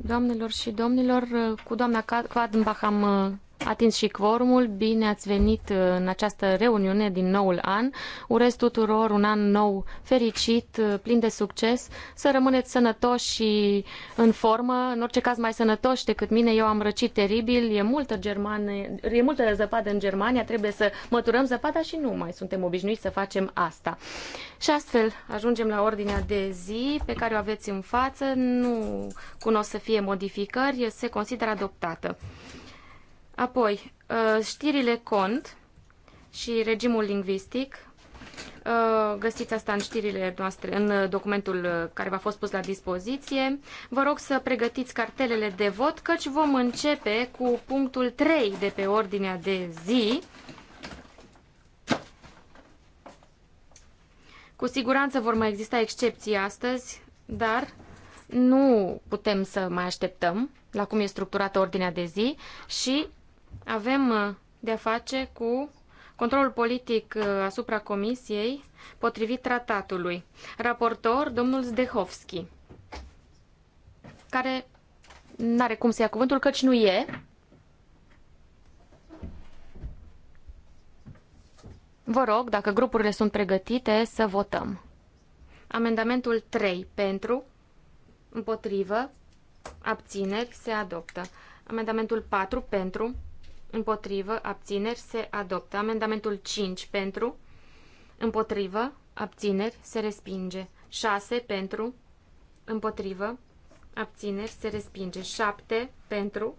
Doamnelor și domnilor, cu doamna Kadenbach am uh, atins și quorumul. Bine ați venit uh, în această reuniune din noul an. Urez tuturor un an nou fericit, uh, plin de succes, să rămâneți sănătoși și în formă, în orice caz mai sănătoși decât mine. Eu am răcit teribil, e multă, germane, e multă zăpadă în Germania, trebuie să măturăm zăpada și nu mai suntem obișnuiți să facem asta. Și astfel ajungem la ordinea de zi pe care o aveți în față. Nu cunosc să fie modificări, se consideră adoptată. Apoi, uh, știrile cont și regimul lingvistic. Uh, găsiți asta în știrile noastre, în uh, documentul care v-a fost pus la dispoziție. Vă rog să pregătiți cartelele de vot, căci vom începe cu punctul 3 de pe ordinea de zi. Cu siguranță vor mai exista excepții astăzi, dar nu putem să mai așteptăm la cum e structurată ordinea de zi și avem uh, de-a face cu controlul politic uh, asupra Comisiei potrivit tratatului. Raportor, domnul Zdehovski, care nu are cum să ia cuvântul, căci nu e. Vă rog, dacă grupurile sunt pregătite, să votăm. Amendamentul 3 pentru, împotrivă, abțineri, se adoptă. Amendamentul 4 pentru, împotrivă, abțineri, se adoptă. Amendamentul 5 pentru, împotrivă, abțineri, se respinge. 6 pentru, împotrivă, abțineri, se respinge. 7 pentru,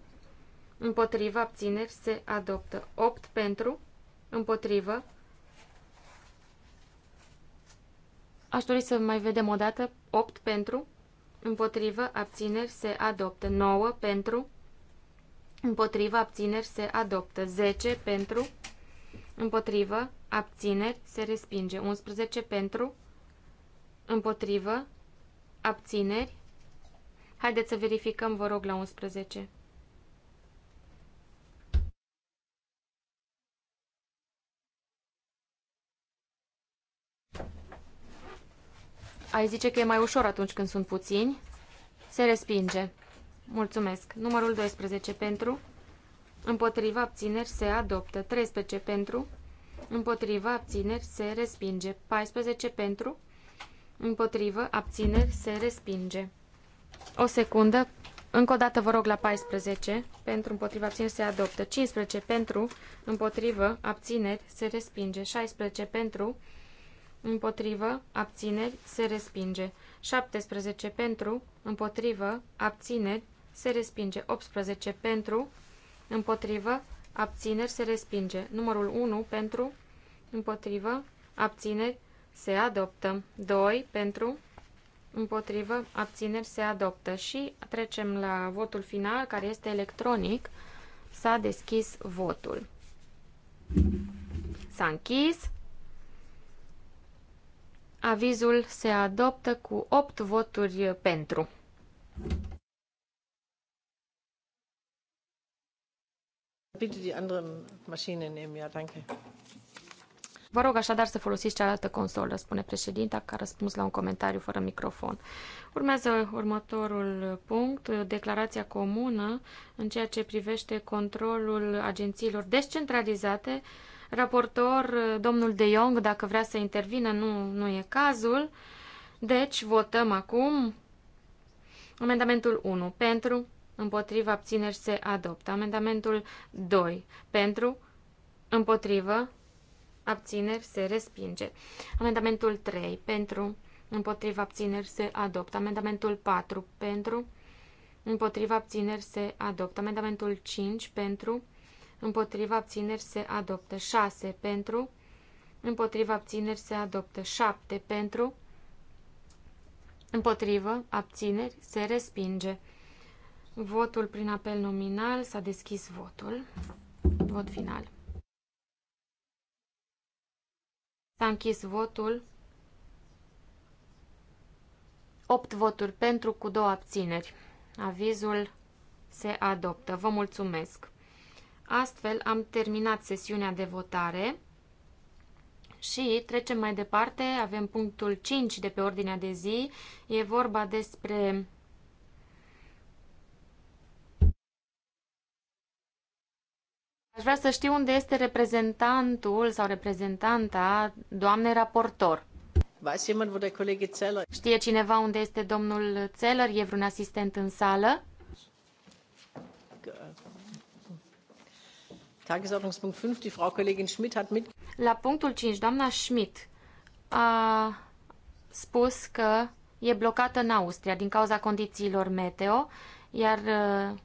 împotrivă, abțineri, se adoptă. 8 pentru, împotrivă. Aș dori să mai vedem o dată. 8 pentru, împotrivă, abțineri, se adoptă. 9 pentru, împotrivă, abțineri, se adoptă. 10 pentru, împotrivă, abțineri, se respinge. 11 pentru, împotrivă, abțineri. Haideți să verificăm, vă rog, la 11. Ai zice că e mai ușor atunci când sunt puțini. Se respinge. Mulțumesc. Numărul 12 pentru. Împotriva abțineri se adoptă. 13 pentru. Împotriva abțineri se respinge. 14 pentru. Împotrivă abțineri se respinge. O secundă. Încă o dată vă rog la 14. Pentru împotriva abțineri se adoptă. 15 pentru. Împotrivă abțineri se respinge. 16 pentru. Împotrivă, abțineri, se respinge. 17 pentru, împotrivă, abțineri, se respinge. 18 pentru, împotrivă, abțineri, se respinge. Numărul 1 pentru, împotrivă, abțineri, se adoptă. 2 pentru, împotrivă, abțineri, se adoptă. Și trecem la votul final, care este electronic. S-a deschis votul. S-a închis. Avizul se adoptă cu 8 voturi pentru. Vă rog așadar să folosiți cealaltă consolă, spune președinta, care a răspuns la un comentariu fără microfon. Urmează următorul punct, declarația comună în ceea ce privește controlul agențiilor descentralizate. Raportor, domnul De Jong, dacă vrea să intervină, nu, nu e cazul. Deci, votăm acum amendamentul 1 pentru, Împotrivă abțineri se adoptă. Amendamentul 2 pentru, împotrivă, abțineri se respinge. Amendamentul 3 pentru, Împotrivă abțineri se adoptă. Amendamentul 4 pentru, Împotrivă abțineri se adoptă. Amendamentul 5 pentru, Împotrivă abțineri se adoptă. 6 pentru, Împotrivă abțineri se adoptă. 7 pentru, împotrivă, abțineri se respinge. Votul prin apel nominal. S-a deschis votul. Vot final. S-a închis votul. 8 voturi pentru cu două abțineri. Avizul se adoptă. Vă mulțumesc! Astfel am terminat sesiunea de votare și trecem mai departe. Avem punctul 5 de pe ordinea de zi. E vorba despre Aș vrea să știu unde este reprezentantul sau reprezentanta doamnei raportor. Știe cineva unde este domnul Zeller? E vreun asistent în sală? Tagesordnungspunkt 5, die Frau Kollegin Schmidt hat mit... La punctul 5, doamna Schmidt a spus că e blocată în Austria din cauza condițiilor meteo, iar uh,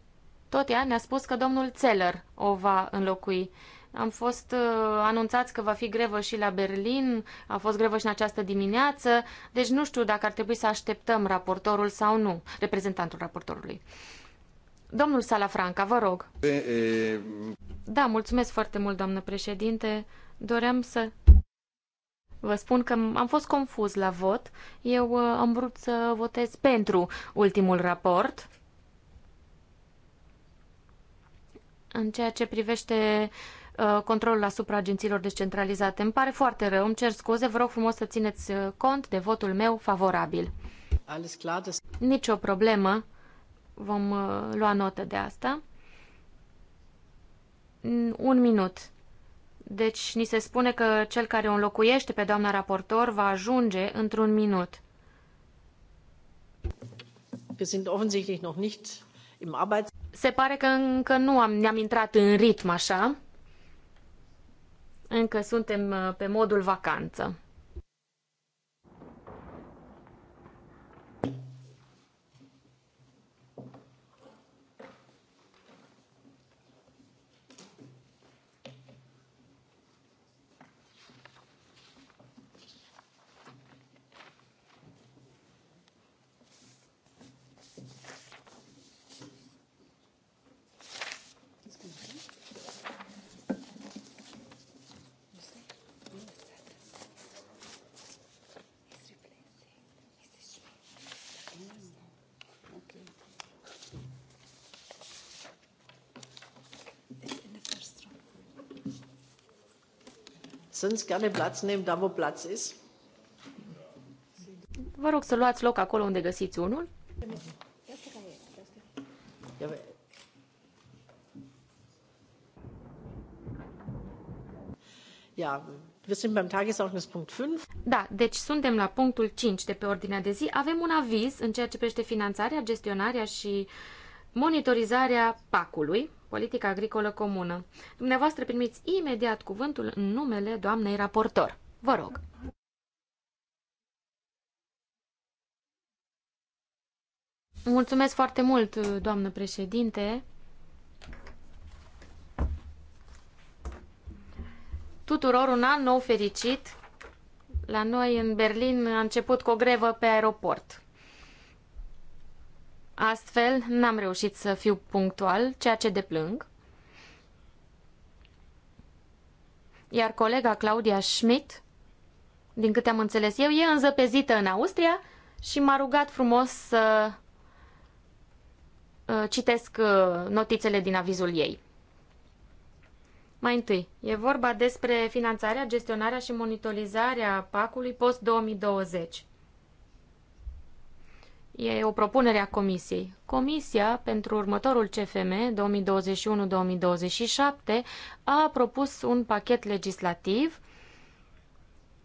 tot ea ne-a spus că domnul Zeller o va înlocui. Am fost uh, anunțați că va fi grevă și la Berlin, a fost grevă și în această dimineață, deci nu știu dacă ar trebui să așteptăm raportorul sau nu, reprezentantul raportorului. Domnul Salafranca, vă rog. E, e... Da, mulțumesc foarte mult, doamnă președinte. Doream să vă spun că am fost confuz la vot. Eu uh, am vrut să votez pentru ultimul raport în ceea ce privește uh, controlul asupra agențiilor descentralizate. Îmi pare foarte rău, îmi cer scuze, vă rog frumos să țineți uh, cont de votul meu favorabil. Nici o problemă, vom uh, lua notă de asta. Un minut. Deci ni se spune că cel care o înlocuiește pe doamna raportor va ajunge într-un minut. Wir sind offensichtlich noch nicht im Arbeits se pare că încă nu am, ne-am intrat în ritm așa. Încă suntem uh, pe modul vacanță. Sonst gerne Platz nehmen, da wo Platz ist. Vă rog să luați loc acolo unde găsiți unul. Ja, wir sind beim Tagesordnungspunkt 5. Da, deci suntem la punctul 5 de pe ordinea de zi. Avem un aviz în ceea ce privește finanțarea, gestionarea și monitorizarea PAC-ului, politica agricolă comună. Dumneavoastră primiți imediat cuvântul în numele doamnei raportor. Vă rog. Mulțumesc foarte mult, doamnă președinte. Tuturor un an nou fericit. La noi în Berlin a început cu o grevă pe aeroport. Astfel, n-am reușit să fiu punctual, ceea ce deplâng. Iar colega Claudia Schmidt, din câte am înțeles eu, e înzăpezită în Austria și m-a rugat frumos să uh, citesc uh, notițele din avizul ei. Mai întâi, e vorba despre finanțarea, gestionarea și monitorizarea PAC-ului post-2020. E o propunere a Comisiei. Comisia, pentru următorul CFM 2021-2027, a propus un pachet legislativ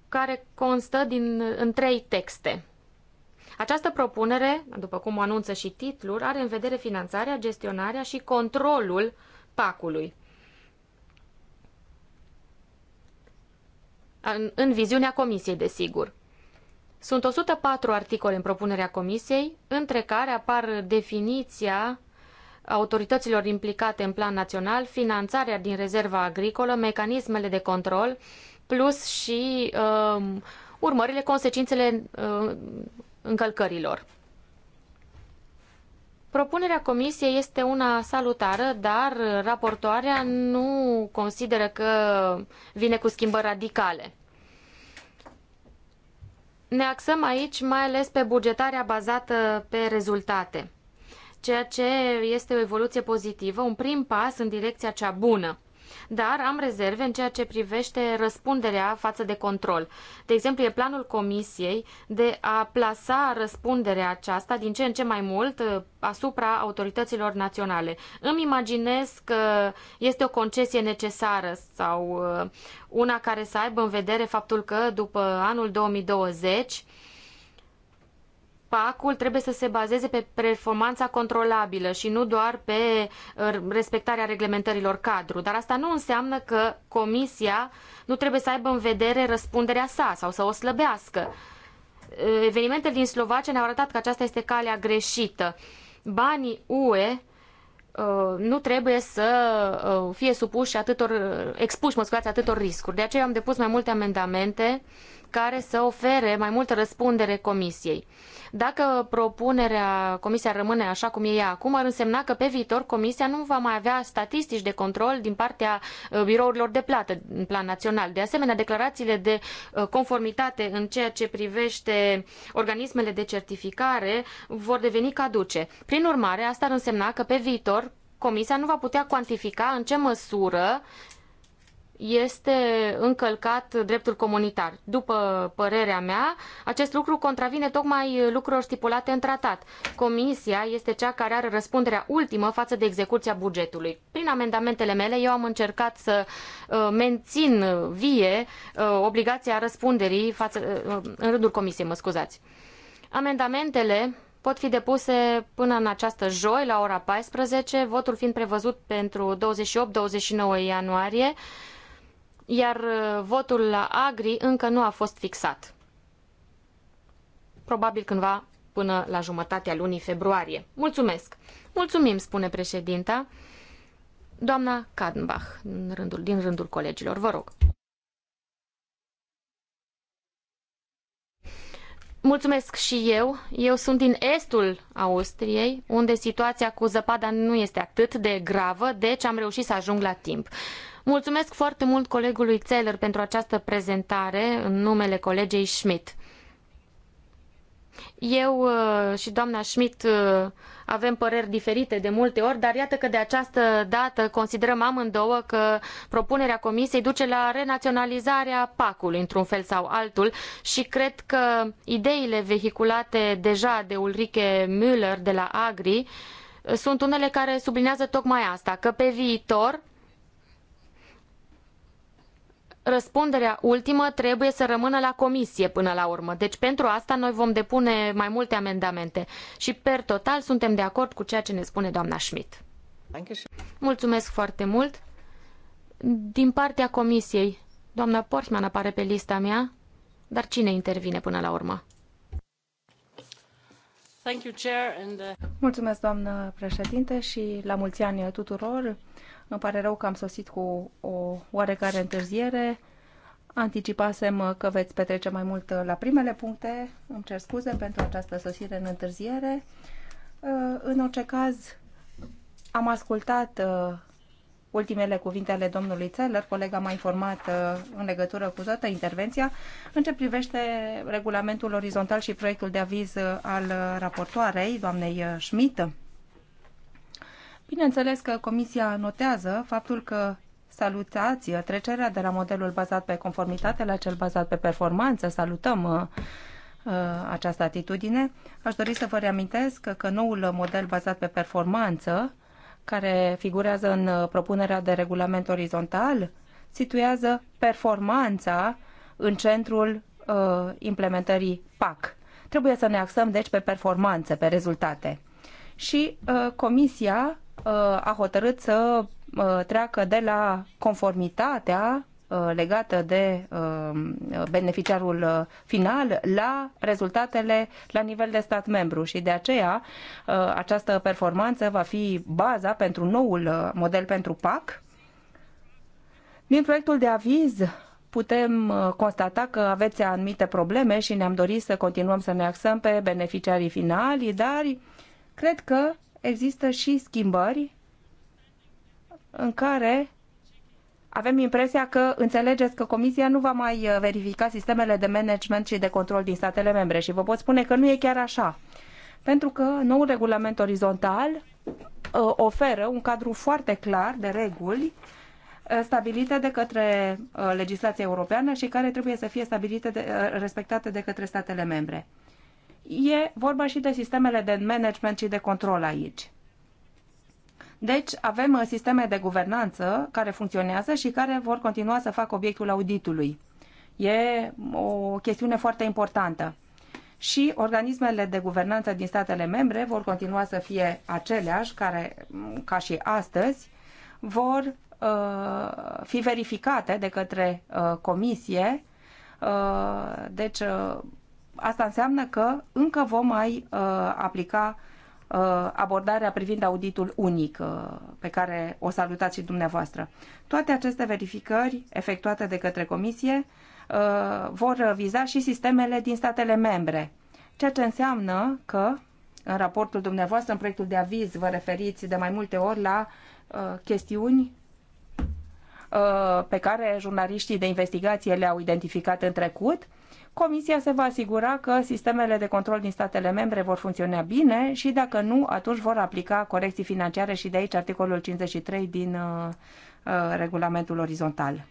care constă din, în trei texte. Această propunere, după cum anunță și titlul, are în vedere finanțarea, gestionarea și controlul PAC-ului. În, în viziunea Comisiei, desigur. Sunt 104 articole în propunerea comisiei, între care apar definiția autorităților implicate în plan național, finanțarea din rezerva agricolă, mecanismele de control, plus și uh, urmările, consecințele uh, încălcărilor. Propunerea comisiei este una salutară, dar raportoarea nu consideră că vine cu schimbări radicale. Ne axăm aici mai ales pe bugetarea bazată pe rezultate, ceea ce este o evoluție pozitivă, un prim pas în direcția cea bună dar am rezerve în ceea ce privește răspunderea față de control. De exemplu, e planul Comisiei de a plasa răspunderea aceasta din ce în ce mai mult uh, asupra autorităților naționale. Îmi imaginez că este o concesie necesară sau uh, una care să aibă în vedere faptul că după anul 2020 PAC-ul trebuie să se bazeze pe performanța controlabilă și nu doar pe uh, respectarea reglementărilor cadru. Dar asta nu înseamnă că Comisia nu trebuie să aibă în vedere răspunderea sa sau să o slăbească. Uh, evenimentele din Slovacia ne-au arătat că aceasta este calea greșită. Banii UE uh, nu trebuie să fie supuși atâtor, expuși, mă scuzați, atâtor riscuri. De aceea am depus mai multe amendamente uh, care să ofere mai multă răspundere comisiei. Dacă propunerea comisia rămâne așa cum e ea acum, ar însemna că pe viitor comisia nu va mai avea statistici de control din partea uh, birourilor de plată în plan național. De asemenea, declarațiile de uh, conformitate în ceea ce privește organismele de certificare vor deveni caduce. Prin urmare, asta ar însemna că pe viitor Comisia nu va putea cuantifica în ce măsură este încălcat dreptul comunitar. După părerea mea, acest lucru contravine tocmai lucrurilor stipulate în tratat. Comisia este cea care are răspunderea ultimă față de execuția bugetului. Prin amendamentele mele, eu am încercat să uh, mențin vie uh, obligația răspunderii față, uh, în rândul comisiei, mă scuzați. Amendamentele pot fi depuse până în această joi la ora 14, votul fiind prevăzut pentru 28-29 ianuarie iar uh, votul la Agri încă nu a fost fixat. Probabil cândva până la jumătatea lunii februarie. Mulțumesc! Mulțumim, spune președinta. Doamna Kadenbach, în rândul, din rândul colegilor, vă rog. Mulțumesc și eu. Eu sunt din estul Austriei, unde situația cu zăpada nu este atât de gravă, deci am reușit să ajung la timp. Mulțumesc foarte mult colegului Țeller pentru această prezentare în numele colegei Schmidt. Eu uh, și doamna Schmidt uh, avem păreri diferite de multe ori, dar iată că de această dată considerăm amândouă că propunerea Comisiei duce la renaționalizarea PAC-ului într-un fel sau altul și cred că ideile vehiculate deja de Ulrike Müller de la Agri sunt unele care sublinează tocmai asta, că pe viitor răspunderea ultimă trebuie să rămână la comisie până la urmă. Deci pentru asta noi vom depune mai multe amendamente și per total suntem de acord cu ceea ce ne spune doamna Schmidt. Mulțumesc foarte mult. Din partea comisiei, doamna Portman apare pe lista mea, dar cine intervine până la urmă? Uh, Mulțumesc, doamnă președinte, și la mulți ani tuturor. Îmi pare rău că am sosit cu o oarecare întârziere. Anticipasem că veți petrece mai mult la primele puncte. Îmi cer scuze pentru această sosire în întârziere. Uh, în orice caz, am ascultat uh, ultimele cuvinte ale domnului Țeller, colega m-a informat uh, în legătură cu toată intervenția, în ce privește regulamentul orizontal și proiectul de aviz al raportoarei, doamnei Schmidt. Bineînțeles că Comisia notează faptul că salutați trecerea de la modelul bazat pe conformitate la cel bazat pe performanță. Salutăm uh, uh, această atitudine. Aș dori să vă reamintesc că, noul model bazat pe performanță, care figurează în uh, propunerea de regulament orizontal, situează performanța în centrul uh, implementării PAC. Trebuie să ne axăm, deci, pe performanță, pe rezultate. Și uh, Comisia Uh, a hotărât să uh, treacă de la conformitatea uh, legată de beneficiarul final la rezultatele la nivel de stat membru și de aceea această performanță va fi baza pentru noul model pentru PAC. Din proiectul de aviz putem constata că aveți anumite probleme și ne-am dorit să continuăm să ne axăm pe beneficiarii finali, dar cred că există și schimbări în care avem impresia că înțelegeți că Comisia nu va mai uh, verifica sistemele de management și de control din statele membre și vă pot spune că nu e chiar așa. Pentru că noul regulament orizontal uh, oferă un cadru foarte clar de reguli uh, stabilite de către legislația europeană și care trebuie să fie stabilite de, respectate de către statele membre e vorba și de sistemele de management și de control aici. Deci avem uh, sisteme de guvernanță care funcționează și care vor continua să facă obiectul auditului. E um, o chestiune foarte importantă. Și organismele de guvernanță din statele membre vor continua să fie aceleași care, um, ca și astăzi, vor uh, fi verificate de către uh, comisie. Uh, deci, uh, asta înseamnă că încă vom mai uh, aplica uh, abordarea privind auditul unic uh, pe care o salutați și dumneavoastră. Toate aceste verificări efectuate de către Comisie vor viza și sistemele din statele membre, ceea ce înseamnă că în raportul dumneavoastră, în proiectul de aviz, vă referiți de mai multe ori la chestiuni pe care jurnaliștii de investigație le-au identificat în trecut Comisia se va asigura că sistemele de control din statele membre vor funcționa bine și dacă nu, atunci vor aplica corecții financiare și de aici articolul 53 din uh, uh, regulamentul orizontal.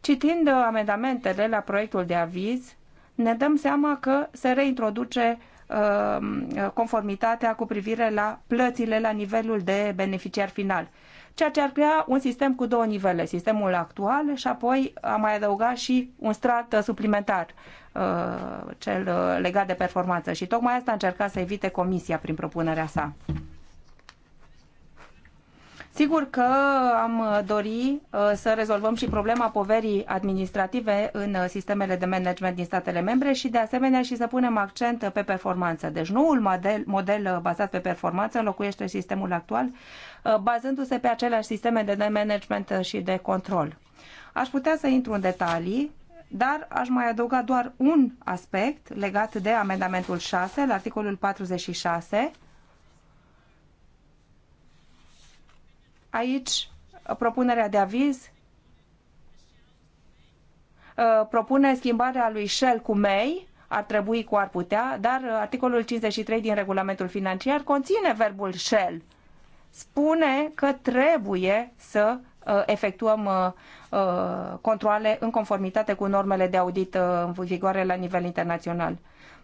Citind uh, amendamentele la proiectul de aviz, ne dăm seama că se reintroduce uh, conformitatea cu privire la plățile la nivelul de beneficiar final ceea ce ar crea un sistem cu două nivele, sistemul actual și apoi am mai adăugat și un strat uh, suplimentar, uh, cel uh, legat de performanță. Și tocmai asta a încercat să evite comisia prin propunerea sa. Sigur că am dori să rezolvăm și problema poverii administrative în sistemele de management din statele membre și de asemenea și să punem accent pe performanță. Deci noul model, model bazat pe performanță înlocuiește sistemul actual Uh, bazându-se pe aceleași sisteme de management uh, și de control. Aș putea să intru în detalii, dar aș mai adăuga doar un aspect legat de amendamentul 6, la articolul 46. Aici, uh, propunerea de aviz propune schimbarea lui Shell cu May, ar trebui cu ar putea, dar articolul 53 din regulamentul financiar conține verbul Shell spune că trebuie să uh, efectuăm uh, uh, controle în conformitate cu normele de audit în vigoare la nivel internațional.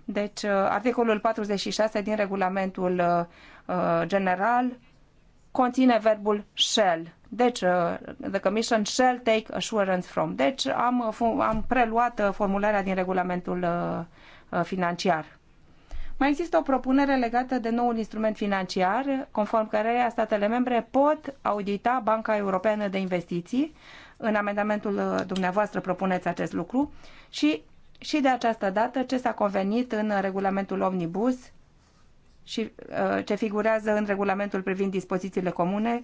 Deci, articolul 46 din regulamentul general conține verbul shall. Deci, the commission shall take assurance from. Deci, am, am preluat formularea din regulamentul financiar. Mai există o propunere legată de noul instrument financiar, conform căreia statele membre pot audita Banca Europeană de Investiții. În amendamentul uh, dumneavoastră propuneți acest lucru și și de această dată ce s-a convenit în regulamentul Omnibus și uh, ce figurează în regulamentul privind dispozițiile comune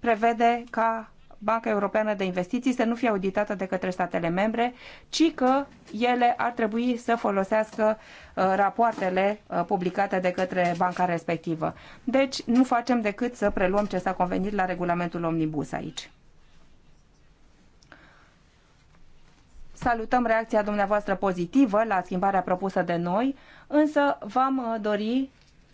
prevede ca Banca Europeană de Investiții să nu fie auditată de către statele membre, ci că ele ar trebui să folosească uh, rapoartele uh, publicate de către banca respectivă. Deci nu facem decât să preluăm ce s-a convenit la regulamentul Omnibus aici. Salutăm reacția dumneavoastră pozitivă la schimbarea propusă de noi, însă v-am uh, dori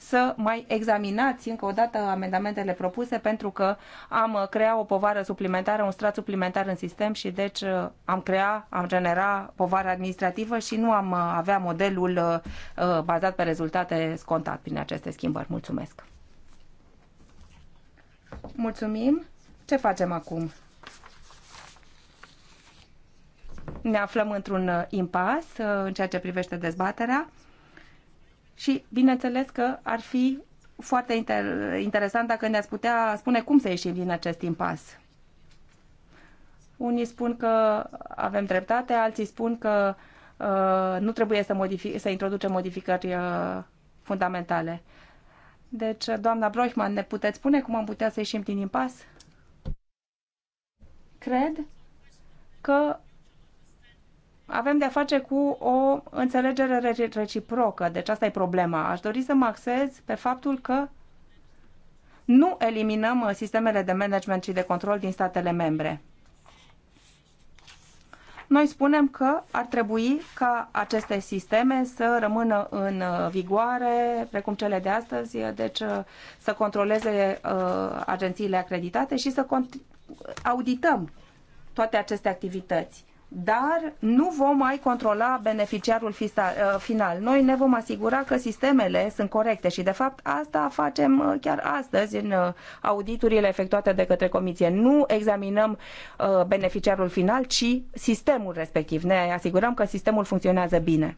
să mai examinați încă o dată amendamentele propuse pentru că am crea o povară suplimentară, un strat suplimentar în sistem și deci am crea, am genera povară administrativă și nu am avea modelul uh, bazat pe rezultate scontat prin aceste schimbări. Mulțumesc! Mulțumim! Ce facem acum? Ne aflăm într-un uh, impas uh, în ceea ce privește dezbaterea. Și bineînțeles că ar fi foarte inter- interesant dacă ne-ați putea spune cum să ieșim din acest impas. Unii spun că avem dreptate, alții spun că uh, nu trebuie să, modific- să introducem modificări uh, fundamentale. Deci, doamna Broichman, ne puteți spune cum am putea să ieșim din impas? Cred că avem de-a face cu o înțelegere reciprocă. Deci asta e problema. Aș dori să mă axez pe faptul că nu eliminăm uh, sistemele de management și de control din statele membre. Noi spunem că ar trebui ca aceste sisteme să rămână în uh, vigoare, precum cele de astăzi, uh, deci să controleze agențiile acreditate și să audităm toate aceste activități dar nu vom mai controla beneficiarul uh, final. Noi ne vom asigura că sistemele sunt corecte și, de fapt, asta facem uh, chiar astăzi în uh, auditurile efectuate de către comisie. Nu examinăm beneficiarul final, ci sistemul respectiv. Ne asigurăm că sistemul funcționează bine.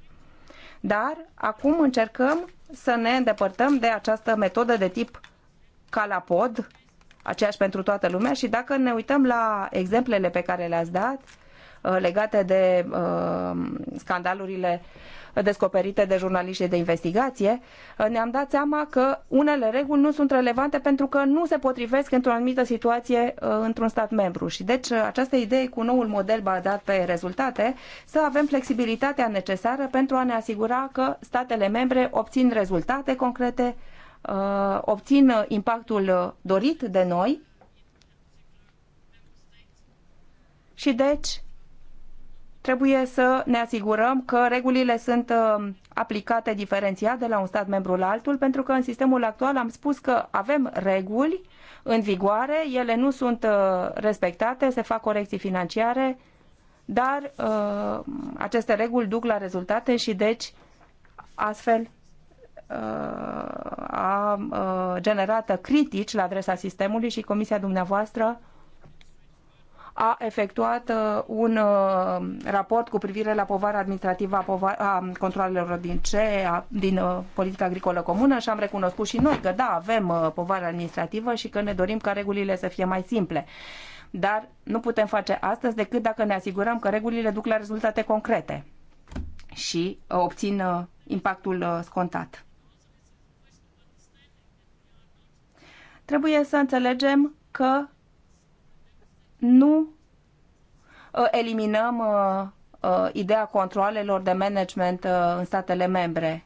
Dar acum încercăm să ne îndepărtăm de această metodă de tip calapod, aceeași pentru toată lumea și dacă ne uităm la exemplele pe care le-ați dat, uh, Uh, legate de uh, scandalurile descoperite de jurnaliștii de investigație, uh, ne-am dat seama că unele reguli nu sunt relevante pentru că nu se potrivesc într-o anumită situație într-un stat membru. Și deci această idee cu noul model bazat pe rezultate, să avem flexibilitatea necesară pentru a ne asigura că statele membre obțin rezultate concrete, obțin impactul dorit de noi și deci Trebuie să ne asigurăm că regulile sunt uh, aplicate diferențiat de la un stat membru la altul, pentru că în sistemul actual am spus că avem reguli în vigoare, ele nu sunt uh, respectate, se fac corecții financiare, dar uh, aceste reguli duc la rezultate și deci astfel a generat critici la adresa sistemului și comisia dumneavoastră a efectuat uh, un uh, raport cu privire la povara administrativă a, controlelor din CE, din uh, politica agricolă comună și am recunoscut și noi că da, avem povară administrativă și că ne dorim ca regulile să fie mai simple. Dar nu putem face astăzi decât dacă ne asigurăm că regulile duc la rezultate concrete și obțin impactul scontat. Trebuie să înțelegem că nu uh, eliminăm uh, uh, ideea controalelor de management în statele membre.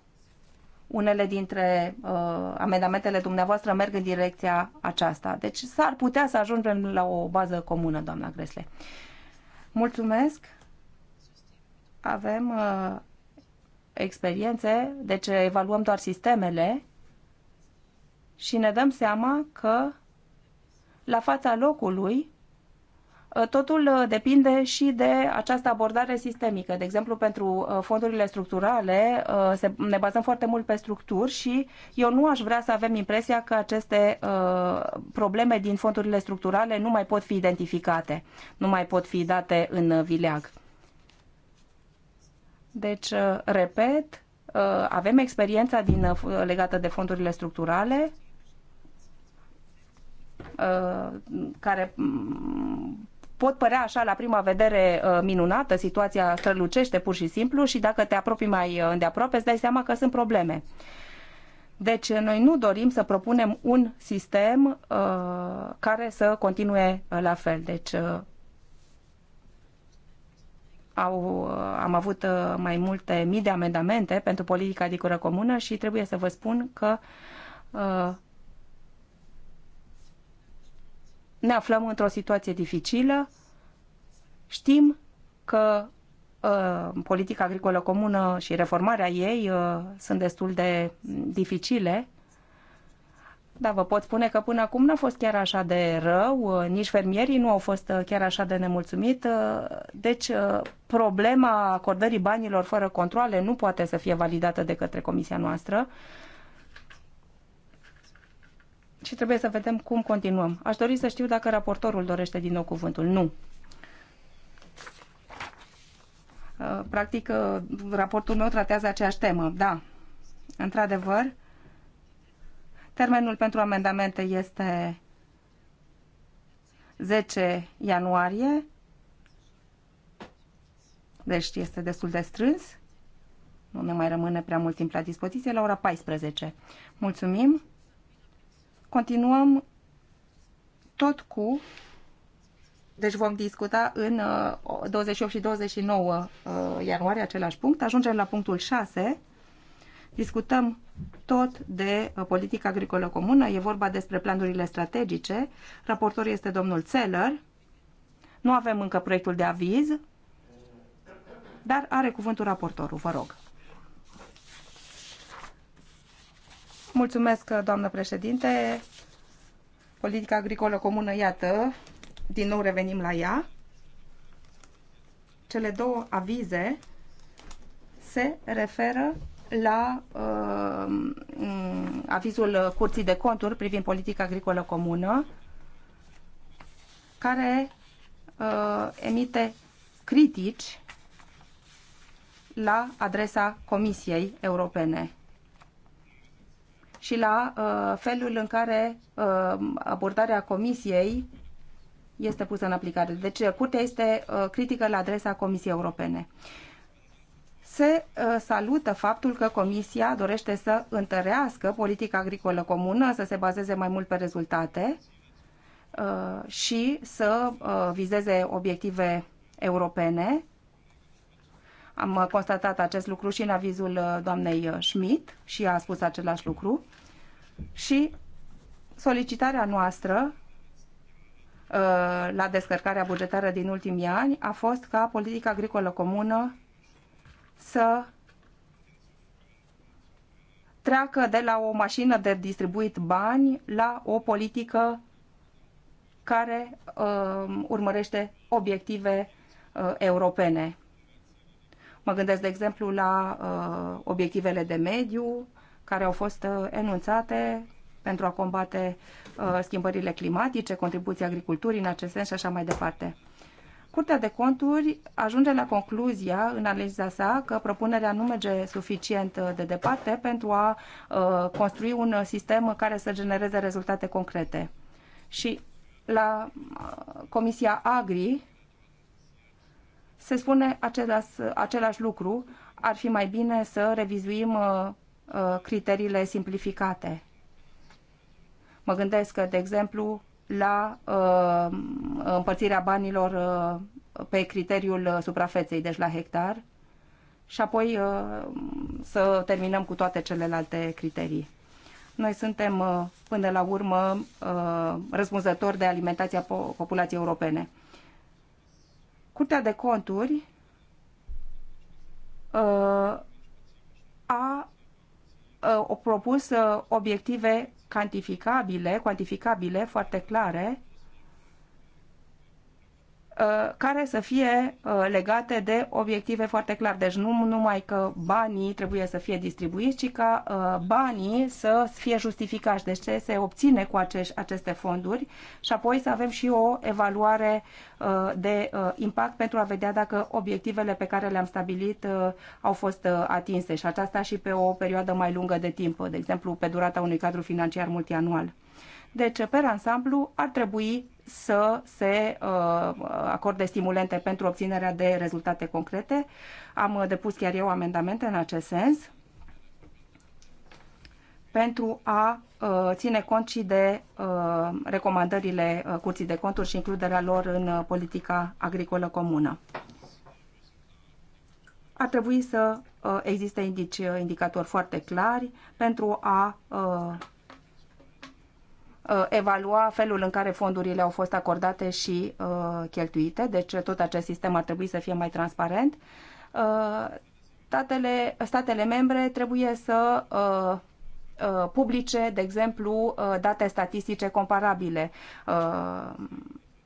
Unele dintre amendamentele dumneavoastră merg în direcția aceasta. Deci s-ar putea să ajungem la o bază comună, doamna Gresle. Mulțumesc! Avem experiențe, deci evaluăm doar sistemele și ne dăm seama că la fața locului Uh, totul uh, depinde și de această abordare sistemică. De exemplu, pentru uh, fondurile structurale ne bazăm foarte mult pe structuri și eu nu aș vrea să avem impresia că aceste probleme din fondurile structurale nu mai pot fi identificate, nu mai pot fi date în vileag. Deci, repet, avem experiența din, legată de fondurile structurale, care mm, pot părea așa la prima vedere uh, minunată, situația strălucește pur și simplu și dacă te apropii mai uh, îndeaproape îți dai seama că sunt probleme. Deci uh, noi nu dorim să propunem un sistem uh, care să continue la fel. Deci uh, au, am avut mai multe mii de amendamente pentru politica de cură comună și trebuie să vă spun că uh, ne aflăm într-o situație dificilă. Știm că uh, politica agricolă comună și reformarea ei uh, sunt destul de dificile. Dar vă pot spune că până acum n-a fost chiar așa de rău, uh, nici fermierii nu au fost uh, chiar așa de nemulțumit. Uh, deci problema acordării banilor fără controle nu poate să fie validată de către comisia noastră și trebuie să vedem cum continuăm. Aș dori să știu dacă raportorul dorește din nou cuvântul. Nu. Uh, practic, uh, raportul meu tratează aceeași temă. Da, într-adevăr, termenul pentru amendamente este 10 ianuarie, deci este destul de strâns. Nu ne mai rămâne prea mult timp la dispoziție, la ora 14. Mulțumim! Continuăm tot cu deci vom discuta în 28 uh, și 29 uh, ianuarie același punct. Ajungem la punctul 6. Discutăm tot de uh, politica agricolă comună. E vorba despre planurile strategice. Raportor este domnul Țeller. Nu avem încă proiectul de aviz, dar are cuvântul raportorul. Vă rog. Mulțumesc, doamnă președinte. Politica agricolă comună, iată, din nou revenim la ea. Cele două avize se referă la uh, mm, avizul Curții de Conturi privind politica agricolă comună, care uh, emite critici la adresa Comisiei Europene și la uh, felul în care uh, abordarea Comisiei este pusă în aplicare. Deci, uh, Curtea este uh, critică la adresa Comisiei Europene. Se uh, salută faptul că Comisia dorește să întărească politica agricolă comună, să se bazeze mai mult pe rezultate uh, și să uh, vizeze obiective europene am uh, constatat acest lucru și în avizul uh, doamnei uh, Schmidt și a spus același lucru. Și solicitarea noastră la descărcarea bugetară din ultimii ani a fost ca politica agricolă comună să treacă de la o mașină de distribuit bani la o politică care uh, urmărește obiective uh, europene. Mă gândesc, de exemplu, la uh, obiectivele de mediu care au fost uh, enunțate pentru a combate uh, schimbările climatice, contribuția agriculturii în acest sens și așa mai departe. Curtea de conturi ajunge la concluzia în analiza sa că propunerea nu merge suficient uh, de departe pentru a uh, construi un sistem care să genereze rezultate concrete. Și la uh, Comisia Agri se spune același, același lucru. Ar fi mai bine să revizuim uh, uh, criteriile simplificate. Mă gândesc, de exemplu, la uh, împărțirea banilor uh, pe criteriul uh, suprafeței, deci la hectar, și apoi uh, să terminăm cu toate celelalte criterii. Noi suntem, până la urmă, răspunzători de alimentația populației europene. Curtea de conturi uh, a uh, propus uh, obiective cantificabile, cuantificabile, foarte clare Uh, care să fie uh, legate de obiective foarte clar. Deci nu numai că banii trebuie să fie distribuiți, ci ca uh, banii să fie justificați. Deci ce se obține cu acești, aceste fonduri și apoi să avem și o evaluare de impact pentru a vedea dacă obiectivele pe care le-am stabilit au fost atinse și aceasta și pe o perioadă mai lungă de timp, de exemplu pe durata unui cadru financiar multianual. Deci, pe ansamblu, ar trebui să se uh, acorde stimulente pentru obținerea de rezultate concrete. Am uh, depus chiar eu amendamente în acest sens pentru a uh, ține cont și de recomandările Curții de Conturi și includerea lor în politica agricolă comună. Ar trebui să existe indici, indicatori foarte clari pentru a Uh, evalua felul în care fondurile au fost acordate și uh, cheltuite, deci tot acest sistem ar trebui să fie mai transparent. Uh, statele, statele membre trebuie să publice, de exemplu, date statistice comparabile,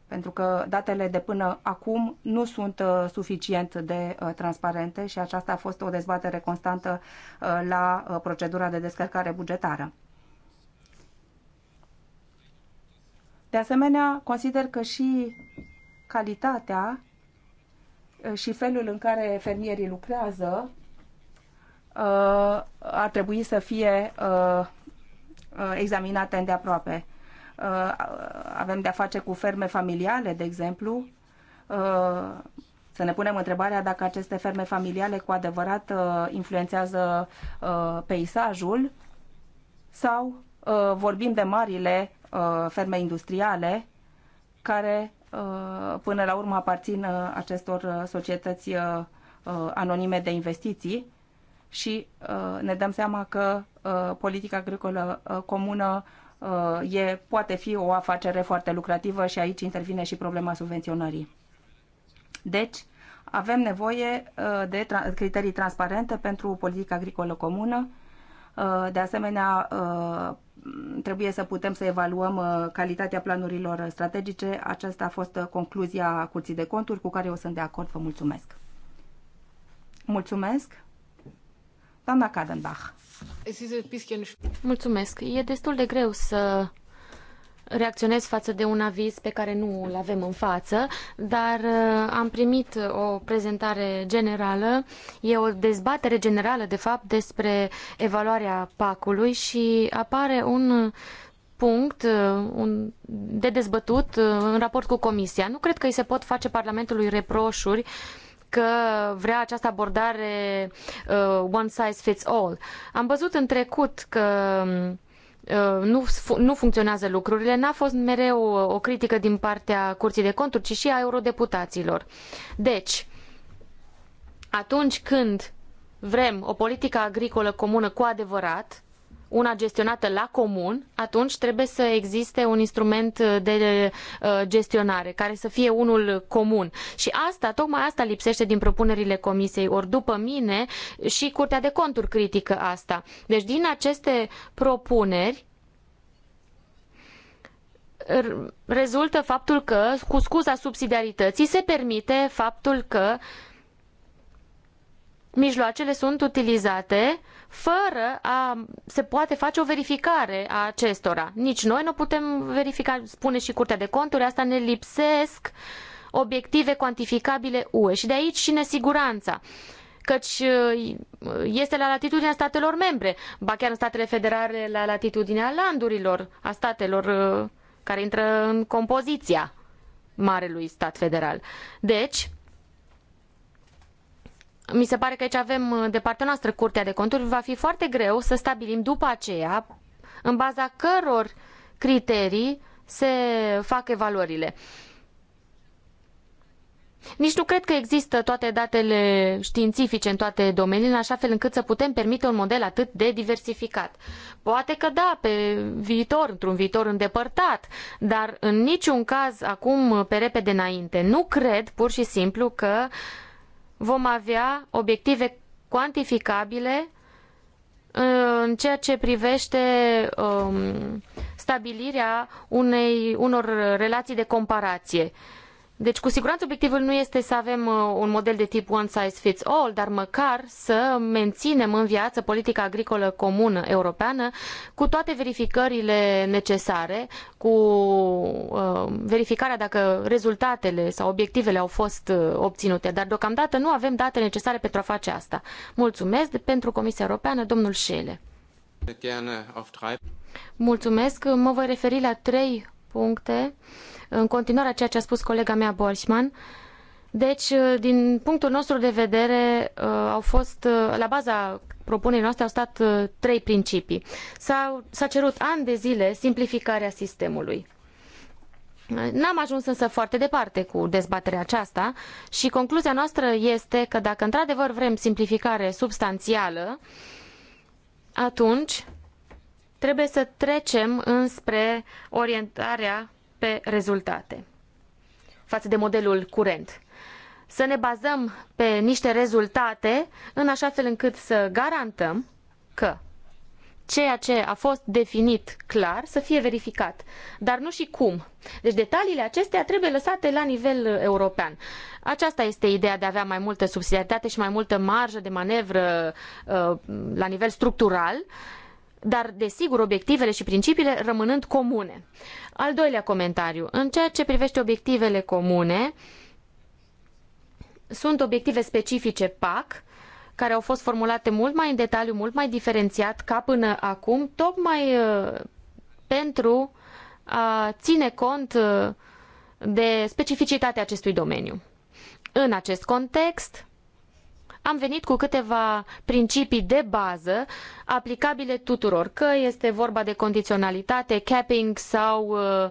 pentru că datele de până acum nu sunt suficient de transparente și aceasta a fost o dezbatere constantă la procedura de descărcare bugetară. De asemenea, consider că și calitatea și felul în care fermierii lucrează ar trebui să fie examinate îndeaproape. Avem de-a face cu ferme familiale, de exemplu, să ne punem întrebarea dacă aceste ferme familiale cu adevărat influențează peisajul sau vorbim de marile Uh, ferme industriale care uh, până la urmă aparțin uh, acestor societăți anonime de investiții și ne dăm seama că politica agricolă comună e, poate fi o afacere foarte lucrativă și aici intervine și problema subvenționării. Deci, avem nevoie de criterii transparente pentru politica agricolă comună, de asemenea trebuie să putem să evaluăm uh, calitatea planurilor strategice. Aceasta a fost uh, concluzia Curții de Conturi cu care eu sunt de acord. Vă mulțumesc. Mulțumesc. Doamna Kadenbach. Mulțumesc. E destul de greu să reacționez față de un aviz pe care nu îl avem în față, dar uh, am primit o prezentare generală, e o dezbatere generală, de fapt, despre evaluarea pacului și apare un punct uh, de dezbătut uh, în raport cu Comisia. Nu cred că îi se pot face Parlamentului reproșuri că vrea această abordare one size fits all. Am văzut în trecut că um, Uh, nu, nu funcționează lucrurile, n-a fost mereu o critică din partea Curții de Conturi, ci și a eurodeputaților. Deci, atunci când vrem o politică agricolă comună cu adevărat, una gestionată la comun, atunci trebuie să existe un instrument de uh, gestionare care să fie unul comun. Și asta, tocmai asta lipsește din propunerile comisiei. Ori după mine și Curtea de Conturi critică asta. Deci din aceste propuneri rezultă faptul că, cu scuza subsidiarității, se permite faptul că mijloacele sunt utilizate uh, fără a se poate face o verificare a acestora. Nici noi nu putem verifica, spune și Curtea de Conturi, asta ne lipsesc obiective cuantificabile UE și de aici și nesiguranța căci uh, este la latitudinea statelor membre, ba chiar în statele federale la latitudinea landurilor, a statelor uh, care intră în compoziția marelui stat federal. Deci, mi se pare că aici avem uh, de partea noastră Curtea de Conturi, va fi foarte greu să stabilim după aceea în baza căror criterii se fac evaluările. Nici nu cred că există toate datele științifice în toate domeniile, în așa fel încât să putem permite un model atât de diversificat. Poate că da, pe viitor, într-un viitor îndepărtat, dar în niciun caz acum pe repede înainte. Nu cred pur și simplu că uh, vom avea obiective cuantificabile uh, în ceea ce privește um, stabilirea unei, unor relații de comparație. Uh, deci, cu siguranță, obiectivul nu este să avem uh, un model de tip one size fits all, dar măcar să menținem în viață politica agricolă comună europeană cu toate verificările necesare, cu uh, verificarea dacă rezultatele sau obiectivele au fost uh, obținute. Dar, deocamdată, nu avem date necesare pentru a face asta. Mulțumesc pentru Comisia Europeană, domnul Șele. Mulțumesc. Mă voi referi la trei puncte în continuare a ceea ce a spus colega mea Borsman. Deci, uh, din punctul nostru de vedere, uh, au fost, uh, la baza propunerii noastre au stat trei principii. S-a cerut ani de zile simplificarea sistemului. N-am ajuns însă foarte departe cu dezbaterea aceasta și concluzia noastră este că dacă într-adevăr vrem simplificare substanțială, atunci trebuie să trecem înspre orientarea pe rezultate față de modelul curent. Să ne bazăm pe niște rezultate în așa fel încât să garantăm că ceea ce a fost definit clar să fie verificat, dar nu și cum. Deci detaliile acestea trebuie lăsate la nivel european. Aceasta este ideea de a avea mai multă subsidiaritate și mai multă marjă de manevră uh, la nivel structural dar desigur obiectivele și principiile rămânând comune. Al doilea comentariu. În ceea ce privește obiectivele comune, sunt obiective specifice PAC, care au fost formulate mult mai în detaliu, mult mai diferențiat ca până acum, tocmai uh, pentru a ține cont uh, de specificitatea acestui domeniu. În acest context, am venit cu câteva principii de bază aplicabile tuturor, că este vorba de condiționalitate, capping sau uh,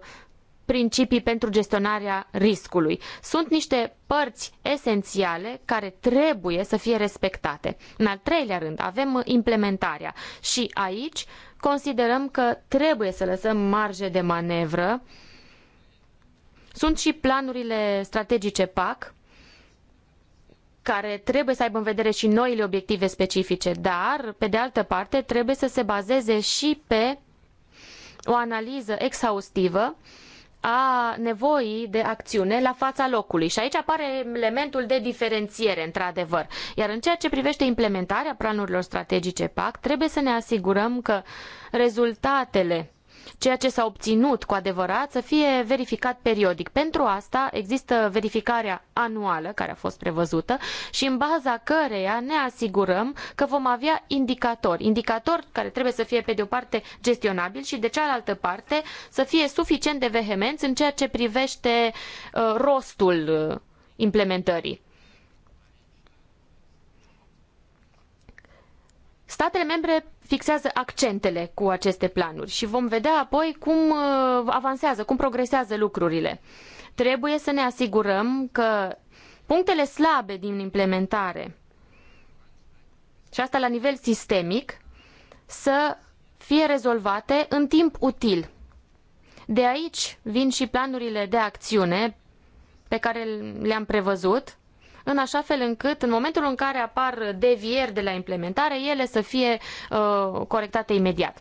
principii pentru gestionarea riscului. Sunt niște părți esențiale care trebuie să fie respectate. În al treilea rând, avem implementarea și aici considerăm că trebuie să lăsăm marge de manevră. Sunt și planurile strategice PAC, care trebuie să aibă în vedere și noile obiective specifice, dar, pe de altă parte, trebuie să se bazeze și pe o analiză exhaustivă a nevoii de acțiune la fața locului. Și aici apare elementul de diferențiere, într-adevăr. Iar în ceea ce privește implementarea planurilor strategice PAC, trebuie să ne asigurăm că rezultatele ceea ce s-a obținut cu adevărat să fie verificat periodic. Pentru asta există verificarea anuală care a fost prevăzută și în baza căreia ne asigurăm că vom avea indicatori. Indicatori care trebuie să fie pe de o parte gestionabili și de cealaltă parte să fie suficient de vehemenți în ceea ce privește uh, rostul uh, implementării. Statele membre fixează accentele cu aceste planuri și vom vedea apoi cum uh, avansează, cum progresează lucrurile. Trebuie să ne asigurăm că punctele slabe din implementare, și asta la nivel sistemic, să fie rezolvate în timp util. De aici vin și planurile de acțiune pe care le-am prevăzut în așa fel încât în momentul în care apar devieri de la implementare, ele să fie uh, corectate imediat.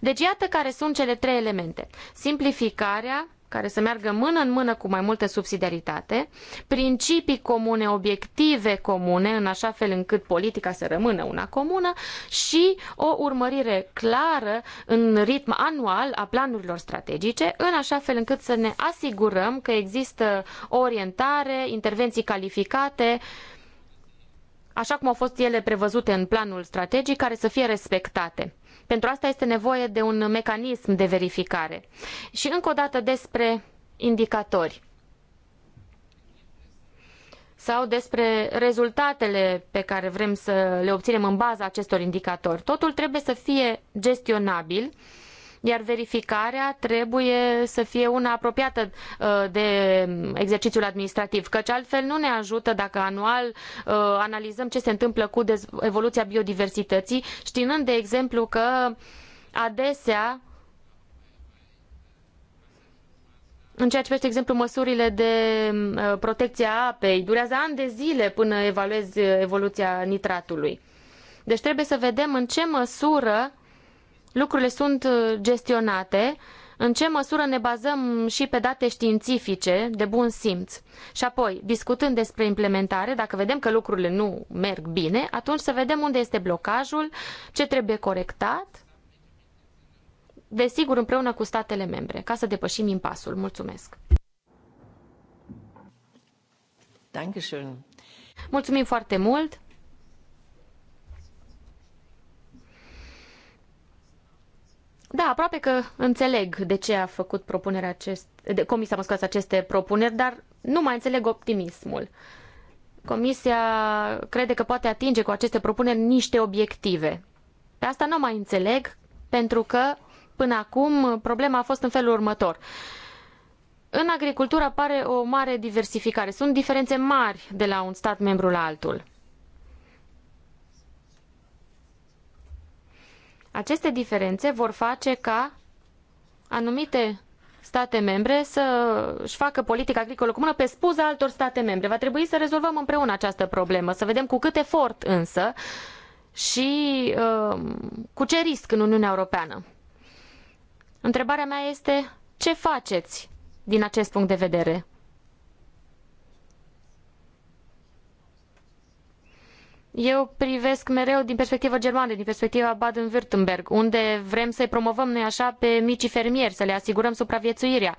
Deci iată care sunt cele trei elemente. Simplificarea, care să meargă mână în mână cu mai multă subsidiaritate, principii comune, obiective comune, în așa fel încât politica să rămână una comună și o urmărire clară în ritm anual a planurilor strategice, în așa fel încât să ne asigurăm că există o orientare, intervenții calificate, așa cum au fost ele prevăzute în planul strategic, care să fie respectate. Pentru asta este nevoie de un mecanism de verificare. Și încă o dată despre indicatori sau despre rezultatele pe care vrem să le obținem în baza acestor indicatori. Totul trebuie să fie gestionabil uh, iar verificarea trebuie să fie una apropiată uh, de exercițiul administrativ, căci altfel nu ne ajută dacă anual uh, analizăm ce se întâmplă cu evoluția biodiversității, știind de exemplu că adesea în ceea ce privește, exemplu, măsurile de uh, protecție a apei, durează ani de zile până evaluezi evoluția nitratului. Deci trebuie să vedem în ce măsură lucrurile sunt uh, gestionate, în ce măsură ne bazăm și pe date științifice de bun simț. Și apoi, discutând despre implementare, dacă vedem că lucrurile nu merg bine, atunci să vedem unde este blocajul, ce trebuie corectat, desigur împreună cu statele membre, ca să depășim impasul. Mulțumesc! Dankeschön. Mulțumim foarte mult! Da, aproape că înțeleg de ce a făcut propunerea acest... De, comisia, a scos aceste propuneri, dar nu mai înțeleg optimismul. Comisia crede că poate atinge cu aceste propuneri niște obiective. Pe asta nu mai înțeleg, pentru că până acum problema a fost în felul următor. În agricultură apare o mare diversificare. Sunt diferențe mari de la un stat membru la altul. Aceste diferențe vor face ca anumite state membre să își facă politica agricolă comună pe spuza altor state membre. Va trebui să rezolvăm împreună această problemă, să vedem cu cât efort însă și uh, cu ce risc în Uniunea Europeană. Întrebarea mea este ce faceți din acest punct de vedere? Eu privesc mereu din perspectiva germană, din perspectiva Baden-Württemberg, unde vrem să-i promovăm noi așa pe micii fermieri, să le asigurăm supraviețuirea.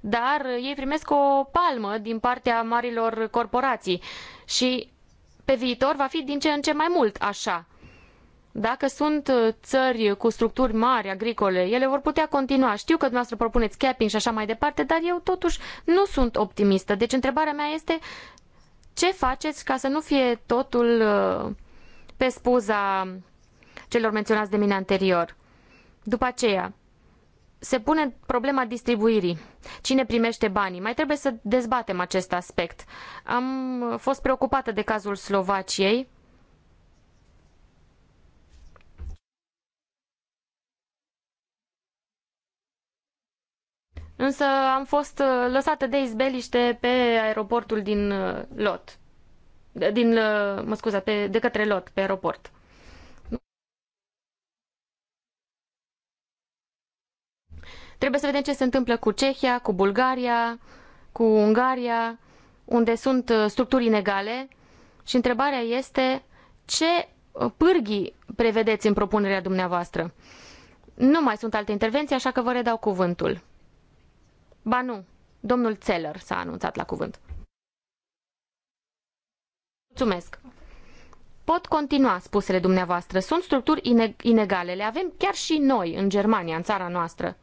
Dar ei primesc o palmă din partea marilor corporații și pe viitor va fi din ce în ce mai mult așa. Dacă sunt țări cu structuri mari agricole, ele vor putea continua. Știu că dumneavoastră propuneți capping și așa mai departe, dar eu totuși nu sunt optimistă. Deci întrebarea mea este ce faceți ca să nu fie totul uh, pe spuza celor menționați de mine anterior? După aceea, se pune problema distribuirii. Cine primește banii? Mai trebuie să dezbatem acest aspect. Am fost preocupată de cazul Slovaciei, însă am fost uh, lăsată de izbeliște pe aeroportul din uh, Lot. Din, uh, mă scuza, pe, de către Lot, pe aeroport. Trebuie să vedem ce se întâmplă cu Cehia, cu Bulgaria, cu Ungaria, unde sunt structuri inegale. Și întrebarea este ce pârghii prevedeți în propunerea dumneavoastră? Nu mai sunt alte intervenții, așa că vă redau cuvântul. Ba nu, domnul Zeller s-a anunțat la cuvânt. Mulțumesc. Pot continua spusele dumneavoastră. Sunt structuri inegale. Le avem chiar și noi, în Germania, în țara noastră.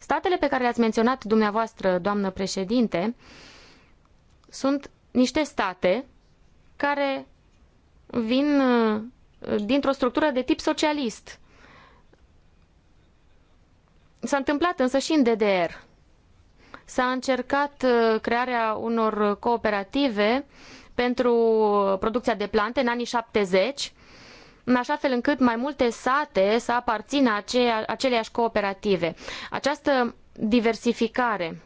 Statele pe care le-ați menționat dumneavoastră, doamnă președinte, sunt niște state care vin uh, dintr-o structură de tip socialist. S-a întâmplat însă și în DDR. S-a încercat uh, crearea unor cooperative pentru producția de plante în anii 70, în așa fel încât mai multe sate să aparțină aceea, aceleiași cooperative. Această diversificare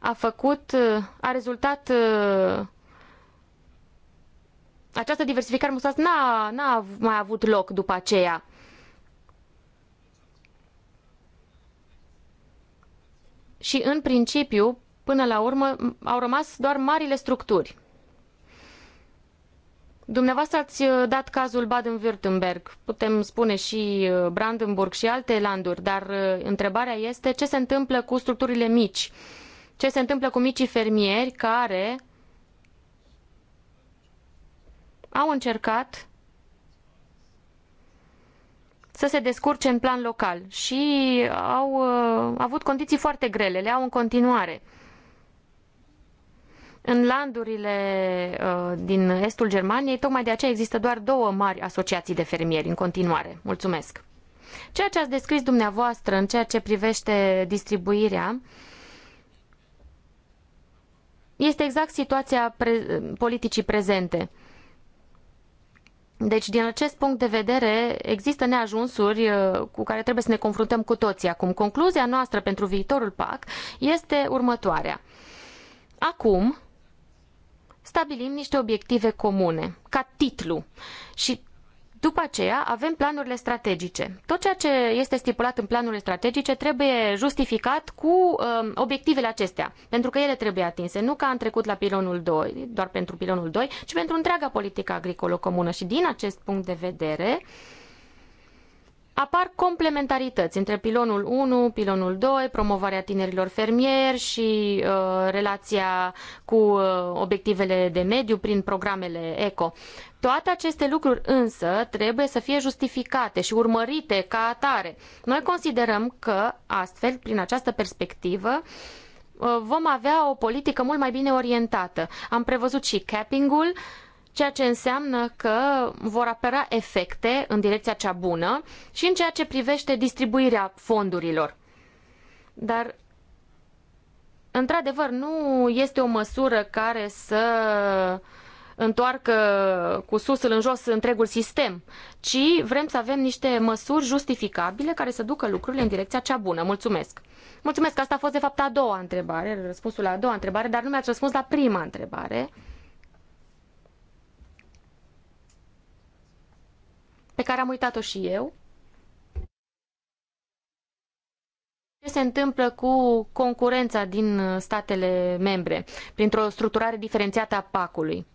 a făcut, uh, a rezultat uh, această diversificare, mă n-a, n-a mai avut loc după aceea. și, în principiu, până la urmă, au rămas doar marile structuri. Dumneavoastră ați uh, dat cazul Baden-Württemberg, putem spune și uh, Brandenburg și alte landuri, dar uh, întrebarea este ce se întâmplă cu structurile mici? Ce se întâmplă cu micii fermieri care au încercat să se descurce în plan local și au uh, avut condiții foarte grele, le au în continuare. În landurile uh, din estul Germaniei, tocmai de aceea există doar două mari asociații de fermieri în continuare. Mulțumesc! Ceea ce ați descris dumneavoastră în ceea ce privește distribuirea este exact situația pre- politicii prezente. Deci, din acest punct de vedere, există neajunsuri uh, cu care trebuie să ne confruntăm cu toții acum. Concluzia noastră pentru viitorul PAC este următoarea. Acum, stabilim niște obiective comune, ca titlu. Și după aceea avem planurile strategice. Tot ceea ce este stipulat în planurile strategice trebuie justificat cu um, obiectivele acestea, pentru că ele trebuie atinse, nu ca în trecut la pilonul 2, doar pentru pilonul 2, ci pentru întreaga politică agricolă comună. Și din acest punct de vedere apar complementarități între pilonul 1, pilonul 2, promovarea tinerilor fermieri și uh, relația cu uh, obiectivele de mediu prin programele ECO. Uh, toate aceste lucruri însă trebuie să fie justificate și urmărite ca atare. Noi considerăm că astfel, prin această perspectivă, uh, vom avea o politică mult mai bine orientată. Am prevăzut și capping-ul, ceea ce înseamnă că vor apărea efecte în direcția cea bună și în ceea ce privește distribuirea fondurilor. Dar într-adevăr, nu este o măsură care să întoarcă cu susul în jos întregul sistem, ci vrem să avem niște măsuri justificabile care să ducă lucrurile în direcția cea bună. Mulțumesc! Mulțumesc! că Asta a fost, de fapt, a doua întrebare, răspunsul la a doua întrebare, dar nu mi-ați răspuns la prima întrebare. pe care am uitat-o și eu. Ce se întâmplă cu concurența din statele membre printr-o structurare diferențiată a PAC-ului?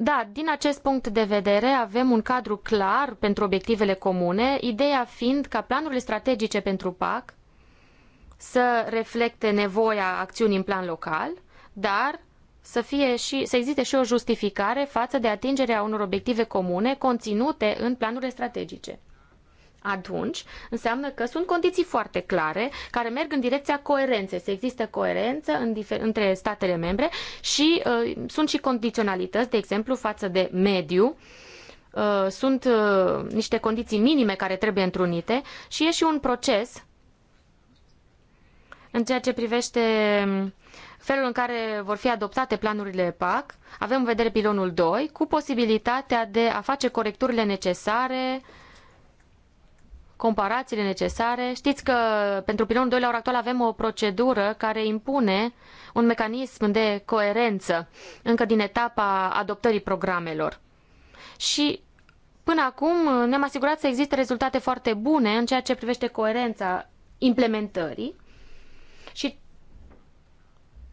Da, din acest punct de vedere avem un cadru clar pentru obiectivele comune, ideea fiind ca planurile strategice pentru PAC să reflecte nevoia acțiunii în plan local, dar să, fie și, să existe și o justificare față de atingerea unor obiective comune conținute în planurile strategice atunci înseamnă că sunt condiții foarte clare care merg în direcția coerenței. Să există coerență în între statele membre și uh, sunt și condiționalități, de exemplu, față de mediu. Uh, sunt uh, niște condiții minime care trebuie întrunite și e și un proces în ceea ce privește um, felul în care vor fi adoptate planurile PAC. Avem în vedere pilonul 2 cu posibilitatea de a face corecturile necesare uh, comparațiile necesare. Știți că pentru pilonul 2 la ora actuală avem o procedură care impune un mecanism de coerență încă din etapa adoptării programelor. Și până acum ne-am asigurat să existe rezultate foarte bune în ceea ce privește coerența implementării și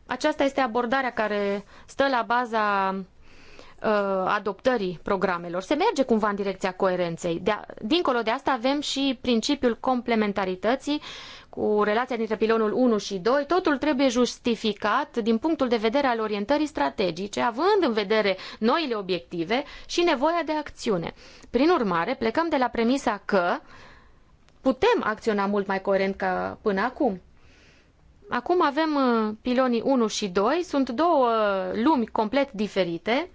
aceasta este abordarea care stă la baza Uh, adoptării programelor. Se merge cumva în direcția coerenței. De a, dincolo de asta avem și principiul complementarității cu relația dintre pilonul 1 și 2. Totul trebuie justificat din punctul de vedere al orientării strategice, având în vedere noile obiective și nevoia de acțiune. Prin urmare, plecăm de la premisa că putem acționa mult mai coerent ca până acum. Acum avem uh, pilonii 1 și 2, sunt două uh, lumi complet diferite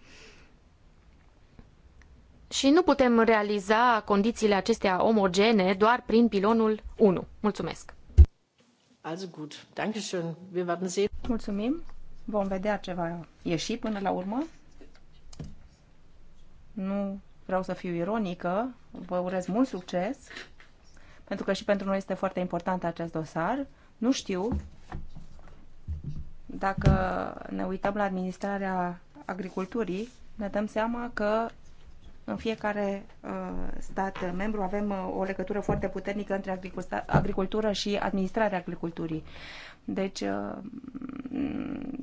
și nu putem realiza condițiile acestea omogene doar prin pilonul 1. Mulțumesc! Also gut, danke schön. Wir werden sehen. Mulțumim. Vom vedea ce va ieși până la urmă. Nu vreau să fiu ironică, vă urez mult succes, pentru că și pentru noi este foarte important acest dosar. Nu știu dacă ne uităm la administrarea agriculturii, ne dăm seama că în fiecare uh, stat membru avem uh, o legătură foarte puternică între agricultură și administrarea agriculturii. Deci uh,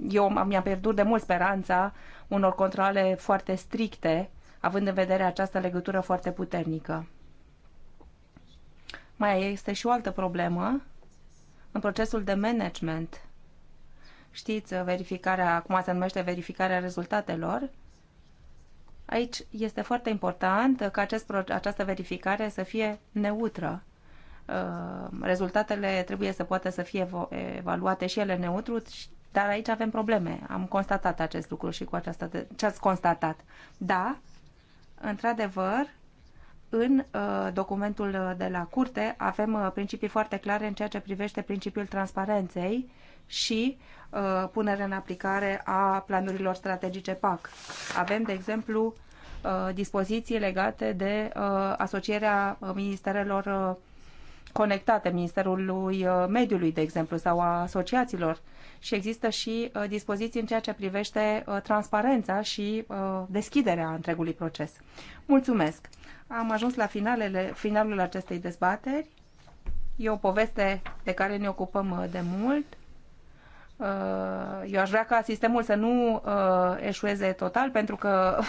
eu mi-am pierdut de mult speranța unor controle foarte stricte, având în vedere această legătură foarte puternică. Mai este și o altă problemă în procesul de management. Știți, verificarea, cum se numește verificarea rezultatelor, Aici este foarte important ca acest, această verificare să fie neutră. Uh, rezultatele trebuie să poată să fie evaluate și ele neutru, dar aici avem probleme. Am constatat acest lucru și cu această... ce ați constatat. Da, într-adevăr, în uh, documentul de la curte avem uh, principii foarte clare în ceea ce privește principiul transparenței și uh, punere în aplicare a planurilor strategice PAC. Avem, de exemplu, uh, dispoziții legate de uh, asocierea uh, ministerelor uh, conectate, Ministerului uh, Mediului, de exemplu, sau a asociațiilor. Și există și uh, dispoziții în ceea ce privește uh, transparența și uh, deschiderea întregului proces. Mulțumesc! Am ajuns la finalele, finalul acestei dezbateri. E o poveste de care ne ocupăm uh, de mult. Uh, eu aș vrea ca sistemul să nu uh, eșueze total, pentru că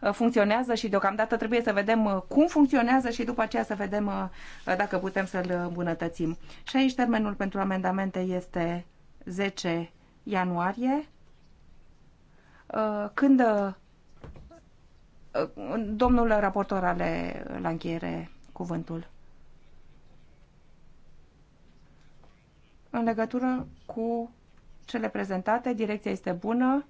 uh, funcționează și deocamdată trebuie să vedem cum funcționează și după aceea să vedem dacă putem să-l îmbunătățim. Și aici termenul pentru amendamente este 10 ianuarie, când domnul raportor ale la încheiere cuvântul. În legătură cu cele prezentate, direcția este bună,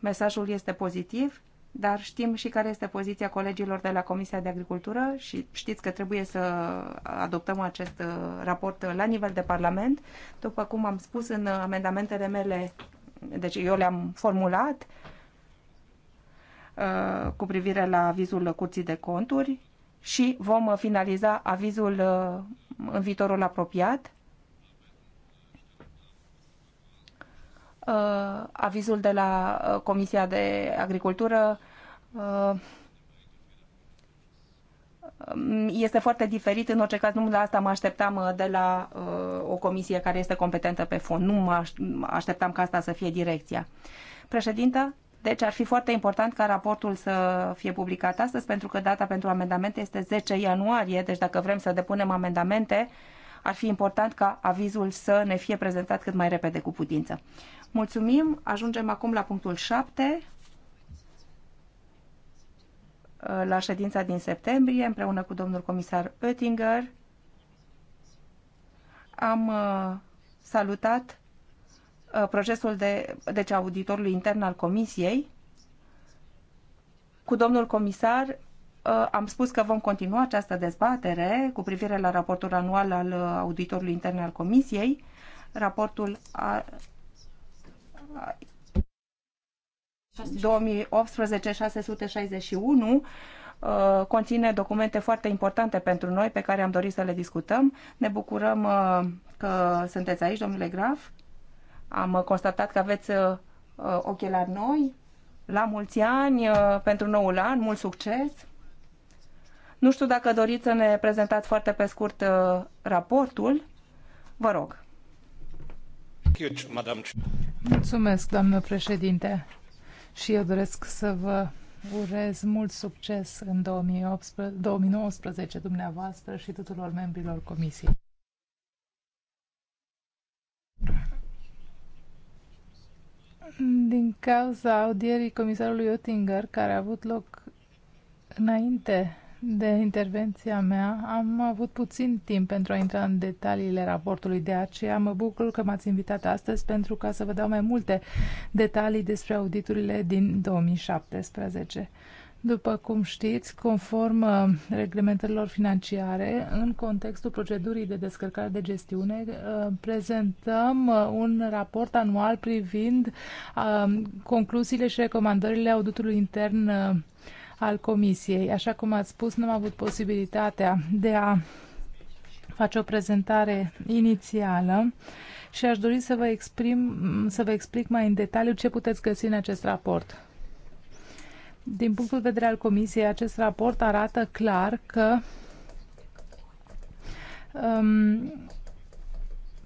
mesajul este pozitiv, dar știm și care este poziția colegilor de la Comisia de Agricultură și știți că trebuie să adoptăm acest uh, raport la nivel de Parlament. După cum am spus în amendamentele mele, deci eu le-am formulat uh, cu privire la avizul Curții de Conturi și vom finaliza avizul uh, în viitorul apropiat Uh, avizul de la uh, Comisia de Agricultură uh, este foarte diferit. În orice caz, nu la asta mă așteptam de la o comisie care este competentă pe fond. Nu mă așteptam ca asta să fie direcția. Președinta, deci ar fi foarte important ca raportul să fie publicat astăzi, pentru că data pentru amendamente este 10 ianuarie, deci dacă vrem să depunem amendamente, ar fi important ca avizul să ne fie prezentat cât mai repede cu putință. Mulțumim. Ajungem acum la punctul 7 la ședința din septembrie, împreună cu domnul comisar Oettinger, am uh, salutat uh, procesul de, deci auditorului intern al comisiei. Cu domnul comisar uh, am spus că vom continua această dezbatere cu privire la raportul anual al auditorului intern al comisiei. Raportul a 2018-661 uh, conține documente foarte importante pentru noi pe care am dorit să le discutăm. Ne bucurăm uh, că sunteți aici, domnule Graf. Am uh, constatat că aveți ochelari noi. La mulți ani pentru noul an, mult succes! Nu știu dacă doriți să ne prezentați foarte pe scurt raportul. Vă rog. Mulțumesc, doamnă președinte. Și eu doresc să vă urez mult succes în 2018, 2019 dumneavoastră și tuturor membrilor comisiei. Din cauza audierii comisarului Oettinger, care a avut loc înainte de intervenția mea, am avut puțin timp pentru a intra în detaliile raportului, de aceea mă bucur că m-ați invitat astăzi pentru ca să vă dau mai multe detalii despre auditurile din 2017. După cum știți, conform uh, reglementărilor financiare, în contextul procedurii de descărcare de gestiune, uh, prezentăm uh, un raport anual privind concluziile și recomandările auditului intern al Comisiei. Așa cum ați spus, nu am avut posibilitatea de a face o prezentare inițială și aș dori să vă, exprim, să vă explic mai în detaliu ce puteți găsi în acest raport. Din punctul de vedere al Comisiei, acest raport arată clar că um,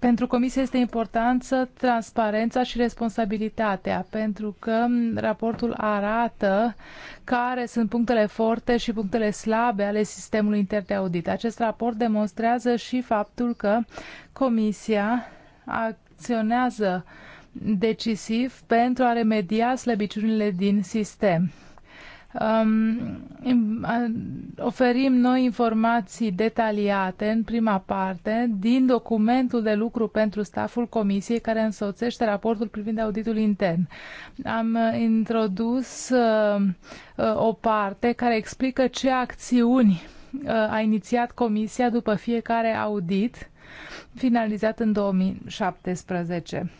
pentru Comisie este importantă transparența și responsabilitatea, pentru că raportul arată care sunt punctele forte și punctele slabe ale sistemului intern de audit. Acest raport demonstrează și faptul că Comisia acționează decisiv pentru a remedia slăbiciunile din sistem. Um, oferim noi informații detaliate în prima parte din documentul de lucru pentru staful comisiei care însoțește raportul privind auditul intern. Am uh, introdus uh, uh, o parte care explică ce acțiuni a inițiat comisia după fiecare audit finalizat în 2017.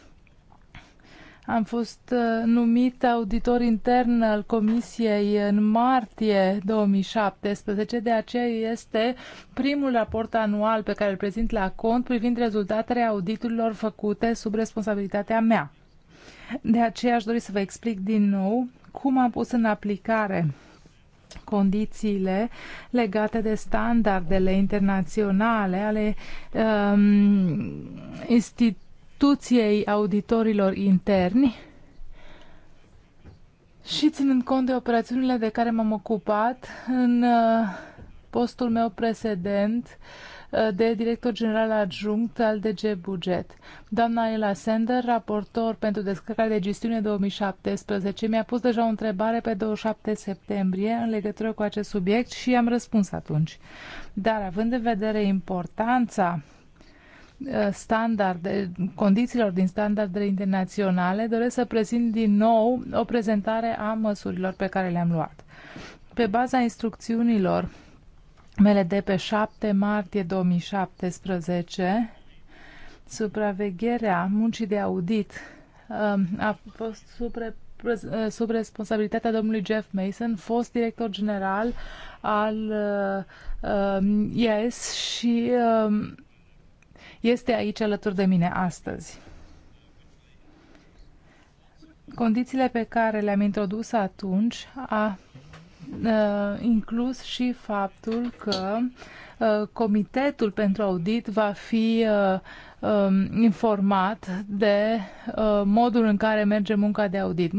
Am fost uh, numit auditor intern al Comisiei în martie 2017, de aceea este primul raport anual pe care îl prezint la cont privind rezultatele auditurilor făcute sub responsabilitatea mea. De aceea aș dori să vă explic din nou cum am pus în aplicare condițiile legate de standardele internaționale ale um, instituției instituției auditorilor interni și ținând cont de operațiunile de care m-am ocupat în uh, postul meu precedent uh, de director general adjunct al DG Buget. Doamna Ela Sender, raportor pentru descărcarea de gestiune 2017, mi-a pus deja o întrebare pe 27 septembrie în legătură cu acest subiect și am răspuns atunci. Dar având în vedere importanța standarde, condițiilor din standardele internaționale, doresc să prezint din nou o prezentare a măsurilor pe care le-am luat. Pe baza instrucțiunilor mele de pe 7 martie 2017, supravegherea muncii de audit um, a fost supre, uh, sub responsabilitatea domnului Jeff Mason, fost director general al uh, um, IAS și um, este aici alături de mine astăzi. Condițiile pe care le-am introdus atunci a inclus și faptul că Comitetul pentru Audit va fi informat de modul în care merge munca de audit.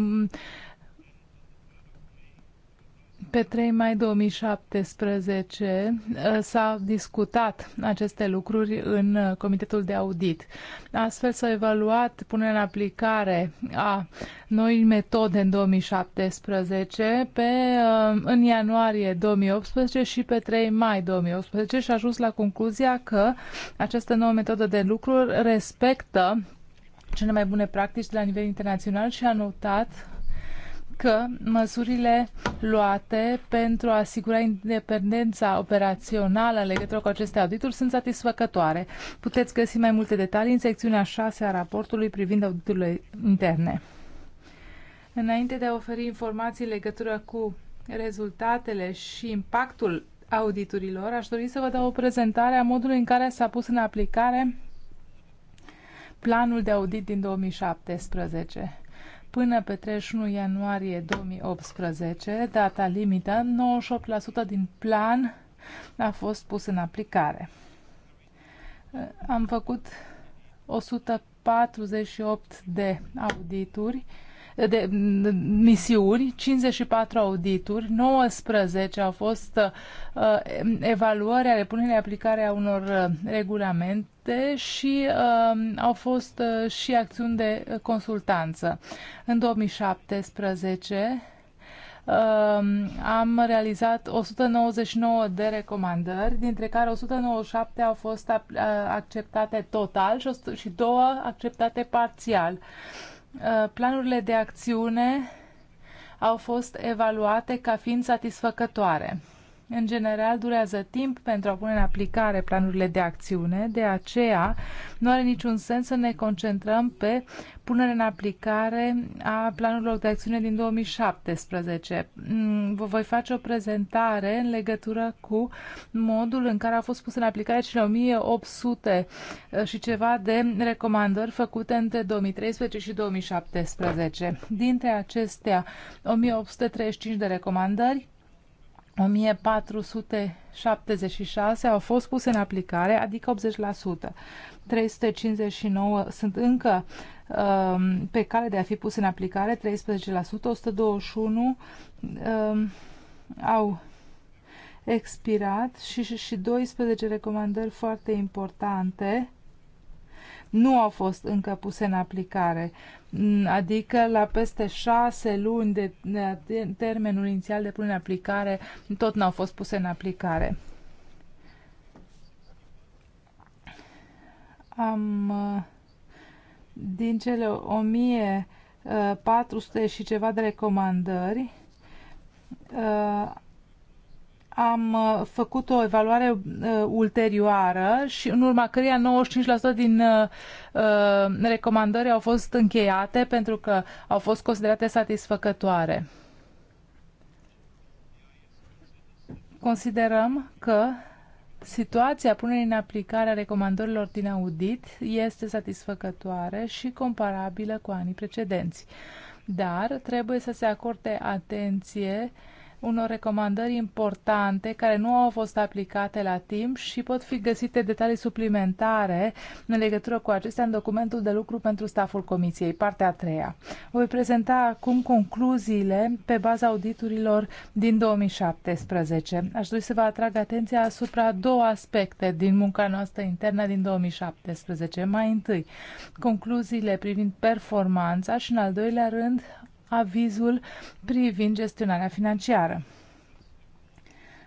Pe 3 mai 2017 uh, s-a discutat aceste lucruri în uh, Comitetul de Audit. Astfel s-a evaluat punerea în aplicare a noi metode în 2017 pe, uh, în ianuarie 2018 și pe 3 mai 2018 și a ajuns la concluzia că această nouă metodă de lucru respectă cele mai bune practici de la nivel internațional și a notat că măsurile luate pentru a asigura independența operațională în legătură cu aceste audituri sunt satisfăcătoare. Puteți găsi mai multe detalii în secțiunea 6 a raportului privind auditurile interne. Înainte de a oferi informații în legătură cu rezultatele și impactul auditurilor, aș dori să vă dau o prezentare a modului în care s-a pus în aplicare planul de audit din 2017 până pe 31 ianuarie 2018, data limită, 98% din plan a fost pus în aplicare. Am făcut 148 de audituri de misiuni, 54 audituri, 19 au fost uh, evaluări ale punerii aplicare a unor uh, regulamente și uh, au fost uh, și acțiuni de consultanță. În 2017 uh, am realizat 199 de recomandări, dintre care 197 au fost uh, acceptate total și, și două acceptate parțial. Uh, Uh, planurile de acțiune au fost evaluate ca fiind satisfăcătoare în general, durează timp pentru a pune în aplicare planurile de acțiune, de aceea nu are niciun sens să ne concentrăm pe punerea în aplicare a planurilor de acțiune din 2017. Mm, vă voi face o prezentare în legătură cu modul în care a fost pus în aplicare cele 1800 uh, și ceva de recomandări făcute între 2013 și 2017. Dintre acestea, 1835 de recomandări 1476 au fost puse în aplicare, adică 80%. 359 sunt încă um, pe cale de a fi puse în aplicare, 13%, 121 um, au expirat și, și, și 12 recomandări foarte importante nu au fost încă puse în aplicare adică la peste șase luni de, de termenul inițial de punere în aplicare, tot n-au fost puse în aplicare. Am uh, din cele 1400 uh, și ceva de recomandări, uh, am uh, făcut o evaluare uh, ulterioară și în urma căreia 95% din uh, uh, recomandări au fost încheiate pentru că au fost considerate satisfăcătoare. Considerăm că situația punerii în aplicare a recomandărilor din audit este satisfăcătoare și comparabilă cu anii precedenți. Dar trebuie să se acorde atenție uh, unor recomandări importante care nu au fost aplicate la timp și pot fi găsite detalii suplimentare în legătură cu acestea în documentul de lucru pentru staful Comisiei, partea a treia. Voi prezenta acum concluziile pe baza auditurilor din 2017. Aș dori să vă atrag atenția asupra două aspecte din munca noastră internă din 2017. Mai întâi, concluziile privind performanța și, în al doilea rând, avizul privind gestionarea financiară.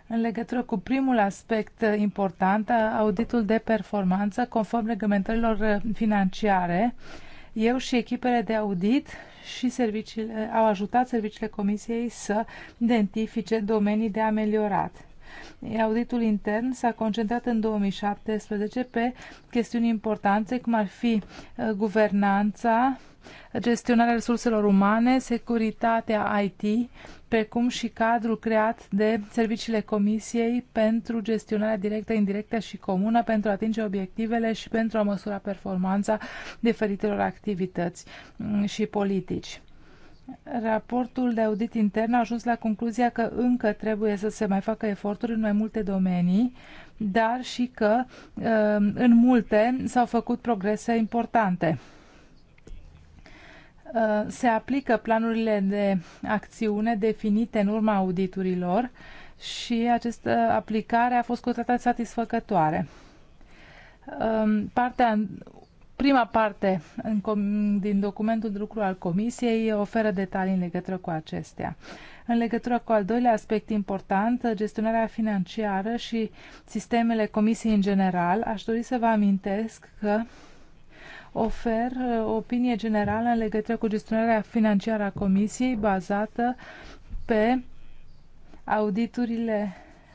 În legătură cu primul aspect important, auditul de performanță conform reglementărilor financiare, eu și echipele de audit și serviciile, au ajutat serviciile Comisiei să identifice domenii de ameliorat. Auditul intern s-a concentrat în 2017 pe chestiuni importante, cum ar fi uh, guvernanța, gestionarea resurselor umane, securitatea IT, precum și cadrul creat de serviciile Comisiei pentru gestionarea directă, indirectă și comună pentru a atinge obiectivele și pentru a măsura performanța diferitelor activități mm, și politici. Raportul de audit intern a ajuns la concluzia că încă trebuie să se mai facă eforturi în mai multe domenii, dar și că uh, în multe s-au făcut progrese importante. Uh, se aplică planurile de acțiune definite în urma auditurilor și această aplicare a fost cu toată satisfăcătoare. Um, partea Prima parte din documentul de lucru al Comisiei oferă detalii în legătură cu acestea. În legătură cu al doilea aspect important, gestionarea financiară și sistemele Comisiei în general, aș dori să vă amintesc că ofer o uh, opinie generală în legătură cu gestionarea financiară a Comisiei bazată pe auditurile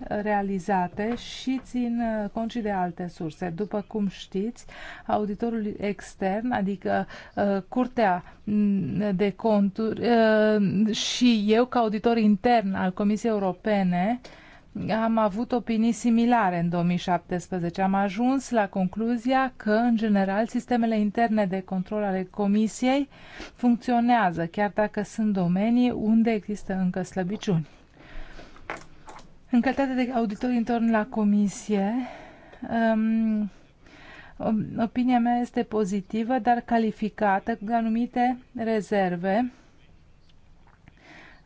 realizate și țin uh, cont și de alte surse. După cum știți, auditorul extern, adică uh, Curtea mm, de Conturi uh, și eu ca auditor intern al Comisiei Europene am avut opinii similare în 2017. Am ajuns la concluzia că, în general, sistemele interne de control ale Comisiei funcționează, chiar dacă sunt domenii unde există încă slăbiciuni. În calitate de auditor intern la comisie, um, opinia mea este pozitivă, dar calificată cu anumite rezerve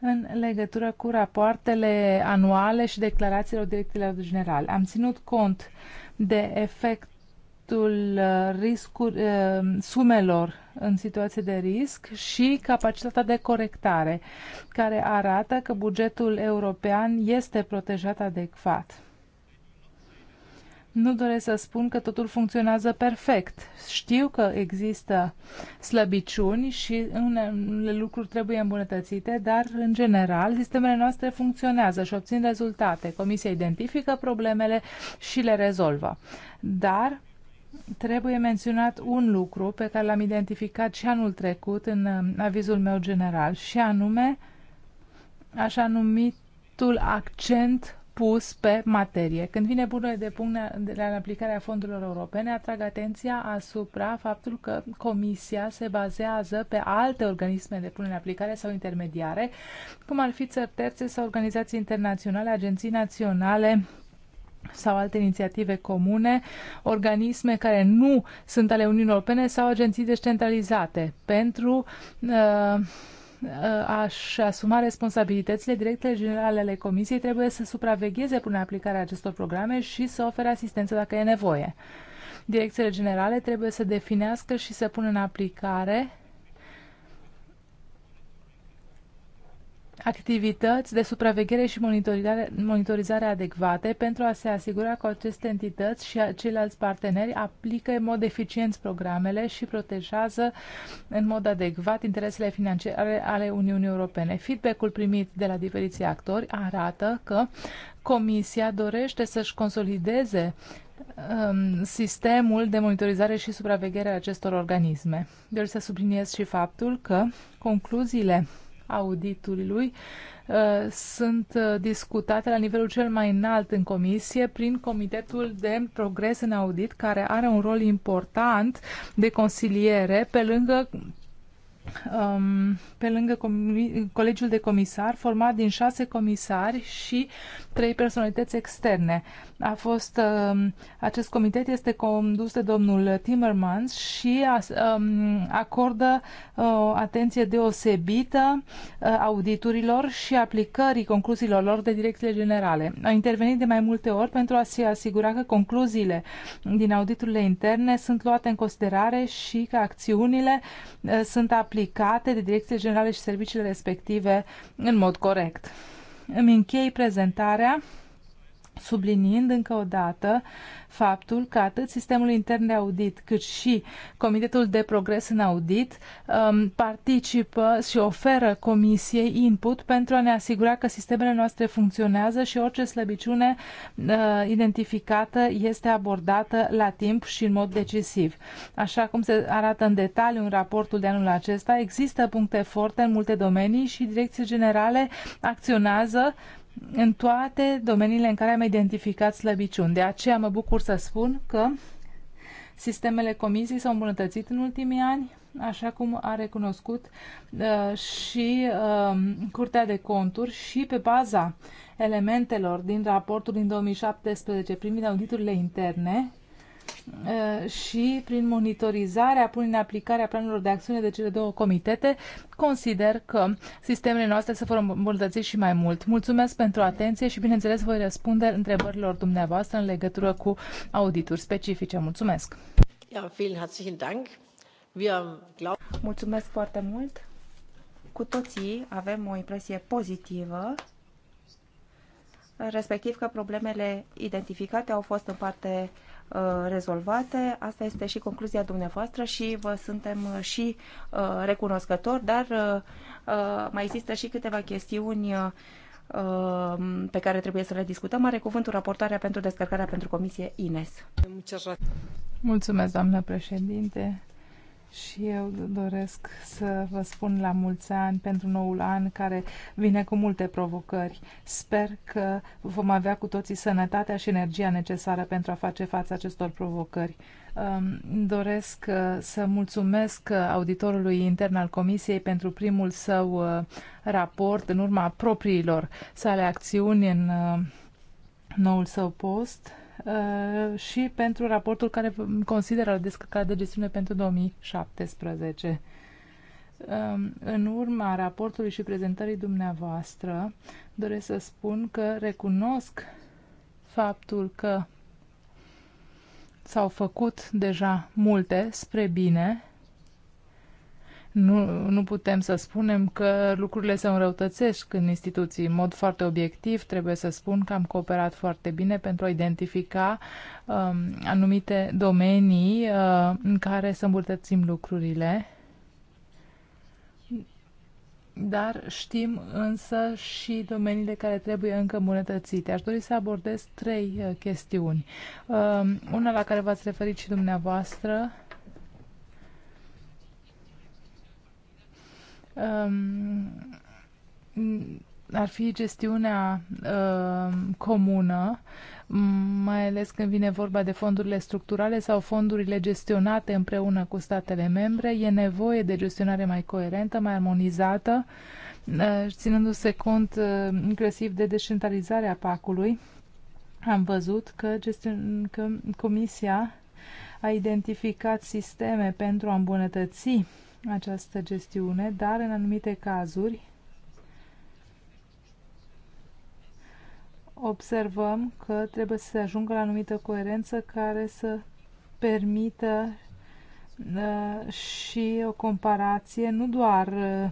în legătură cu rapoartele anuale și declarațiilor direcțiilor generale. Am ținut cont de efectul uh, riscuri, uh, sumelor în situații de risc și capacitatea de corectare, care arată că bugetul european este protejat adecvat. Nu doresc să spun că totul funcționează perfect. Știu că există slăbiciuni și unele lucruri trebuie îmbunătățite, dar, în general, sistemele noastre funcționează și obțin rezultate. Comisia identifică problemele și le rezolvă. Dar trebuie menționat un lucru pe care l-am identificat și anul trecut în um, avizul meu general, și anume așa numitul accent pus pe materie. Când vine bună de punct de la aplicarea fondurilor europene, atrag atenția asupra faptul că Comisia se bazează pe alte organisme de punere în aplicare sau intermediare, cum ar fi țări terțe sau organizații internaționale, agenții naționale, sau alte inițiative comune, organisme care nu sunt ale Uniunii Europene sau agenții descentralizate pentru uh, uh a-și asuma responsabilitățile, directe generale ale Comisiei trebuie să supravegheze până aplicarea acestor programe și să ofere asistență dacă e nevoie. Direcțiile generale trebuie să definească și să pună în aplicare activități de supraveghere și monitorizare, monitorizare adecvate pentru a se asigura că aceste entități și ceilalți parteneri aplică în mod eficient programele și protejează în mod adecvat interesele financiare ale Uniunii Europene. Feedback-ul primit de la diferiți actori arată că Comisia dorește să-și consolideze um, sistemul de monitorizare și supraveghere a acestor organisme. Doresc să subliniez și faptul că concluziile auditului uh, sunt uh, discutate la nivelul cel mai înalt în comisie prin Comitetul de Progres în Audit, care are un rol important de consiliere pe lângă Um, pe lângă colegiul de comisar, format din șase comisari și trei personalități externe. A fost, um, acest comitet este condus de domnul Timmermans și um, acordă uh, atenție deosebită uh, auditurilor și aplicării concluziilor lor de direcțiile generale. A intervenit de mai multe ori pentru a se asigura că concluziile din auditurile interne sunt luate în considerare și că acțiunile uh, sunt aplicate aplicate de direcțiile generale și serviciile respective în mod corect. Îmi închei prezentarea subliniind încă o dată faptul că atât sistemul intern de audit cât și Comitetul de Progres în Audit um, participă și oferă Comisiei input pentru a ne asigura că sistemele noastre funcționează și orice slăbiciune uh, identificată este abordată la timp și în mod decisiv. Așa cum se arată în detaliu în raportul de anul acesta, există puncte forte în multe domenii și direcții generale acționează în toate domeniile în care am identificat slăbiciuni. De aceea mă bucur să spun că sistemele comisiei s-au îmbunătățit în ultimii ani, așa cum a recunoscut uh, și uh, Curtea de Conturi și pe baza elementelor din raportul din 2017 privind auditurile interne, Uh, și prin monitorizarea, în aplicarea planurilor de acțiune de cele două comitete, consider că sistemele noastre se vor îmbunătăți și mai mult. Mulțumesc pentru atenție și, bineînțeles, voi răspunde întrebărilor dumneavoastră în legătură cu audituri specifice. Mulțumesc! Ja, herzlichen Dank. Wir Mulțumesc foarte mult! Cu toții avem o impresie pozitivă respectiv că problemele identificate au fost în parte Uh, rezolvate. Asta este și concluzia dumneavoastră și vă suntem uh, și uh, recunoscători, dar mai există și câteva chestiuni pe care trebuie să le discutăm. Are cuvântul raportarea pentru descărcarea pentru comisie Ines. Mulțumesc, doamnă președinte. Și eu doresc să vă spun la mulți ani pentru noul an care vine cu multe provocări. Sper că vom avea cu toții sănătatea și energia necesară pentru a face față acestor provocări. Doresc uh, să mulțumesc uh, auditorului intern al Comisiei pentru primul său uh, raport în urma propriilor sale acțiuni în noul său post Uh, și pentru raportul care consideră descărcarea de gestiune pentru 2017. Um, în urma raportului și prezentării dumneavoastră, doresc să spun că recunosc faptul că s-au făcut deja multe spre bine nu, nu putem să spunem că lucrurile se înrăutățesc în instituții. În mod foarte obiectiv, trebuie să spun că am cooperat foarte bine pentru a identifica um, anumite domenii uh, în care să îmbunătățim lucrurile. Dar știm însă și domeniile care trebuie încă îmbunătățite. Aș dori să abordez trei uh, chestiuni. Uh, una la care v-ați referit și dumneavoastră, uh, um, ar fi gestiunea um, comună, mai ales când vine vorba de fondurile structurale sau fondurile gestionate împreună cu statele membre. E nevoie de gestionare mai coerentă, mai armonizată, uh, ținându-se cont uh, inclusiv de descentralizarea PAC-ului. Am văzut că, gestion- că Comisia a identificat sisteme pentru a îmbunătăți această gestiune, dar în anumite cazuri observăm că trebuie să se ajungă la anumită coerență care să permită uh, și o comparație nu doar uh,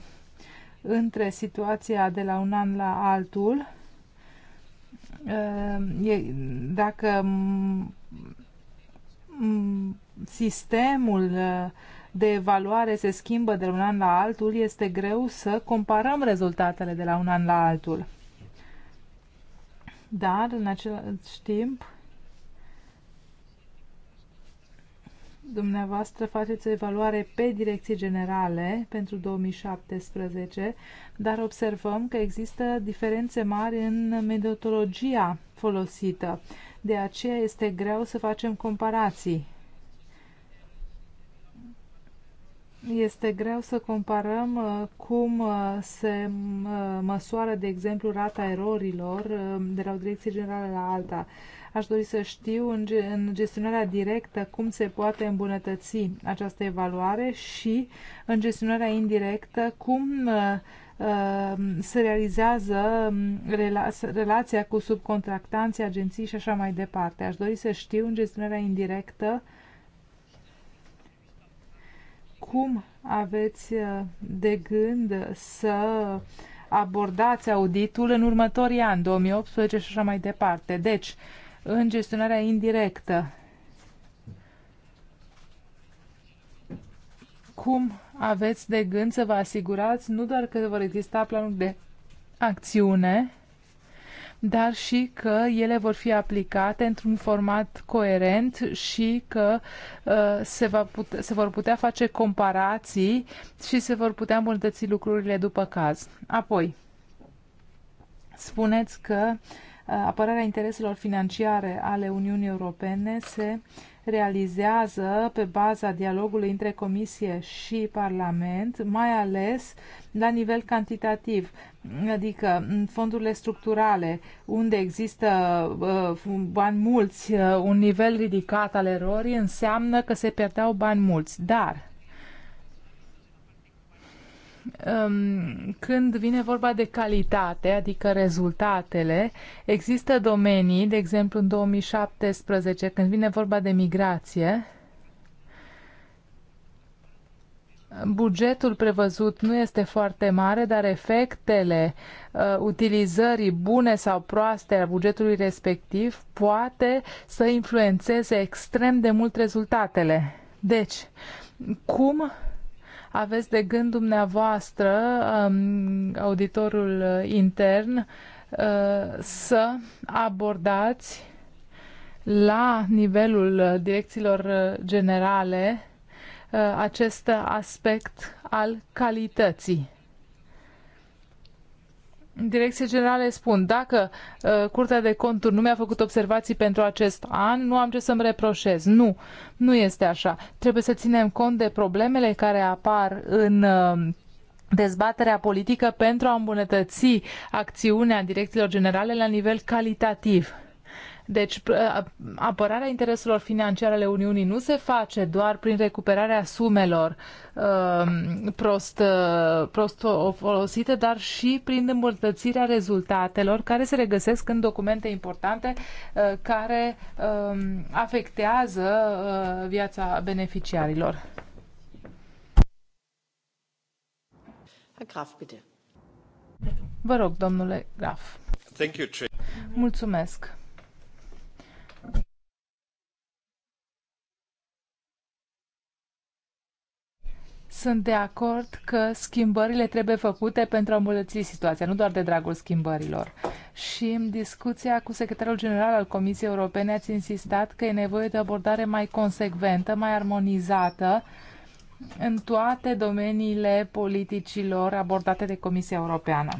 între situația de la un an la altul, uh, e, dacă sistemul uh, de evaluare se schimbă de un an la altul, este greu să comparăm rezultatele de la un an la altul. Dar, în același timp, dumneavoastră faceți o evaluare pe direcții generale pentru 2017, dar observăm că există diferențe mari în metodologia folosită. De aceea este greu să facem comparații. este greu să comparăm uh, cum uh, se uh, măsoară, de exemplu, rata erorilor de la o direcție generală la alta. Aș dori să știu în gestionarea directă cum se poate îmbunătăți această evaluare și în gestionarea indirectă cum se realizează um, relația cu subcontractanții, agenții și așa mai departe. Aș dori să știu în gestionarea indirectă cum aveți uh, de gând să abordați auditul în următorii ani, 2018 și așa mai departe. Deci, în gestionarea indirectă, cum aveți de gând să vă asigurați nu doar că vor exista planuri de acțiune, dar și că ele vor fi aplicate într-un format coerent și că uh, se, va pute, se vor putea face comparații și se vor putea îmbunătăți lucrurile după caz. Apoi, spuneți că uh, apărarea intereselor financiare ale Uniunii Europene se uh, realizează pe baza dialogului între Comisie și Parlament, mai ales la nivel cantitativ, adică în fondurile structurale, unde există uh, bani mulți, uh, un nivel ridicat al erorii, înseamnă că se pierdeau bani mulți. Dar Um, când vine vorba de calitate, adică rezultatele, există domenii, de exemplu în 2017, când vine vorba de migrație, bugetul prevăzut nu este foarte mare, dar efectele uh, utilizării bune sau proaste a bugetului respectiv poate să influențeze extrem de mult rezultatele. Deci, cum aveți de gând dumneavoastră, um, auditorul intern, uh, să abordați la nivelul direcțiilor generale uh, acest aspect al calității Direcție generale spun, dacă uh, Curtea de Conturi nu mi-a făcut observații pentru acest an, nu am ce să-mi reproșez. Nu, nu este așa. Trebuie să ținem cont de problemele care apar în uh, dezbaterea politică pentru a îmbunătăți acțiunea direcțiilor generale la nivel calitativ. Deci, apărarea intereselor financiare ale Uniunii nu se face doar prin recuperarea sumelor um, prost, uh, prost folosite, dar și prin îmbunătățirea rezultatelor care se regăsesc în documente importante uh, care um, afectează uh, viața beneficiarilor. Graf, bitte. Vă rog, domnule Graf. Mulțumesc. Sunt de acord că schimbările trebuie făcute pentru a îmbunătăți situația, nu doar de dragul schimbărilor. Și în discuția cu secretarul general al Comisiei Europene ați insistat că e nevoie de abordare mai consecventă, mai armonizată în toate domeniile politicilor abordate de Comisia Europeană.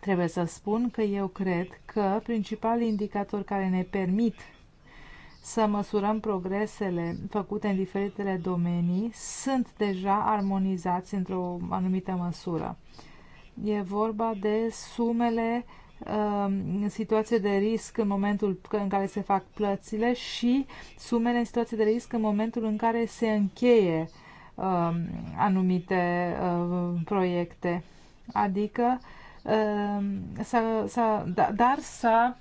Trebuie să spun că eu cred că principalii indicatori care ne permit să măsurăm progresele făcute în diferitele domenii sunt deja armonizați într-o anumită măsură. E vorba de sumele um, în situație de risc în momentul în care se fac plățile și sumele în situație de risc în momentul în care se încheie um, anumite um, proiecte. Adică, s-a, s-a, da, dar s-a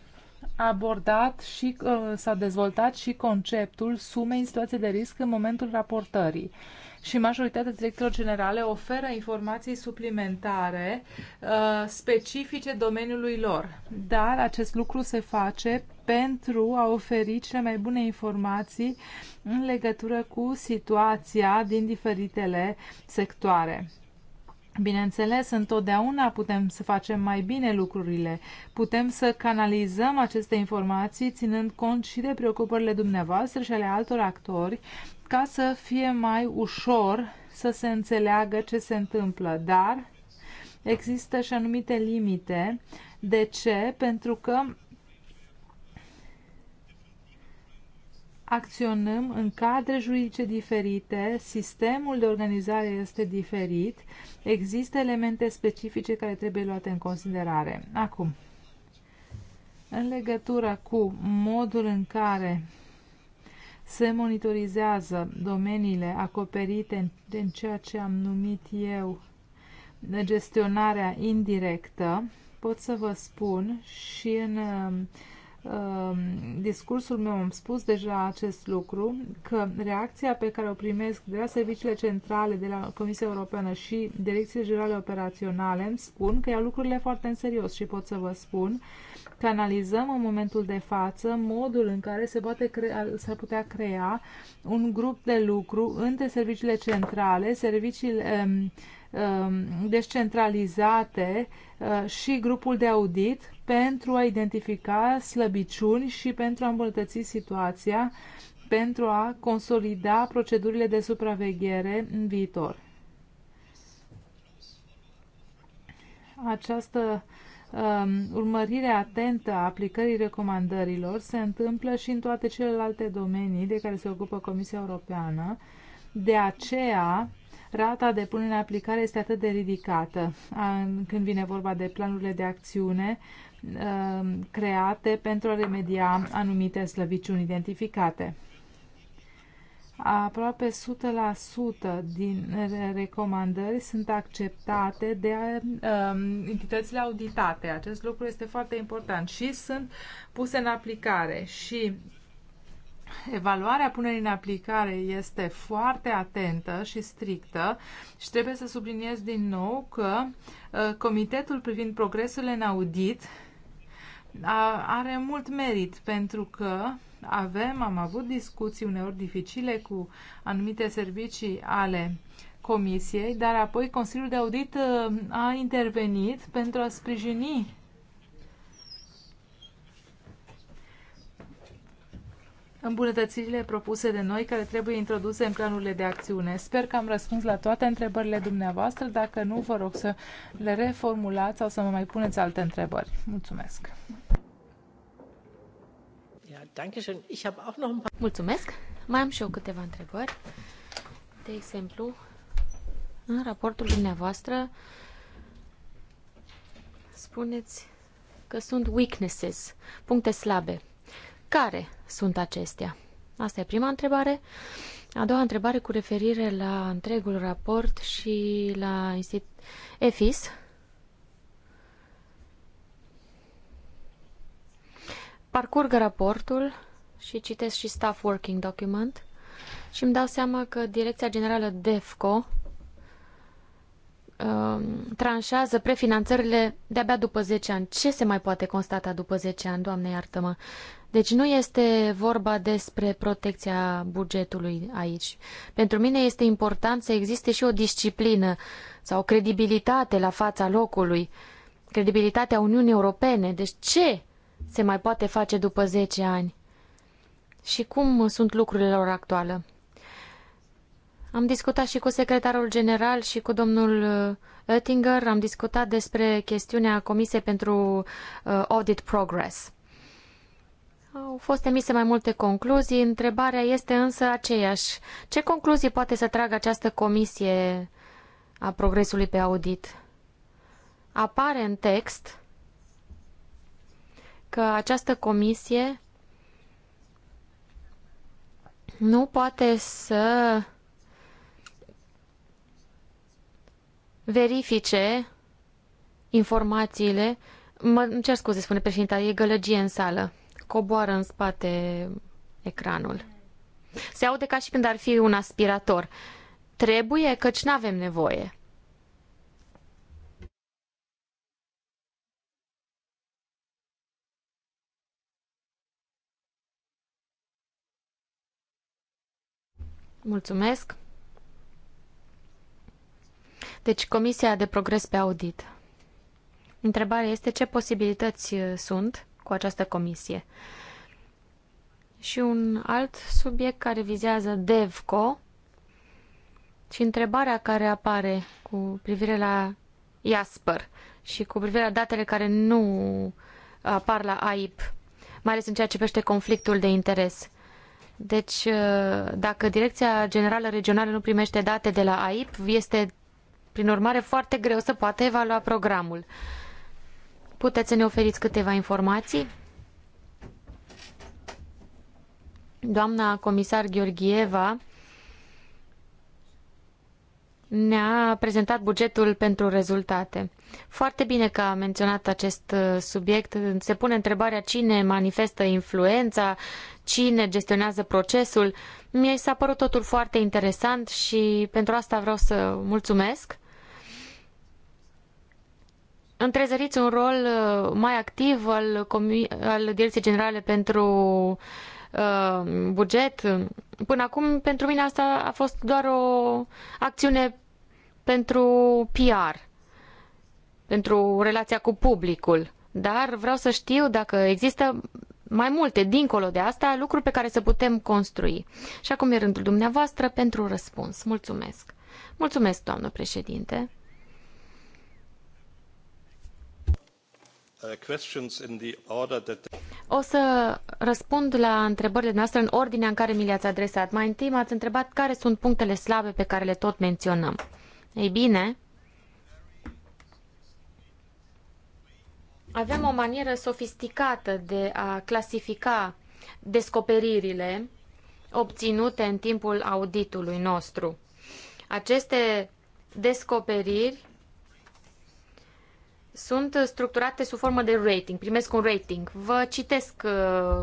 abordat și uh, s-a dezvoltat și conceptul sumei în situație de risc în momentul raportării. Și majoritatea directorilor generale oferă informații suplimentare uh, specifice domeniului lor. Dar acest lucru se face pentru a oferi cele mai bune informații în legătură cu situația din diferitele sectoare. Bineînțeles, întotdeauna putem să facem mai bine lucrurile. Putem să canalizăm aceste informații ținând cont și de preocupările dumneavoastră și ale altor actori ca să fie mai ușor să se înțeleagă ce se întâmplă. Dar există și anumite limite. De ce? Pentru că acționăm în cadre juridice diferite, sistemul de organizare este diferit, există elemente specifice care trebuie luate în considerare. Acum, în legătură cu modul în care se monitorizează domeniile acoperite în ceea ce am numit eu gestionarea indirectă, pot să vă spun și în uh, Um, discursul meu am spus deja acest lucru, că reacția pe care o primesc de la serviciile centrale, de la Comisia Europeană și direcțiile generale operaționale îmi spun că iau lucrurile foarte în serios și pot să vă spun că analizăm în momentul de față modul în care se poate crea, s-ar putea crea un grup de lucru între serviciile centrale, serviciile um, Um, descentralizate uh, și grupul de audit pentru a identifica slăbiciuni și pentru a îmbunătăți situația, pentru a consolida procedurile de supraveghere în viitor. Această um, urmărire atentă a aplicării recomandărilor se întâmplă și în toate celelalte domenii de care se ocupă Comisia Europeană. De aceea, rata de punere în aplicare este atât de ridicată când vine vorba de planurile de acțiune create pentru a remedia anumite slăbiciuni identificate. Aproape 100% din recomandări sunt acceptate de um, entitățile auditate. Acest lucru este foarte important și sunt puse în aplicare și evaluarea punerii în aplicare este foarte atentă și strictă și trebuie să subliniez din nou că uh, Comitetul privind progresul în audit are mult merit pentru că avem, am avut discuții uneori dificile cu anumite servicii ale Comisiei, dar apoi Consiliul de Audit uh, a intervenit pentru a sprijini îmbunătățirile propuse de noi care trebuie introduse în planurile de acțiune. Sper că am răspuns la toate întrebările dumneavoastră. Dacă nu, vă rog să le reformulați sau să mă mai puneți alte întrebări. Mulțumesc! Mulțumesc! Mai am și eu câteva întrebări. De exemplu, în raportul dumneavoastră spuneți că sunt weaknesses, puncte slabe care sunt acestea? Asta e prima întrebare. A doua întrebare cu referire la întregul raport și la institut EFIS. Parcurg raportul și citesc și staff working document și îmi dau seama că Direcția Generală DEFCO uh, tranșează prefinanțările de-abia după 10 ani. Ce se mai poate constata după 10 ani, doamne iartă-mă? Deci nu este vorba despre protecția bugetului aici. Pentru mine este important să existe și o disciplină sau o credibilitate la fața locului, credibilitatea Uniunii Europene. Deci ce se mai poate face după 10 ani? Și cum sunt lucrurile lor actuale? Am discutat și cu secretarul general și cu domnul uh, Oettinger, am discutat despre chestiunea Comisiei pentru uh, Audit Progress. Au fost emise mai multe concluzii, întrebarea este însă aceeași. Ce concluzii poate să tragă această comisie a progresului pe audit? Apare în text că această comisie nu poate să verifice informațiile. Mă îmi cer scuze, spune președinta, e gălăgie în sală. Coboară în spate ecranul. Se aude ca și când ar fi un aspirator. Trebuie, căci nu avem nevoie. Mulțumesc. Deci, Comisia de Progres pe Audit. Întrebarea este ce posibilități uh, sunt cu această comisie. Și un alt subiect care vizează DEVCO și întrebarea care apare cu privire la IASPER și cu privire la datele care nu apar la AIP, mai ales în ceea ce privește conflictul de interes. Deci, uh, dacă Direcția Generală Regională nu primește date de la AIP, este prin urmare, foarte greu să poată evalua programul. Puteți să ne oferiți câteva informații? Doamna comisar Gheorgheva ne-a prezentat bugetul pentru rezultate. Foarte bine că a menționat acest uh, subiect. Se pune întrebarea cine manifestă influența, cine gestionează procesul. Mi s-a părut totul foarte interesant și pentru asta vreau să mulțumesc. Întrezăriți un rol uh, mai activ al, al Direcției Generale pentru uh, buget. Până acum, pentru mine asta a fost doar o acțiune pentru PR, pentru relația cu publicul. Dar vreau să știu dacă există mai multe dincolo de asta, lucruri pe care să putem construi. Și acum e rândul dumneavoastră pentru răspuns. Mulțumesc. Mulțumesc, doamnă președinte. Uh, o să răspund la întrebările noastre în ordinea în care mi le-ați adresat. Mai întâi m-ați întrebat care sunt punctele slabe pe care le tot menționăm. Ei bine, avem o manieră sofisticată de a clasifica descoperirile obținute în timpul auditului nostru. Aceste descoperiri sunt structurate sub formă de rating, primesc un rating. Vă citesc uh,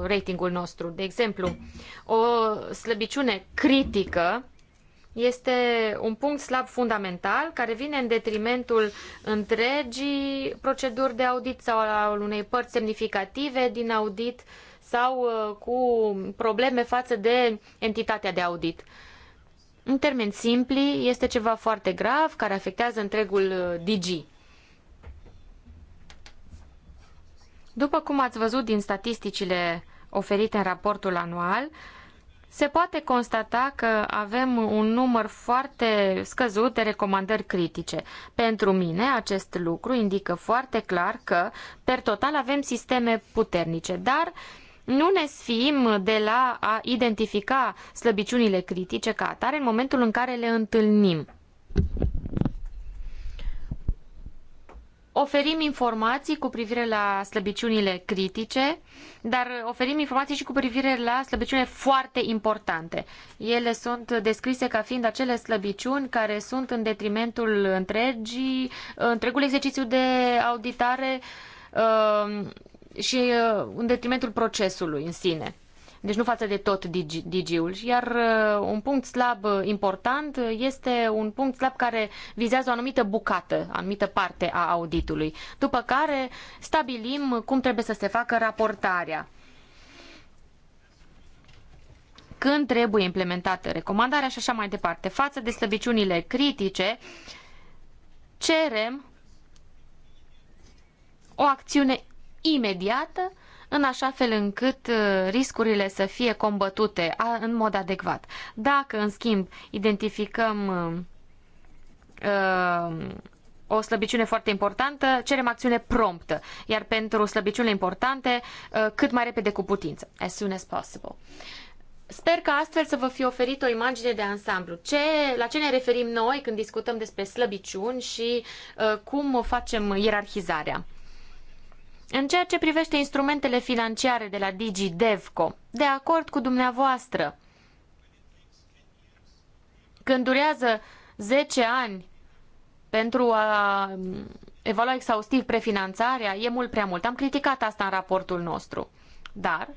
ratingul nostru. De exemplu, o slăbiciune critică este un punct slab fundamental care vine în detrimentul întregii proceduri de audit sau al unei părți semnificative din audit sau uh, cu probleme față de entitatea de audit. În termeni simpli, este ceva foarte grav care afectează întregul uh, DG. După cum ați văzut din statisticile oferite în raportul anual, se poate constata că avem un număr foarte scăzut de recomandări critice. Pentru mine, acest lucru indică foarte clar că, per total, avem sisteme puternice, dar nu ne sfim de la a identifica slăbiciunile critice ca atare în momentul în care le întâlnim oferim informații cu privire la slăbiciunile critice, dar oferim informații și cu privire la slăbiciunile foarte importante. Ele sunt descrise ca fiind acele slăbiciuni care sunt în detrimentul întregii, întregul exercițiu de auditare uh, și uh, în detrimentul procesului în sine deci nu față de tot DG-ul. Iar uh, un punct slab uh, important uh, este un punct slab care vizează o anumită bucată, anumită parte a auditului. După care stabilim cum trebuie să se facă raportarea. Când trebuie implementată recomandarea și așa mai departe. Față de slăbiciunile critice, cerem o acțiune imediată în așa fel încât uh, riscurile să fie combătute în mod adecvat. Dacă, în schimb, identificăm uh, uh, o slăbiciune foarte importantă, cerem acțiune promptă, iar pentru slăbiciunile importante, uh, cât mai repede cu putință, as soon as possible. Sper că astfel să vă fi oferit o imagine de ansamblu. Ce, la ce ne referim noi când discutăm despre slăbiciuni și uh, cum facem ierarhizarea? În ceea ce privește instrumentele financiare de la DigiDevco, de acord cu dumneavoastră, când durează 10 ani pentru a mm, evalua exhaustiv prefinanțarea, e mult prea mult. Am criticat asta în raportul nostru. Dar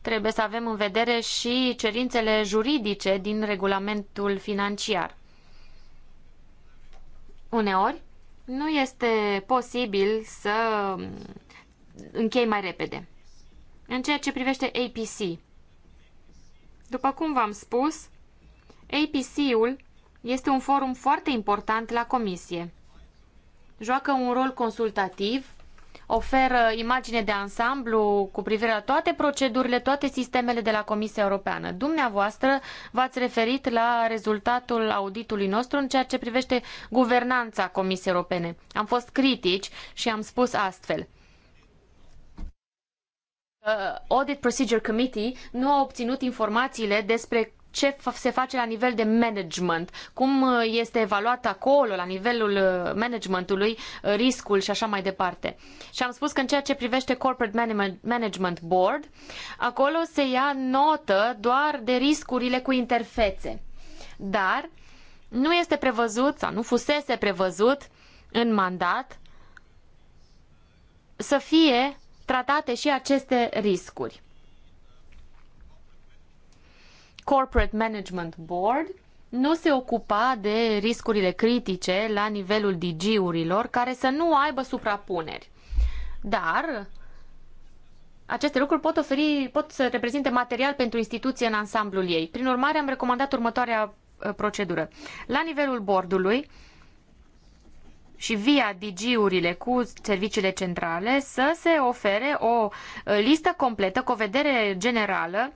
trebuie să avem în vedere și cerințele juridice din regulamentul financiar. Uneori, nu este posibil să mm, închei mai repede. În ceea ce privește APC, după cum v-am spus, APC-ul este un forum foarte important la comisie. Joacă un rol consultativ, oferă imagine de ansamblu cu privire la toate procedurile, toate sistemele de la Comisia Europeană. Dumneavoastră v-ați referit la rezultatul auditului nostru în ceea ce privește guvernanța Comisiei Europene. Am fost critici și am spus astfel. Uh, Audit Procedure Committee nu a obținut informațiile despre ce se face la nivel de management, cum uh, este evaluat acolo, la nivelul uh, managementului, riscul și așa mai departe. Și am spus că în ceea ce privește Corporate Management Board, acolo se ia notă doar de riscurile cu interfețe. Dar nu este prevăzut sau nu fusese prevăzut în mandat să fie tratate și aceste riscuri. Corporate Management Board nu se ocupa de riscurile critice la nivelul DG-urilor care să nu aibă suprapuneri. Dar aceste lucruri pot oferi, pot să reprezinte material pentru instituție în ansamblul ei. Prin urmare, am recomandat următoarea uh, procedură. La nivelul bordului, și via DG-urile cu serviciile centrale să se ofere o uh, listă completă cu o vedere generală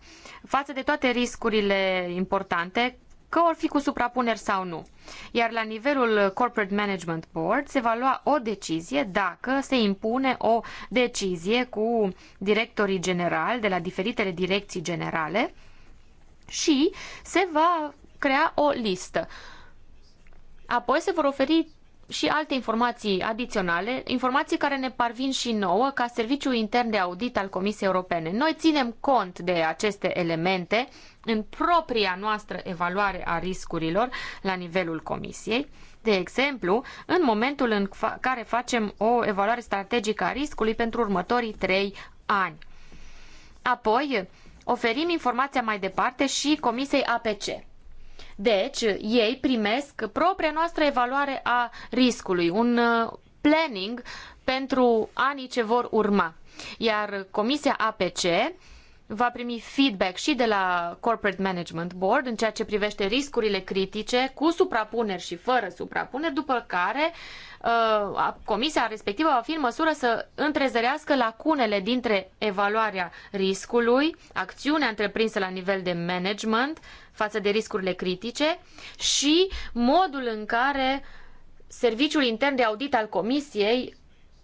față de toate riscurile importante că or fi cu suprapuneri sau nu. Iar la nivelul Corporate Management Board se va lua o decizie dacă se impune o decizie cu directorii generali de la diferitele direcții generale și se va crea o listă. Apoi se vor oferi și alte informații adiționale, informații care ne parvin și nouă ca serviciu intern de audit al Comisiei Europene. Noi ținem cont de aceste elemente în propria noastră evaluare a riscurilor la nivelul Comisiei. De exemplu, în momentul în care facem o evaluare strategică a riscului pentru următorii trei ani. Apoi, oferim informația mai departe și Comisiei APC. Deci, ei primesc propria noastră evaluare a riscului, un uh, planning pentru anii ce vor urma. Iar Comisia APC va primi feedback și de la Corporate Management Board în ceea ce privește riscurile critice cu suprapuneri și fără suprapuneri, după care uh, comisia respectivă va fi în măsură să întrezărească lacunele dintre evaluarea riscului, acțiunea întreprinsă la nivel de management față de riscurile critice și modul în care Serviciul Intern de Audit al Comisiei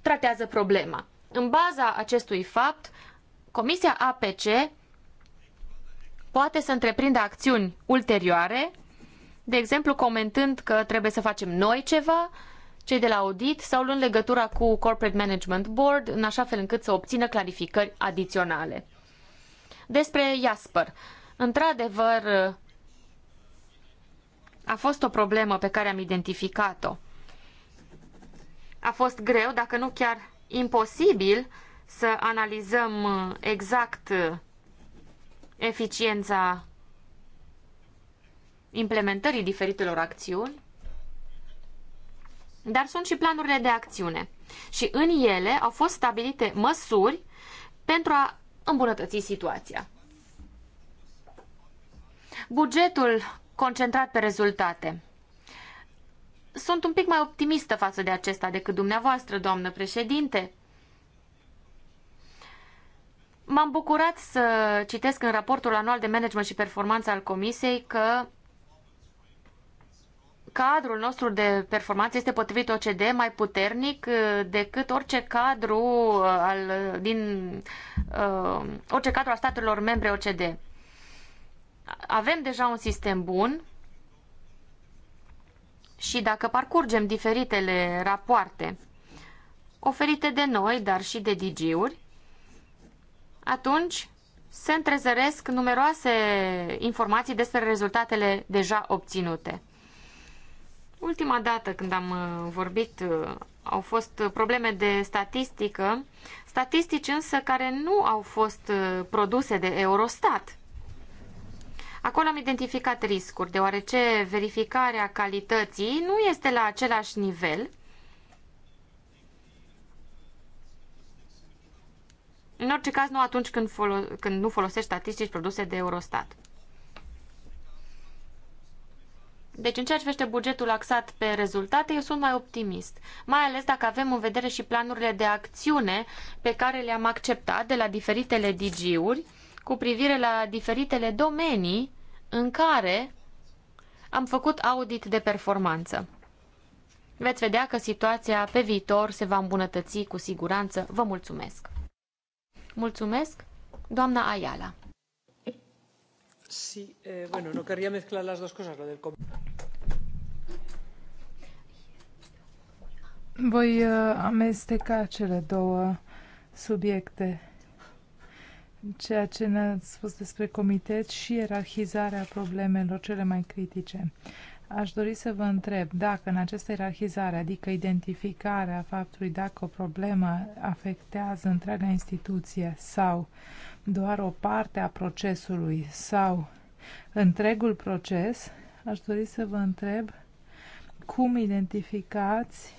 tratează problema. În baza acestui fapt, Comisia APC poate să întreprindă acțiuni ulterioare, de exemplu comentând că trebuie să facem noi ceva, cei de la audit sau luând legătura cu Corporate Management Board, în așa fel încât să obțină clarificări adiționale. Despre Jasper. Într-adevăr, a fost o problemă pe care am identificat-o. A fost greu, dacă nu chiar imposibil, să analizăm uh, exact uh, eficiența implementării diferitelor acțiuni, dar sunt și planurile de acțiune. Și în ele au fost stabilite măsuri pentru a îmbunătăți situația. Bugetul concentrat pe rezultate. Sunt un pic mai optimistă față de acesta decât dumneavoastră, doamnă președinte. M-am bucurat să citesc în raportul anual de management și performanță al Comisiei că cadrul nostru de performanță este potrivit OCD mai puternic uh, decât orice cadru uh, al, din, uh, orice cadru al statelor membre OCD. Avem deja un sistem bun și dacă parcurgem diferitele rapoarte oferite de noi, dar și de DG-uri, atunci se întrezăresc numeroase informații despre rezultatele deja obținute. Ultima dată când am uh, vorbit uh, au fost probleme de statistică, statistici însă care nu au fost uh, produse de Eurostat. Acolo am identificat riscuri, deoarece verificarea calității nu este la același nivel În orice caz, nu atunci când, folo- când nu folosești statistici produse de Eurostat. Deci, în ceea ce vește bugetul axat pe rezultate, eu sunt mai optimist, mai ales dacă avem în vedere și planurile de acțiune pe care le-am acceptat de la diferitele DG-uri cu privire la diferitele domenii în care am făcut audit de performanță. Veți vedea că situația pe viitor se va îmbunătăți cu siguranță. Vă mulțumesc! Mulțumesc, doamna Ayala. Sí, eh, bueno, no quería mezclar las dos cosas, lo del Voi eh, amesteca cele două subiecte. Ceea ce ne-ați spus despre comitet și ierarhizarea problemelor cele mai critice. Aș dori să vă întreb dacă în această ierarhizare, adică identificarea faptului dacă o problemă afectează întreaga instituție sau doar o parte a procesului sau întregul proces, aș dori să vă întreb cum identificați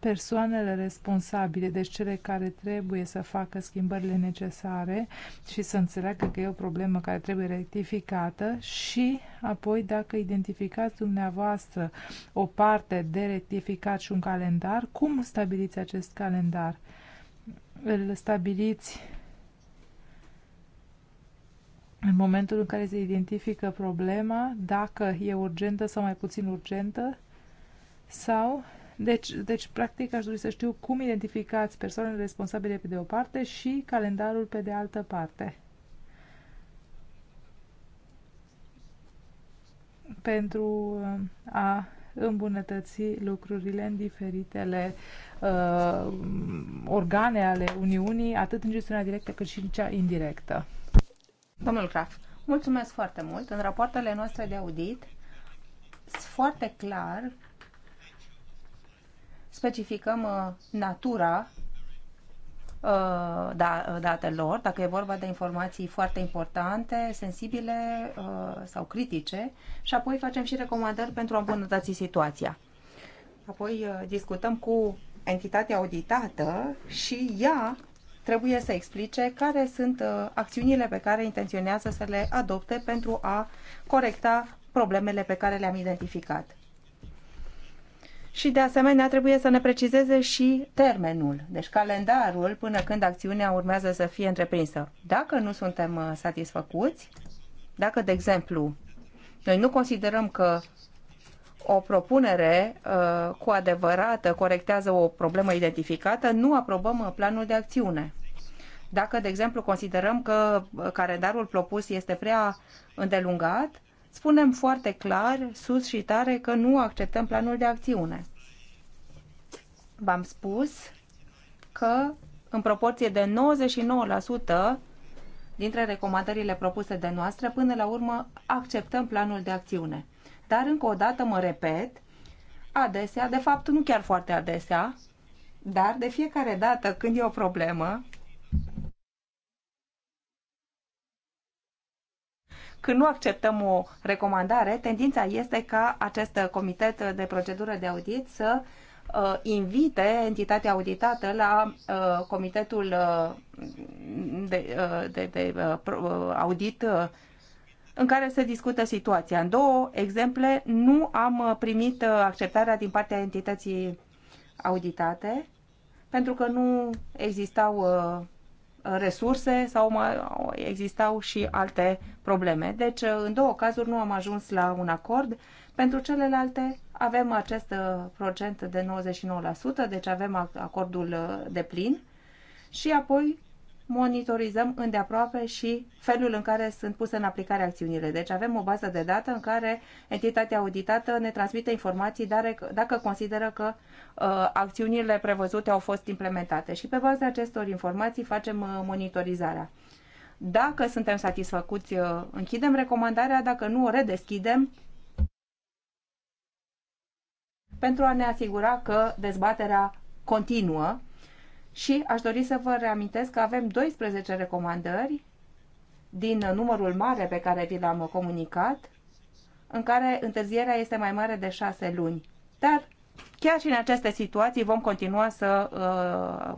persoanele responsabile, deci cele care trebuie să facă schimbările necesare și să înțeleagă că e o problemă care trebuie rectificată și apoi dacă identificați dumneavoastră o parte de rectificat și un calendar, cum stabiliți acest calendar? Îl stabiliți în momentul în care se identifică problema, dacă e urgentă sau mai puțin urgentă, sau deci, deci, practic, aș dori să știu cum identificați persoanele responsabile pe de o parte și calendarul pe de altă parte. Pentru uh, a îmbunătăți lucrurile în diferitele uh, organe ale Uniunii, atât în gestiunea directă cât și în cea indirectă. Domnul Graf, mulțumesc foarte mult. În rapoartele noastre de audit, foarte clar specificăm uh, natura uh, da, uh, datelor, dacă e vorba de informații foarte importante, sensibile sau critice și apoi facem și recomandări pentru a îmbunătăți situația. Apoi discutăm cu entitatea auditată și ea trebuie să explice care sunt acțiunile pe care intenționează să le adopte pentru a corecta problemele pe care le-am identificat și de asemenea trebuie să ne precizeze și termenul, deci calendarul până când acțiunea urmează să fie întreprinsă. Dacă nu suntem uh, satisfăcuți, dacă, de exemplu, noi nu considerăm că o propunere uh, cu adevărat corectează o problemă identificată, nu aprobăm uh, planul de acțiune. Dacă, de exemplu, considerăm că uh, calendarul propus este prea îndelungat, spunem foarte clar, sus și tare, că nu acceptăm planul de acțiune. V-am spus că în proporție de 99% dintre recomandările propuse de noastră, până la urmă acceptăm planul de acțiune. Dar încă o dată mă repet, adesea, de fapt nu chiar foarte adesea, dar de fiecare dată când e o problemă, când nu acceptăm o recomandare, tendința este ca acest comitet de procedură de audit să uh, invite entitatea auditată la uh, comitetul uh, de, de, de audit în care se discută situația. În două exemple, nu am primit acceptarea din partea entității auditate pentru că nu existau resurse sau mai existau și alte probleme. Deci, uh, în două cazuri nu am ajuns la un acord. Pentru celelalte avem acest uh, procent de 99%, deci avem acordul uh, de plin și apoi monitorizăm îndeaproape și felul în care sunt puse în aplicare acțiunile. Deci avem o bază de dată în care entitatea auditată ne transmite informații dar dacă consideră că uh, acțiunile prevăzute au fost implementate și pe baza acestor informații facem uh, monitorizarea. Dacă suntem satisfăcuți, uh, închidem recomandarea, dacă nu, o redeschidem pentru a ne asigura că dezbaterea continuă și aș dori să vă reamintesc că avem 12 recomandări din numărul mare pe care vi l-am comunicat, în care întârzierea este mai mare de 6 luni. Dar chiar și în aceste situații vom continua să uh,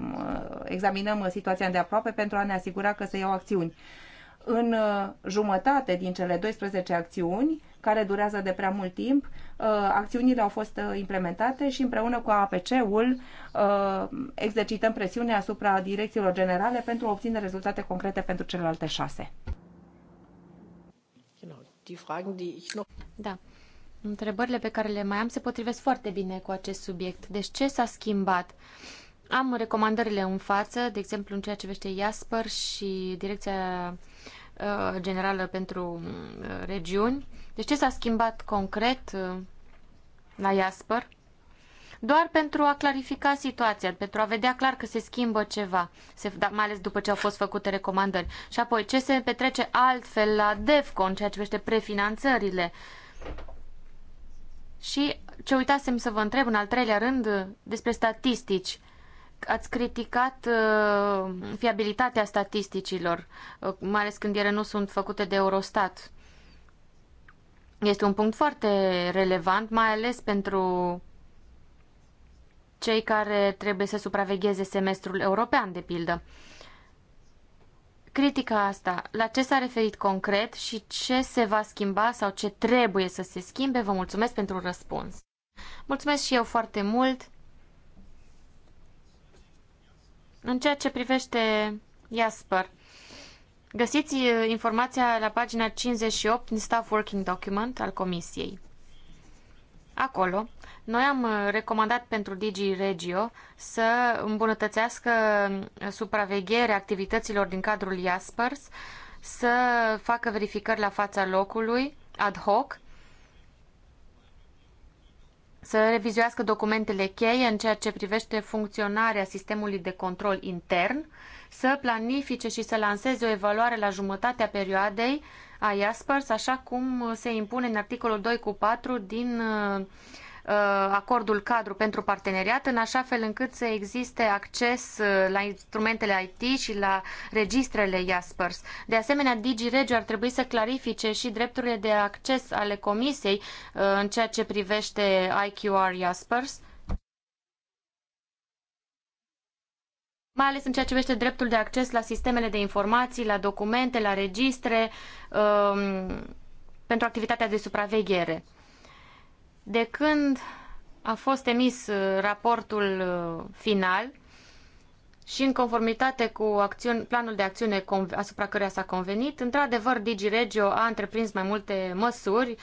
examinăm situația de aproape pentru a ne asigura că se iau acțiuni. În uh, jumătate din cele 12 acțiuni, care durează de prea mult timp. Uh, acțiunile au fost uh, implementate și împreună cu APC-ul uh, exercităm presiune asupra direcțiilor generale pentru a obține rezultate concrete pentru celelalte șase. Da. Întrebările pe care le mai am se potrivesc foarte bine cu acest subiect. Deci ce s-a schimbat? Am recomandările în față, de exemplu în ceea ce vește Jasper și Direcția Generală pentru Regiuni. Deci ce s-a schimbat concret uh, la Jasper? Doar pentru a clarifica situația, pentru a vedea clar că se schimbă ceva, se, da, mai ales după ce au fost făcute recomandări. Și apoi, ce se petrece altfel la DEFCON, ceea ce privește prefinanțările. Și ce uitasem să vă întreb în al treilea rând despre statistici ați criticat uh, fiabilitatea statisticilor, uh, mai ales când ele nu sunt făcute de Eurostat. Este un punct foarte relevant, mai ales pentru cei care trebuie să supravegheze semestrul european, de pildă. Critica asta, la ce s-a referit concret și ce se va schimba sau ce trebuie să se schimbe, vă mulțumesc pentru răspuns. Mulțumesc și eu foarte mult. În ceea ce privește Jasper, Găsiți uh, informația la pagina 58 din Staff Working Document al Comisiei. Acolo, noi am uh, recomandat pentru Digi Regio să îmbunătățească uh, supravegherea activităților din cadrul Jaspers, să facă verificări la fața locului ad hoc să revizuiască documentele cheie în ceea ce privește funcționarea sistemului de control intern, să planifice și să lanseze o evaluare la jumătatea perioadei a IASPERS, așa cum se impune în articolul 2 cu 4 din uh, Uh, acordul cadru pentru parteneriat, în așa fel încât să existe acces uh, la instrumentele IT și la registrele Jaspers. De asemenea, DigiRegio ar trebui să clarifice și drepturile de acces ale comisiei uh, în ceea ce privește IQR Jaspers. mai ales în ceea ce privește dreptul de acces la sistemele de informații, la documente, la registre, um, pentru activitatea de supraveghere. De când a fost emis uh, raportul uh, final și în conformitate cu acțiun, planul de acțiune asupra căruia s-a convenit, într-adevăr, DigiRegio a întreprins mai multe măsuri,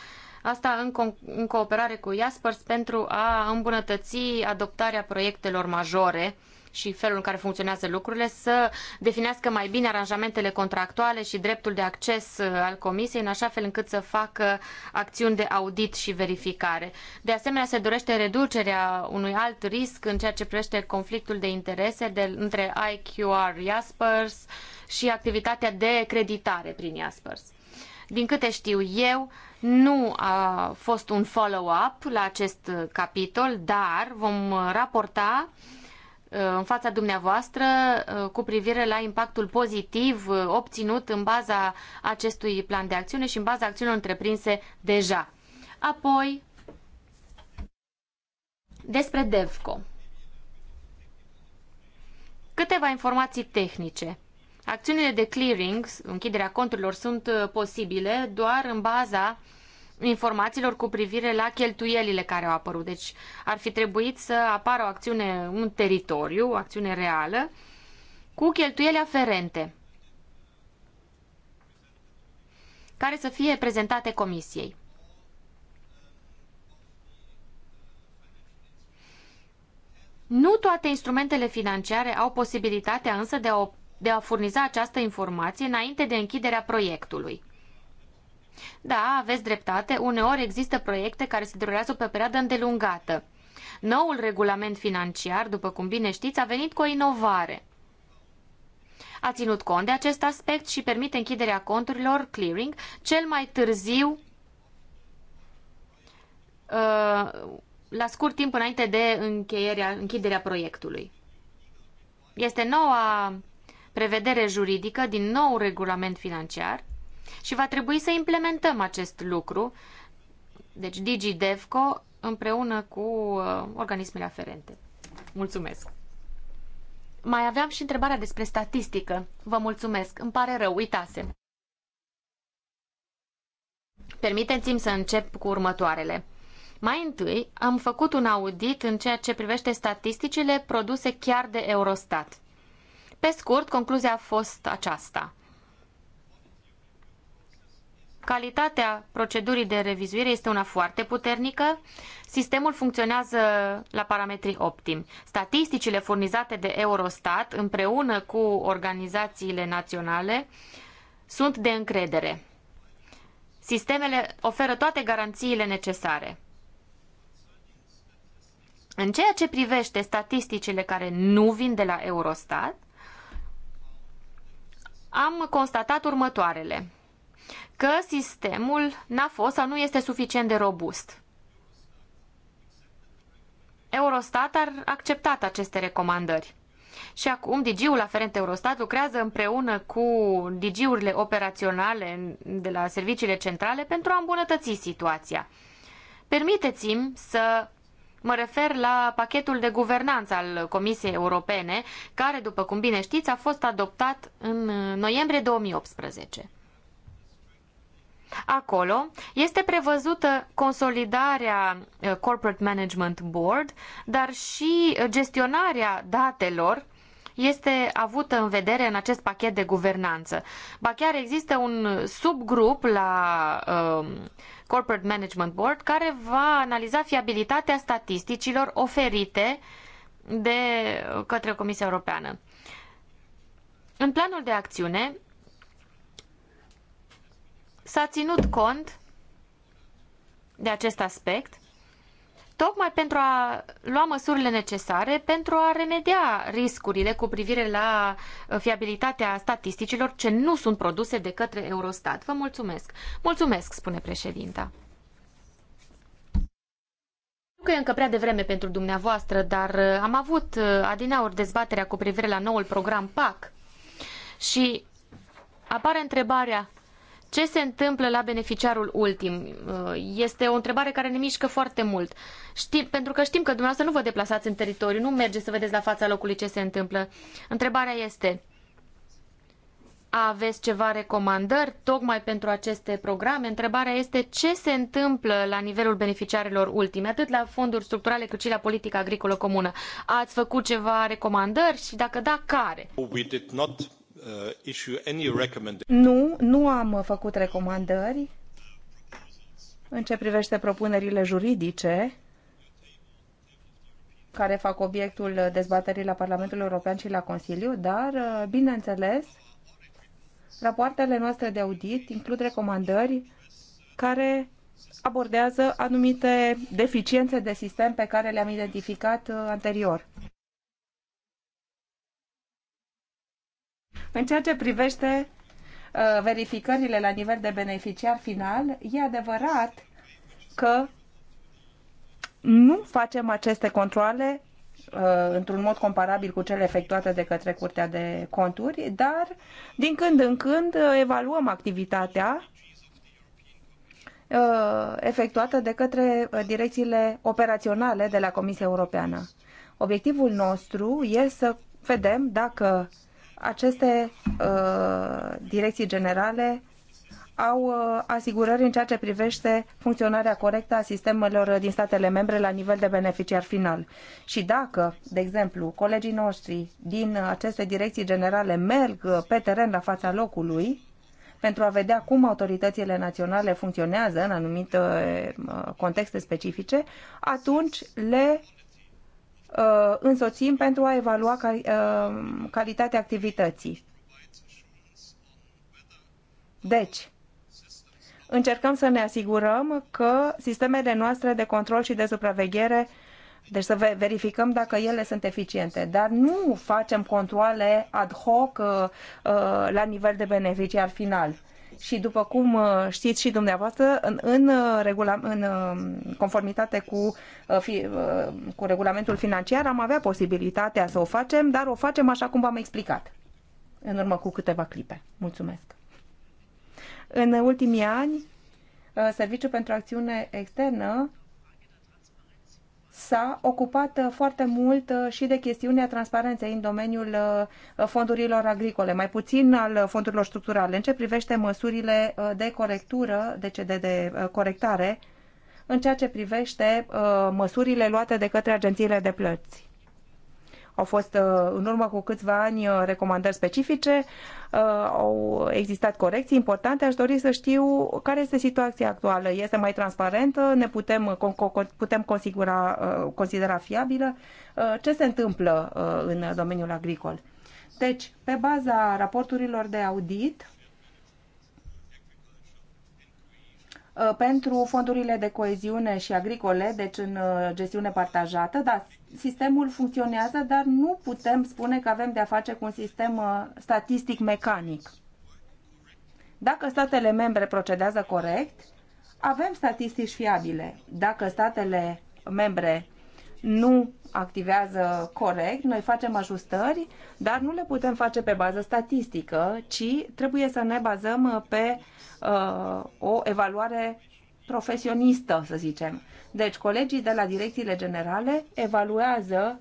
asta în, co- în cooperare cu Jaspers pentru a îmbunătăți adoptarea proiectelor majore uh, și felul în care funcționează lucrurile, să definească mai bine aranjamentele contractuale și dreptul de acces uh, al comisiei, în așa fel încât să facă acțiuni de audit și verificare. De asemenea, se dorește reducerea unui alt risc în ceea ce privește conflictul de interese de, între IQR Jaspers și activitatea de creditare prin Jaspers. Din câte știu eu, nu a fost un follow-up la acest capitol, dar vom raporta uh, Uh, în fața dumneavoastră uh, cu privire la impactul pozitiv uh, obținut în baza acestui plan de acțiune și în baza acțiunilor întreprinse deja. Apoi, despre DEVCO. Câteva informații tehnice. Acțiunile de clearing, închiderea conturilor, sunt posibile doar în baza informațiilor cu privire la cheltuielile care au apărut. Deci ar fi trebuit să apară o acțiune un teritoriu, o acțiune reală, cu cheltuieli aferente, care să fie prezentate comisiei. Nu toate instrumentele financiare au posibilitatea însă de a, de a furniza această informație înainte de închiderea proiectului. Da, aveți dreptate, uneori există proiecte care se derulează pe o perioadă îndelungată. Noul regulament financiar, după cum bine știți, a venit cu o inovare. A ținut cont de acest aspect și permite închiderea conturilor, clearing, cel mai târziu uh, la scurt timp înainte de încheierea, închiderea proiectului. Este noua prevedere juridică din nou regulament financiar și va trebui să implementăm acest lucru. Deci DigiDevco împreună cu uh, organismele aferente. Mulțumesc! Mai aveam și întrebarea despre statistică. Vă mulțumesc. Îmi pare rău, uitasem. Permiteți-mi să încep cu următoarele. Mai întâi, am făcut un audit în ceea ce privește statisticile produse chiar de Eurostat. Pe scurt, concluzia a fost aceasta. Calitatea procedurii de revizuire este una foarte puternică. Sistemul funcționează la parametrii optimi. Statisticile furnizate de Eurostat împreună cu organizațiile naționale sunt de încredere. Sistemele oferă toate garanțiile necesare. În ceea ce privește statisticile care nu vin de la Eurostat, am constatat următoarele că sistemul n-a fost sau nu este suficient de robust. Eurostat ar acceptat aceste recomandări. Și acum DG-ul aferent Eurostat lucrează împreună cu DG-urile operaționale de la serviciile centrale pentru a îmbunătăți situația. Permiteți-mi să mă refer la pachetul de guvernanță al Comisiei Europene, care, după cum bine știți, a fost adoptat în noiembrie 2018. Acolo este prevăzută consolidarea uh, Corporate Management Board, dar și gestionarea datelor este avută în vedere în acest pachet de guvernanță. Ba chiar există un subgrup la um, Corporate Management Board care va analiza fiabilitatea statisticilor oferite de uh, către Comisia Europeană. În planul de acțiune s-a ținut cont de acest aspect, tocmai pentru a lua măsurile necesare pentru a remedia riscurile cu privire la fiabilitatea statisticilor ce nu sunt produse de către Eurostat. Vă mulțumesc. Mulțumesc, spune președinta. Nu că e încă prea devreme pentru dumneavoastră, dar am avut adineauri dezbaterea cu privire la noul program PAC și apare întrebarea ce se întâmplă la beneficiarul ultim? Uh, este o întrebare care ne mișcă foarte mult. Știm, pentru că știm că dumneavoastră nu vă deplasați în teritoriu, nu mergeți să vedeți la fața locului ce se întâmplă. Întrebarea este, aveți ceva recomandări tocmai pentru aceste programe? Întrebarea este ce se întâmplă la nivelul beneficiarilor ultime, atât la fonduri structurale cât și la politica agricolă comună. Ați făcut ceva recomandări și dacă da, care? We did not Uh, nu, nu am făcut recomandări în ce privește propunerile juridice care fac obiectul dezbaterii la Parlamentul European și la Consiliu, dar, uh, bineînțeles, rapoartele noastre de audit includ recomandări care abordează anumite deficiențe de sistem pe care le-am identificat uh, anterior. În ceea ce privește uh, verificările la nivel de beneficiar final, e adevărat că nu facem aceste controle uh, într-un mod comparabil cu cele efectuate de către Curtea de Conturi, dar din când în când uh, evaluăm activitatea efectuată de către direcțiile operaționale de la Comisia Europeană. Obiectivul nostru este să vedem dacă aceste uh, direcții generale au uh, asigurări în ceea ce privește funcționarea corectă a sistemelor din statele membre la nivel de beneficiar final. Și dacă, de exemplu, colegii noștri din aceste direcții generale merg pe teren la fața locului pentru a vedea cum autoritățile naționale funcționează în anumite uh, contexte specifice, atunci le Uh, însoțim pentru a evalua uh, calitatea activității. Deci, încercăm să ne asigurăm că sistemele noastre de control și de supraveghere deci să verificăm dacă ele sunt eficiente, dar nu facem controle ad hoc uh, la nivel de beneficiar final. Și după cum uh, știți și dumneavoastră, în, în, uh, regula, în um, conformitate cu, uh, fi, cu regulamentul financiar am avea posibilitatea să o facem, dar o facem așa cum v-am explicat în urmă cu câteva clipe. Mulțumesc! În ultimii ani, Serviciul pentru Acțiune Externă s-a ocupat uh, foarte mult uh, și de chestiunea transparenței în domeniul uh, fondurilor agricole, mai puțin al fondurilor structurale, în ce privește măsurile de corectură, de, de, de corectare, în ceea ce privește măsurile luate de către agențiile de plăți. Au fost uh, în urmă cu câțiva ani uh, recomandări specifice, uh, au existat corecții importante. Aș dori să știu care este situația actuală. Este mai transparentă? Ne putem, putem consigura, considera fiabilă? Ce se întâmplă în domeniul agricol? Deci, pe baza raporturilor de audit, Uh, pentru fondurile de coeziune și agricole, deci în uh, gestiune partajată, da, sistemul funcționează, dar nu putem spune că avem de-a face cu un sistem uh, statistic mecanic. Dacă statele membre procedează corect, avem statistici fiabile. Dacă statele membre nu activează corect, noi facem ajustări, dar nu le putem face pe bază statistică, ci trebuie să ne bazăm pe uh, o evaluare profesionistă, să zicem. Deci, colegii de la direcțiile generale evaluează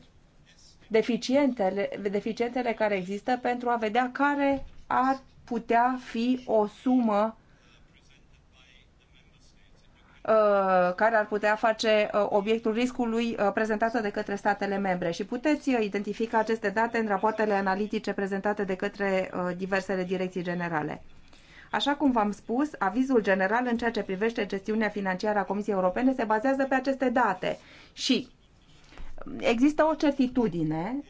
deficientele, deficientele care există pentru a vedea care ar putea fi o sumă Uh, care ar putea face uh, obiectul riscului uh, prezentată de către statele membre și puteți identifica aceste date în rapoartele analitice prezentate de către diversele direcții generale. Așa cum v-am spus, avizul general în ceea ce privește gestiunea financiară a Comisiei Europene se bazează pe aceste date și există o certitudine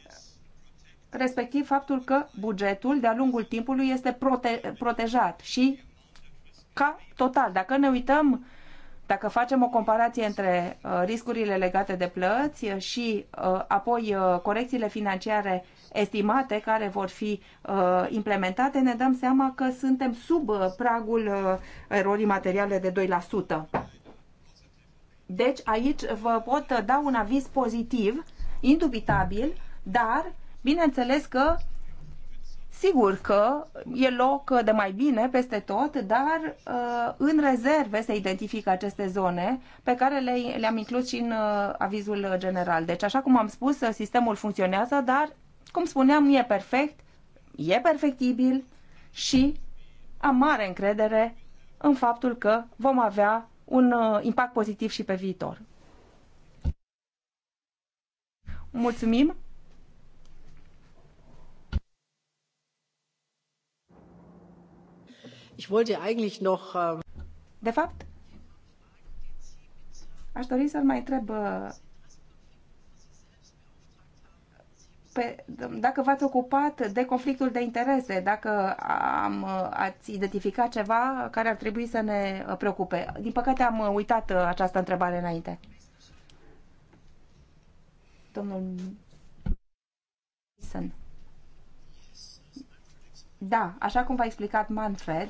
respectiv faptul că bugetul de-a lungul timpului este prote- protejat și ca total. Dacă ne uităm dacă facem o comparație între uh, riscurile legate de plăți uh, și uh, apoi corecțiile financiare estimate care vor fi implementate, ne dăm seama că suntem sub pragul erorii materiale de 2%. Deci aici vă pot da un aviz pozitiv, indubitabil, dar bineînțeles că Sigur că e loc de mai bine peste tot, dar uh, în rezerve se identifică aceste zone pe care le, le-am inclus și în uh, avizul general. Deci, așa cum am spus, sistemul funcționează, dar, cum spuneam, nu e perfect, e perfectibil și am mare încredere în faptul că vom avea un uh, impact pozitiv și pe viitor. Mulțumim! Ich wollte eigentlich noch... Ähm, de fapt, aș dori să-l mai întreb uh, pe, dacă v-ați ocupat de conflictul de interese, dacă am, uh, ați identificat ceva care ar trebui să ne uh, preocupe. Din păcate am uitat această întrebare înainte. Domnul Da, așa cum v-a explicat Manfred,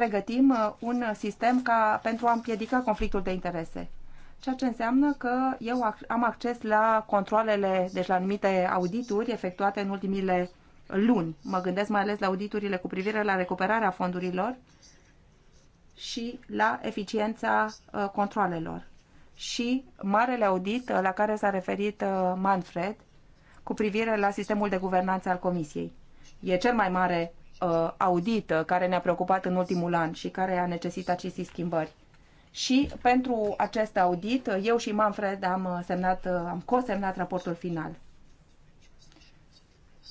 pregătim uh, un sistem ca, pentru a împiedica conflictul de interese. Ceea ce înseamnă că eu am acces la controlele, deci la anumite audituri efectuate în ultimile luni. Mă gândesc mai ales la auditurile cu privire la recuperarea fondurilor și la eficiența uh, controlelor. Și marele audit uh, la care s-a referit Manfred cu privire la sistemul de guvernanță al Comisiei. E cel mai mare Uh, audit care ne-a preocupat în ultimul an și care a necesitat aceste schimbări. Și pentru acest audit, uh, eu și Manfred am uh, semnat, am cosemnat raportul final.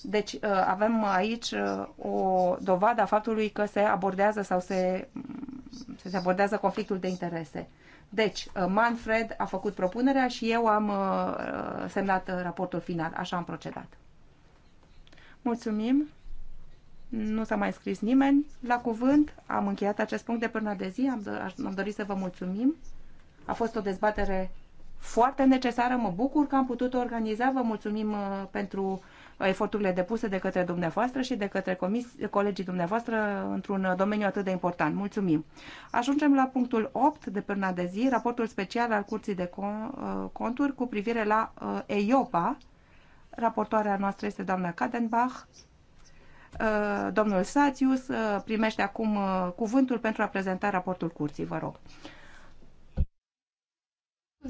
Deci avem aici o dovadă a faptului că se abordează sau se, mm, se abordează conflictul de interese. Deci, Manfred a făcut propunerea și eu am semnat raportul final. Așa am procedat. Mulțumim! Nu s-a mai scris nimeni la cuvânt. Am încheiat acest punct de până de zi. Am, do- am dorit să vă mulțumim. A fost o dezbatere foarte necesară. Mă bucur că am putut o organiza. Vă mulțumim uh, pentru uh, eforturile depuse de către dumneavoastră și de către comis- colegii dumneavoastră într-un uh, domeniu atât de important. Mulțumim! Ajungem la punctul 8 de până de zi, raportul special al Curții de uh, Conturi cu privire la EIOPA. Raportoarea noastră este doamna Kadenbach. Uh, domnul Satius uh, primește acum uh, cuvântul pentru a prezenta raportul curții. Vă rog.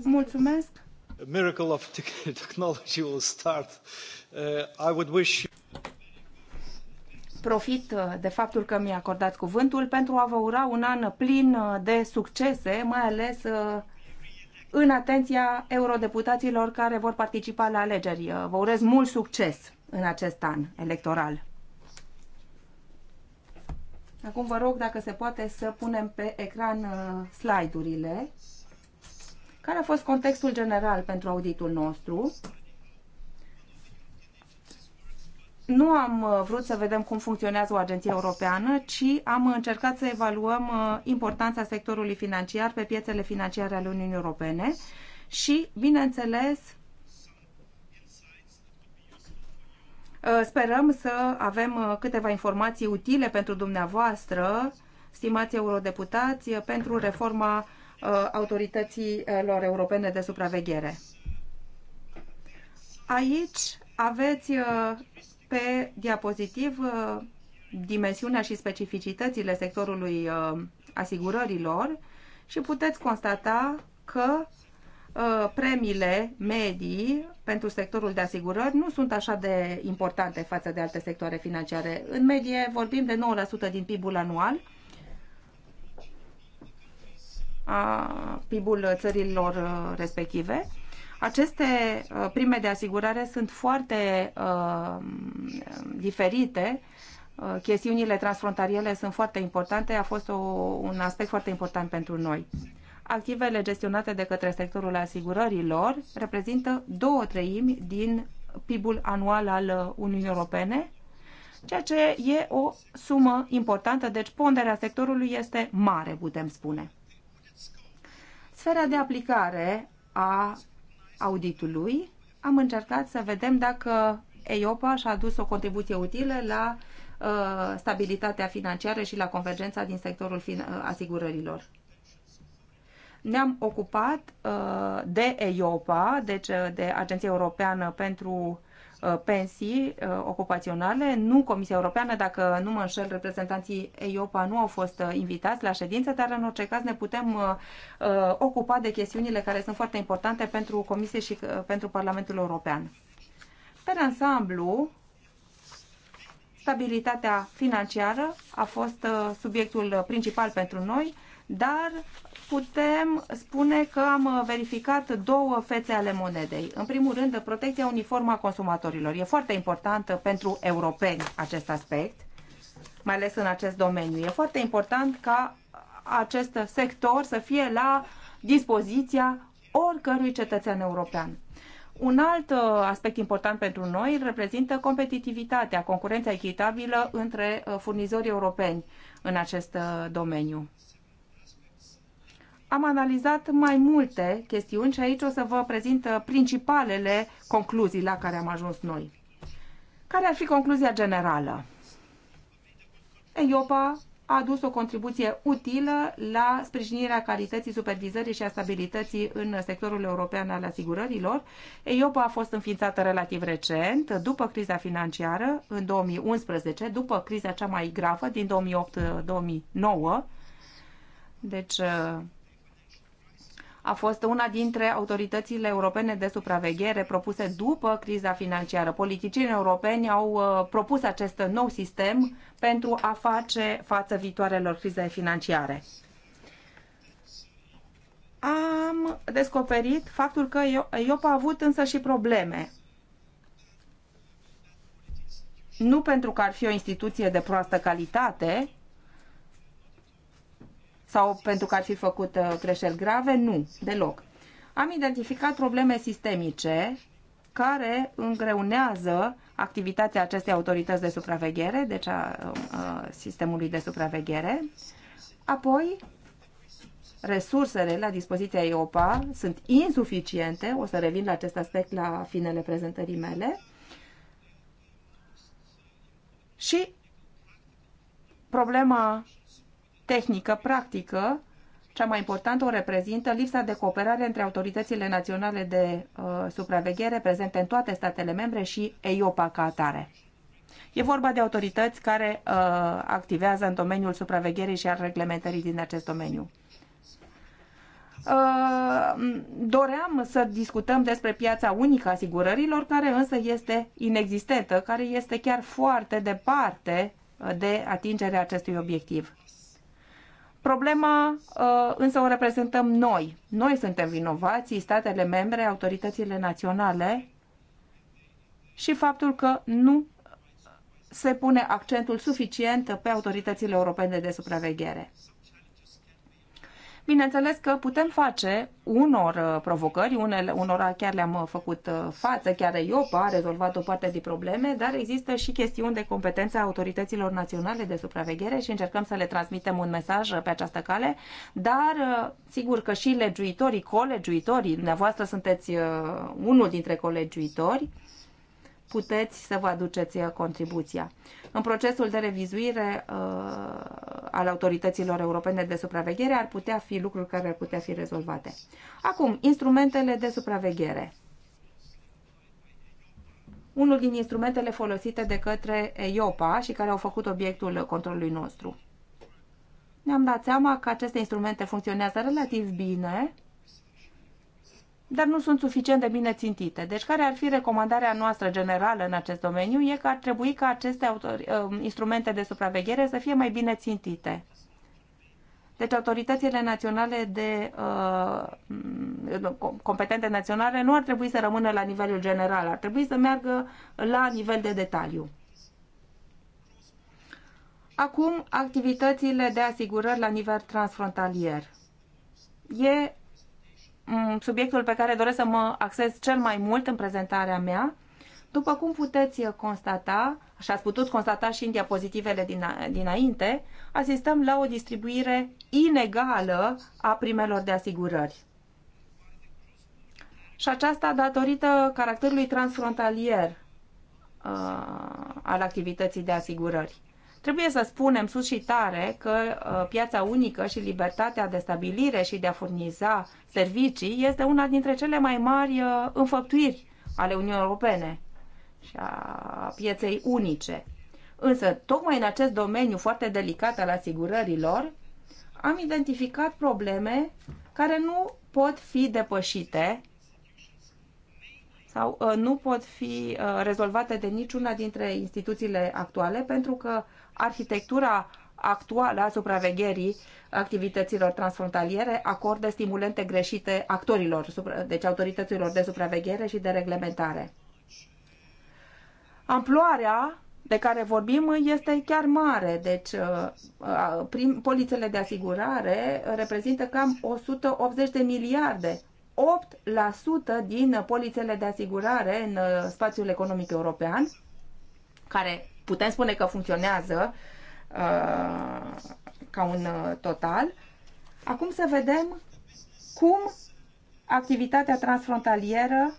Mulțumesc. A miracle of technology will start. I would wish Profit de faptul că mi-a acordat cuvântul pentru a vă ura un an plin de succese, mai ales în atenția eurodeputaților care vor participa la alegeri. Vă urez mult succes în acest an electoral. Acum vă rog dacă se poate să punem pe ecran uh, slide-urile. Care a fost contextul general pentru auditul nostru? Nu am uh, vrut să vedem cum funcționează o agenție europeană, ci am încercat să evaluăm uh, importanța sectorului financiar pe piețele financiare ale Uniunii Europene și, bineînțeles, Uh, sperăm să avem uh, câteva informații utile pentru dumneavoastră, stimați eurodeputați, uh, pentru reforma autorităților europene de supraveghere. Aici aveți pe diapozitiv dimensiunea și specificitățile sectorului asigurărilor și puteți constata că Uh, premiile medii pentru sectorul de asigurări nu sunt așa de importante față de alte sectoare financiare. În medie vorbim de 9% din PIB-ul anual, a PIB-ul țărilor uh, respective. Aceste uh, prime de asigurare sunt foarte uh, diferite. Chestiunile transfrontaliere sunt foarte importante. A fost o, un aspect foarte important pentru noi activele gestionate de către sectorul asigurărilor reprezintă două treimi din PIB-ul anual al uh, Uniunii Europene, ceea ce e o sumă importantă, deci ponderea sectorului este mare, putem spune. Sfera de aplicare a auditului, am încercat să vedem dacă EIOPA și-a adus o contribuție utilă la uh, stabilitatea financiară și la convergența din sectorul uh, asigurărilor ne-am ocupat uh, de EIOPA, deci uh, de Agenția Europeană pentru uh, pensii uh, ocupaționale, nu Comisia Europeană, dacă nu mă înșel, reprezentanții EIOPA nu au fost invitați la ședință, dar în orice caz ne putem ocupa de chestiunile care sunt foarte importante pentru Comisie și pentru Parlamentul European. Pe ansamblu, stabilitatea financiară a fost subiectul principal pentru noi, dar putem spune că am uh, verificat două fețe ale monedei. În primul rând, protecția uniformă a consumatorilor. E foarte importantă pentru europeni acest aspect, mai ales în acest domeniu. E foarte important ca acest sector să fie la dispoziția oricărui cetățean european. Un alt uh, aspect important pentru noi reprezintă competitivitatea, concurența echitabilă între uh, furnizorii europeni în acest domeniu am analizat mai multe chestiuni și aici o să vă prezint uh, principalele concluzii la care am ajuns noi. Care ar fi concluzia generală? EIOPA a adus o contribuție utilă la sprijinirea calității supervizării și a stabilității în sectorul european al asigurărilor. EIOPA a fost înființată relativ recent, după criza financiară, în 2011, după criza cea mai gravă din 2008-2009. Deci uh, a fost una dintre autoritățile europene de supraveghere propuse după criza financiară. Politicienii europeni au uh, propus acest nou sistem pentru a face față viitoarelor crize financiare. Am descoperit faptul că eu a avut însă și probleme. Nu pentru că ar fi o instituție de proastă calitate, sau pentru că ar fi făcut uh, greșeli grave? Nu, deloc. Am identificat probleme sistemice care îngreunează activitatea acestei autorități de supraveghere, deci a, uh, a sistemului de supraveghere. Apoi, resursele la dispoziția EOPA sunt insuficiente, o să revin la acest aspect la finele prezentării mele, și problema tehnică, practică, cea mai importantă o reprezintă lipsa de cooperare între autoritățile naționale de uh, supraveghere prezente în toate statele membre și EIOPA ca atare. E vorba de autorități care uh, activează în domeniul supravegherii și al reglementării din acest domeniu. Uh, doream să discutăm despre piața unică a asigurărilor, care însă este inexistentă, care este chiar foarte departe uh, de atingerea acestui obiectiv. Problema uh, însă o reprezentăm noi. Noi suntem vinovații, statele membre, autoritățile naționale și faptul că nu se pune accentul suficient pe autoritățile europene de supraveghere. Bineînțeles că putem face unor uh, provocări, unele, unora chiar le-am uh, făcut uh, față, chiar IOPA a rezolvat o parte din probleme, dar există și chestiuni de competență a autorităților naționale de supraveghere și încercăm să le transmitem un mesaj pe această cale, dar sigur că și legiuitorii, colegiuitorii, dumneavoastră sunteți unul dintre colegiuitori, puteți să vă aduceți uh, contribuția. În procesul de revizuire uh, al autorităților europene de supraveghere ar putea fi lucruri care ar putea fi rezolvate. Acum, instrumentele de supraveghere. Unul din instrumentele folosite de către EIOPA și care au făcut obiectul controlului nostru. Ne-am dat seama că aceste instrumente funcționează relativ bine dar nu sunt suficient de bine țintite. Deci care ar fi recomandarea noastră generală în acest domeniu e că ar trebui ca aceste autori, um, instrumente de supraveghere să fie mai bine țintite. Deci autoritățile naționale de uh, competente naționale nu ar trebui să rămână la nivelul general, ar trebui să meargă la nivel de detaliu. Acum, activitățile de asigurări la nivel transfrontalier. E subiectul pe care doresc să mă axez cel mai mult în prezentarea mea. După cum puteți uh, constata, și ați putut constata și în diapozitivele din, dinainte, asistăm la o distribuire inegală a primelor de asigurări. Și aceasta datorită caracterului transfrontalier uh, al activității de asigurări. Trebuie să spunem sus și tare că uh, piața unică și libertatea de stabilire și de a furniza servicii este una dintre cele mai mari uh, înfăptuiri ale Uniunii Europene și a pieței unice. Însă, tocmai în acest domeniu foarte delicat al asigurărilor, am identificat probleme care nu pot fi depășite sau uh, nu pot fi rezolvate de niciuna dintre instituțiile actuale pentru că arhitectura actuală a supravegherii activităților transfrontaliere acordă stimulente greșite actorilor, deci autorităților de supraveghere și de reglementare. Amploarea de care vorbim este chiar mare, deci uh, uh, prin polițele de asigurare reprezintă cam 180 de miliarde 8% din polițele de asigurare în uh, spațiul economic european, care putem spune că funcționează uh, ca un uh, total. Acum să vedem cum activitatea transfrontalieră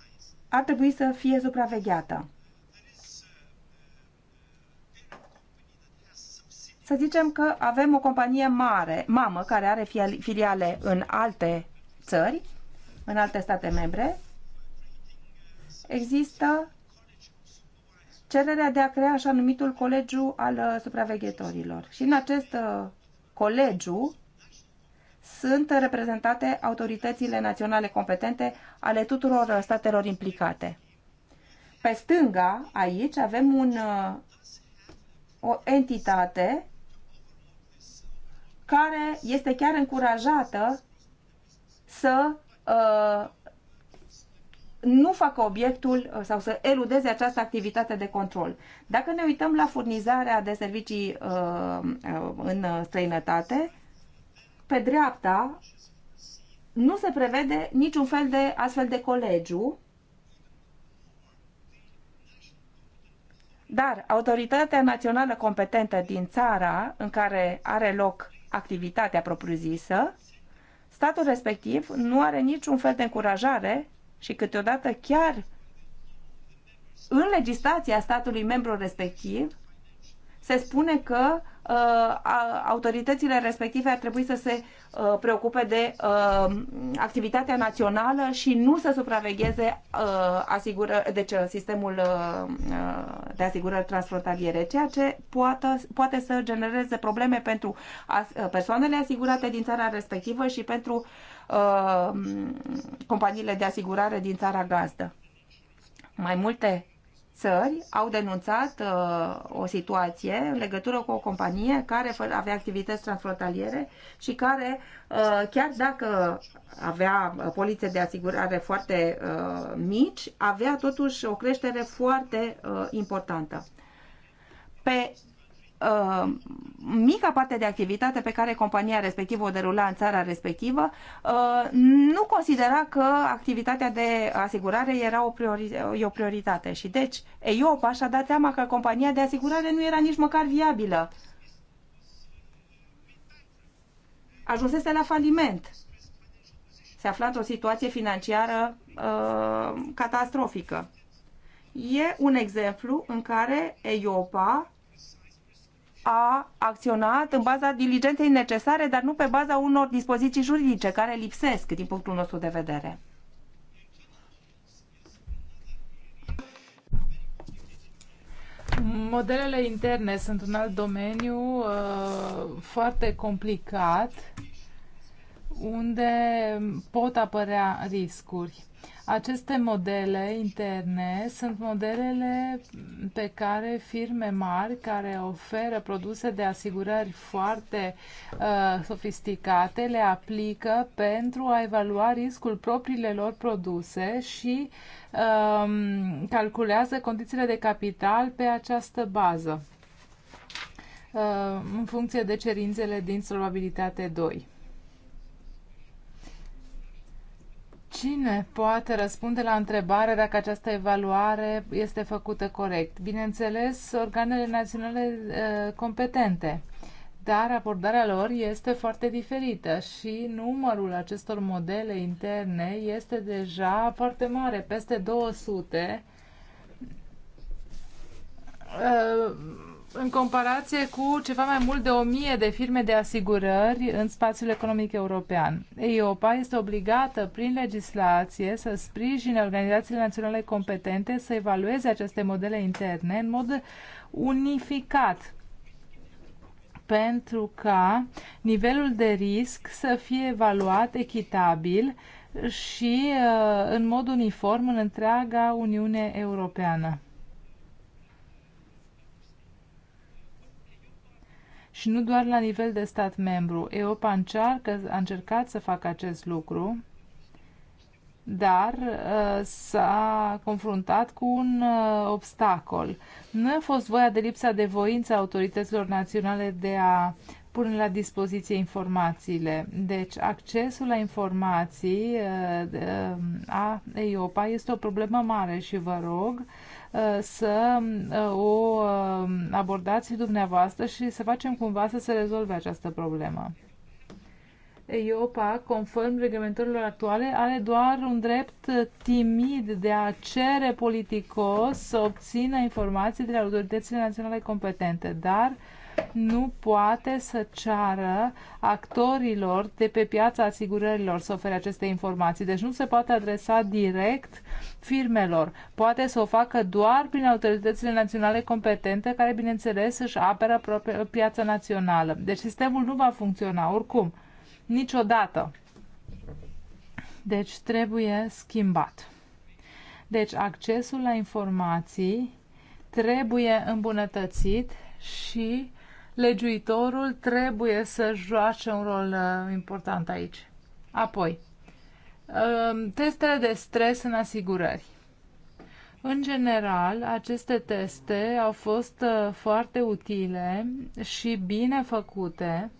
ar trebui să fie supravegheată. Să zicem că avem o companie mare, mamă, care are filiale în alte țări, în alte state membre. Există cererea de a crea așa numitul colegiu al uh, supraveghetorilor. Și în acest uh, colegiu sunt reprezentate autoritățile naționale competente ale tuturor uh, statelor implicate. Pe stânga, aici, avem un, o entitate care este chiar încurajată să uh, nu facă obiectul uh, sau să eludeze această activitate de control. Dacă ne uităm la furnizarea de servicii uh, uh, în străinătate, pe dreapta nu se prevede niciun fel de astfel de colegiu, dar autoritatea națională competentă din țara în care are loc activitatea propriu-zisă, statul respectiv nu are niciun fel de încurajare și câteodată chiar în legislația statului membru respectiv se spune că uh, autoritățile respective ar trebui să se uh, preocupe de uh, activitatea națională și nu să supravegheze uh, asigură, deci, uh, sistemul uh, uh, de asigurări transfrontaliere, ceea ce poate, poate să genereze probleme pentru as, uh, persoanele asigurate din țara respectivă și pentru uh, Uh, companiile de asigurare din țara gazdă. Mai multe țări au denunțat uh, o situație în legătură cu o companie care avea activități transfrontaliere și care, uh, chiar dacă avea uh, polițe de asigurare foarte uh, mici, avea totuși o creștere foarte uh, importantă. Pe Uh, mica parte de activitate pe care compania respectivă o derula în țara respectivă, uh, nu considera că activitatea de asigurare era o, priori- o prioritate. Și deci, EIOPA și-a dat seama că compania de asigurare nu era nici măcar viabilă. Ajunsese la faliment. Se afla într-o situație financiară uh, catastrofică. E un exemplu în care EIOPA a acționat în baza diligenței necesare, dar nu pe baza unor dispoziții juridice care lipsesc din punctul nostru de vedere. Modelele interne sunt un alt domeniu uh, foarte complicat uh, unde pot apărea riscuri. Aceste modele interne sunt modelele pe care firme mari care oferă produse de asigurări foarte uh, sofisticate le aplică pentru a evalua riscul propriilor produse și uh, calculează condițiile de capital pe această bază uh, în funcție de cerințele din solvabilitate 2. Cine poate răspunde la întrebarea dacă această evaluare este făcută corect? Bineînțeles, organele naționale uh, competente, dar abordarea lor este foarte diferită și numărul acestor modele interne este deja foarte mare, peste 200. Uh, în comparație cu ceva mai mult de 1000 de firme de asigurări în spațiul economic european. EIOPA este obligată prin legislație să sprijine organizațiile naționale competente să evalueze aceste modele interne în mod unificat pentru ca nivelul de risc să fie evaluat echitabil și uh, în mod uniform în întreaga Uniune Europeană. și nu doar la nivel de stat membru. Europa încearcă, a încercat să facă acest lucru, dar uh, s-a confruntat cu un uh, obstacol. Nu a fost voia de lipsa de voință a autorităților naționale de a pune la dispoziție informațiile. Deci, accesul la informații uh, uh a EIOPA este o problemă mare și vă rog Uh, să uh, o uh, abordați dumneavoastră și să facem cumva să se rezolve această problemă. EIOPA, conform reglementărilor actuale, are doar un drept timid de a cere politicos să obțină informații de la autoritățile naționale competente, dar uh, nu poate să ceară actorilor de pe piața asigurărilor să ofere aceste informații. Deci nu se poate adresa direct firmelor. Poate să o facă doar prin autoritățile naționale competente, care, bineînțeles, își apără piața națională. Deci sistemul nu va funcționa oricum. Niciodată. Deci trebuie schimbat. Deci accesul la informații trebuie îmbunătățit și legiuitorul trebuie să joace un rol uh, important aici. Apoi, uh, testele de stres în asigurări. În general, aceste teste au fost uh, foarte utile și bine făcute.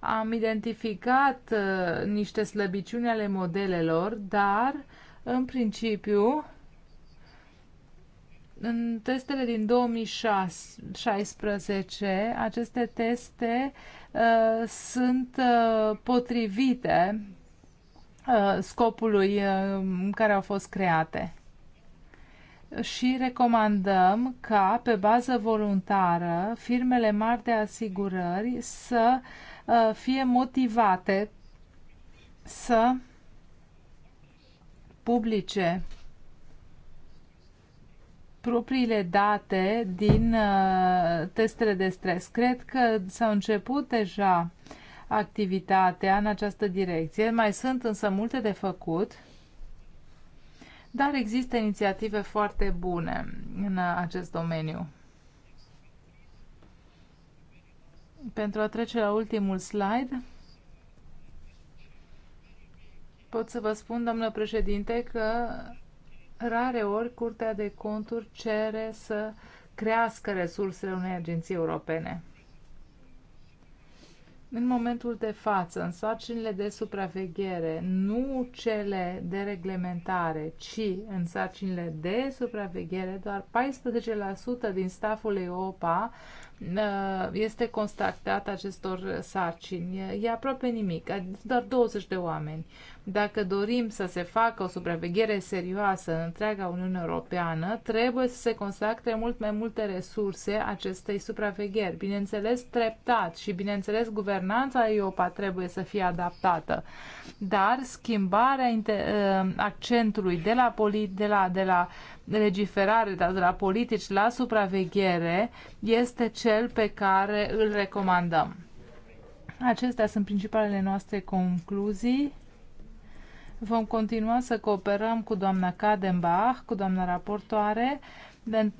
Am identificat uh, niște slăbiciuni ale modelelor, dar, în principiu, în testele din 2016, aceste teste uh, sunt uh, potrivite uh, scopului uh, în care au fost create și recomandăm ca, pe bază voluntară, firmele mari de asigurări să uh, fie motivate să publice propriile date din uh, testele de stres. Cred că s-au început deja activitatea în această direcție, mai sunt însă multe de făcut, dar există inițiative foarte bune în acest domeniu. Pentru a trece la ultimul slide, pot să vă spun, doamnă președinte, că rare ori Curtea de Conturi cere să crească resursele unei agenții europene. În momentul de față, în sarcinile de supraveghere, nu cele de reglementare, ci în sarcinile de supraveghere, doar 14% din staful EOPA uh, este constatat acestor sarcini. E aproape nimic, adică doar 20 de oameni. Dacă dorim să se facă o supraveghere serioasă în întreaga Uniune Europeană, trebuie să se consacre mult mai multe resurse acestei supravegheri. Bineînțeles, treptat și, bineînțeles, guvernanța EIOPA trebuie să fie adaptată. Dar schimbarea ă, accentului de la, polit, de la, de la legiferare, de la politici la supraveghere, este cel pe care îl recomandăm. Acestea sunt principalele noastre concluzii. Vom continua să cooperăm cu doamna Kadenbach, cu doamna raportoare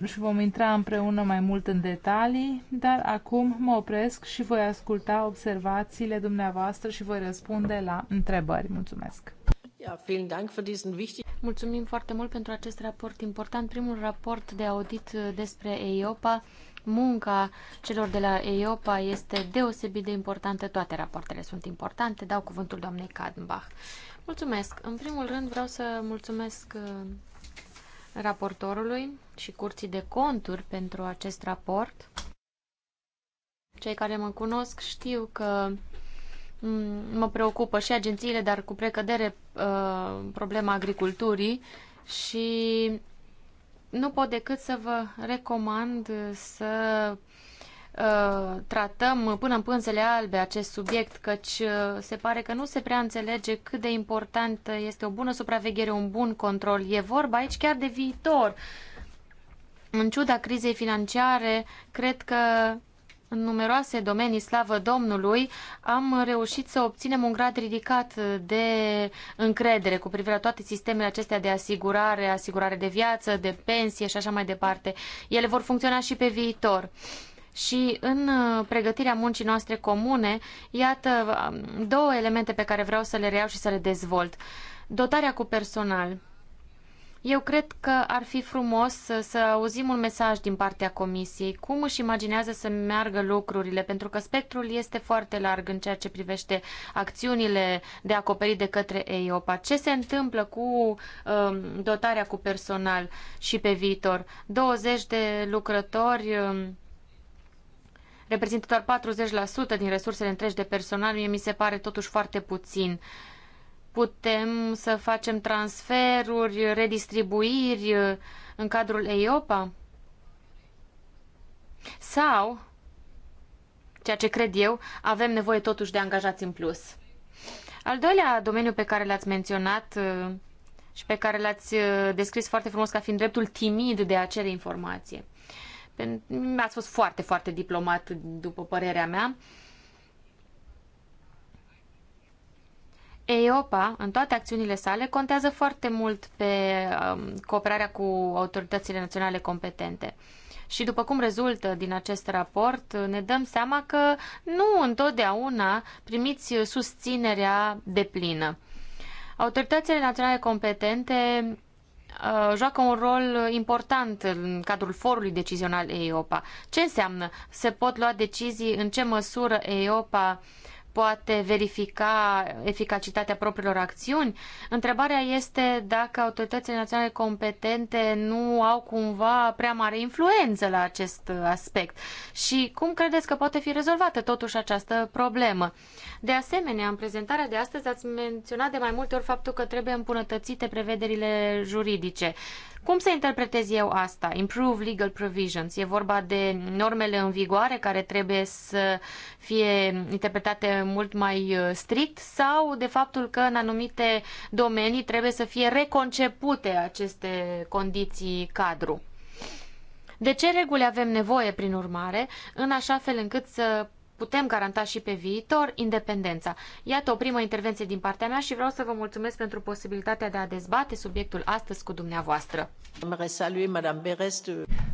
și vom intra împreună mai mult în detalii, dar acum mă opresc și voi asculta observațiile dumneavoastră și voi răspunde la întrebări. Mulțumesc! Mulțumim foarte mult pentru acest raport important, primul raport de audit despre EIOPA. Munca celor de la EIOPA este deosebit de importantă, toate rapoartele sunt importante. Dau cuvântul doamnei Kadenbach. Mulțumesc. În primul rând vreau să mulțumesc uh, raportorului și curții de conturi pentru acest raport. Cei care mă cunosc știu că mm, mă preocupă și agențiile, dar cu precădere uh, problema agriculturii și nu pot decât să vă recomand uh, să Uh, tratăm până în pânzele albe acest subiect, căci uh, se pare că nu se prea înțelege cât de important este o bună supraveghere, un bun control. E vorba aici chiar de viitor. În ciuda crizei financiare, cred că în numeroase domenii, slavă Domnului, am reușit să obținem un grad ridicat de încredere cu privire la toate sistemele acestea de asigurare, asigurare de viață, de pensie și așa mai departe. Ele vor funcționa și pe viitor. Uh, și în uh, pregătirea muncii noastre comune, iată um, două elemente pe care vreau să le reiau și să le dezvolt. Dotarea cu personal. Eu cred că ar fi frumos să, să auzim un mesaj din partea comisiei. Cum își imaginează să meargă lucrurile? Pentru că spectrul este foarte larg în ceea ce privește acțiunile de acoperit de către EIOPA. Ce se întâmplă cu um, dotarea cu personal și pe viitor? 20 de lucrători. Um, reprezintă doar 40% din resursele întregi de personal, mie mi se pare totuși foarte puțin. Putem să facem transferuri, redistribuiri uh, în cadrul EIOPA? Sau, ceea ce cred eu, avem nevoie totuși de angajați în plus. Al doilea domeniu pe care l-ați menționat uh, și pe care l-ați uh, descris foarte frumos ca fiind dreptul timid de a cere informație. Ați fost foarte, foarte diplomat, după părerea mea. EOPA, în toate acțiunile sale, contează foarte mult pe um, cooperarea cu autoritățile naționale competente. Și după cum rezultă din acest raport, ne dăm seama că nu întotdeauna primiți susținerea deplină. Autoritățile naționale competente Uh, joacă un rol important în cadrul forului decizional EIOPA. Ce înseamnă? Se pot lua decizii în ce măsură EIOPA uh, poate verifica eficacitatea propriilor acțiuni. Întrebarea este dacă autoritățile naționale competente nu au cumva prea mare influență la acest aspect și cum credeți că poate fi rezolvată totuși această problemă. De asemenea, în prezentarea de astăzi ați menționat de mai multe ori faptul că trebuie îmbunătățite prevederile juridice. Cum să interpretez eu asta? Improve legal provisions. E vorba de normele în vigoare care trebuie să fie interpretate mult mai uh, strict sau de faptul că în anumite domenii trebuie să fie reconcepute aceste condiții cadru. De ce reguli avem nevoie, prin urmare, în așa fel încât să putem garanta și pe viitor independența. Iată o primă intervenție din partea mea și vreau să vă mulțumesc pentru posibilitatea de a dezbate subiectul astăzi cu dumneavoastră.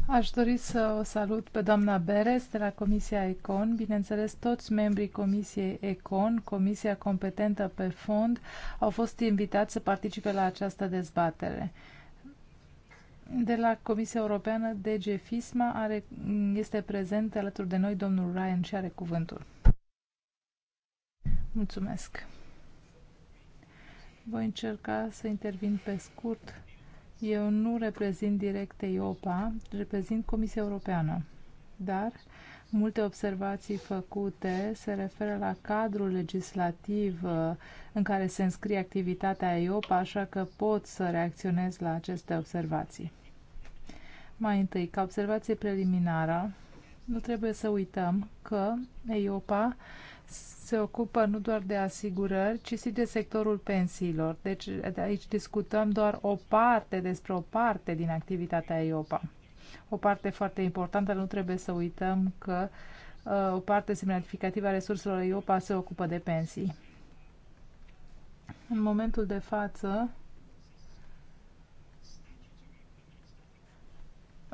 Aș dori să o salut pe doamna Beres de la Comisia Econ. Bineînțeles, toți membrii Comisiei Econ, comisia competentă pe fond, au fost invitați să participe la această dezbatere. De la Comisia Europeană, DG FISMA are, este prezent alături de noi domnul Ryan și are cuvântul. Mulțumesc. Voi încerca să intervin pe scurt. Eu nu reprezint direct EIOPA, reprezint Comisia Europeană, dar Multe observații făcute se referă la cadrul legislativ uh, în care se înscrie activitatea EIOPA, așa că pot să reacționez la aceste observații. Mai întâi, ca observație preliminară, nu trebuie să uităm că EIOPA se ocupă nu doar de asigurări, ci și de sectorul pensiilor. Deci aici discutăm doar o parte despre o parte din activitatea EIOPA o parte foarte importantă. Nu trebuie să uităm că uh, o parte semnificativă a resurselor EIOPA se ocupă de pensii. În momentul de față,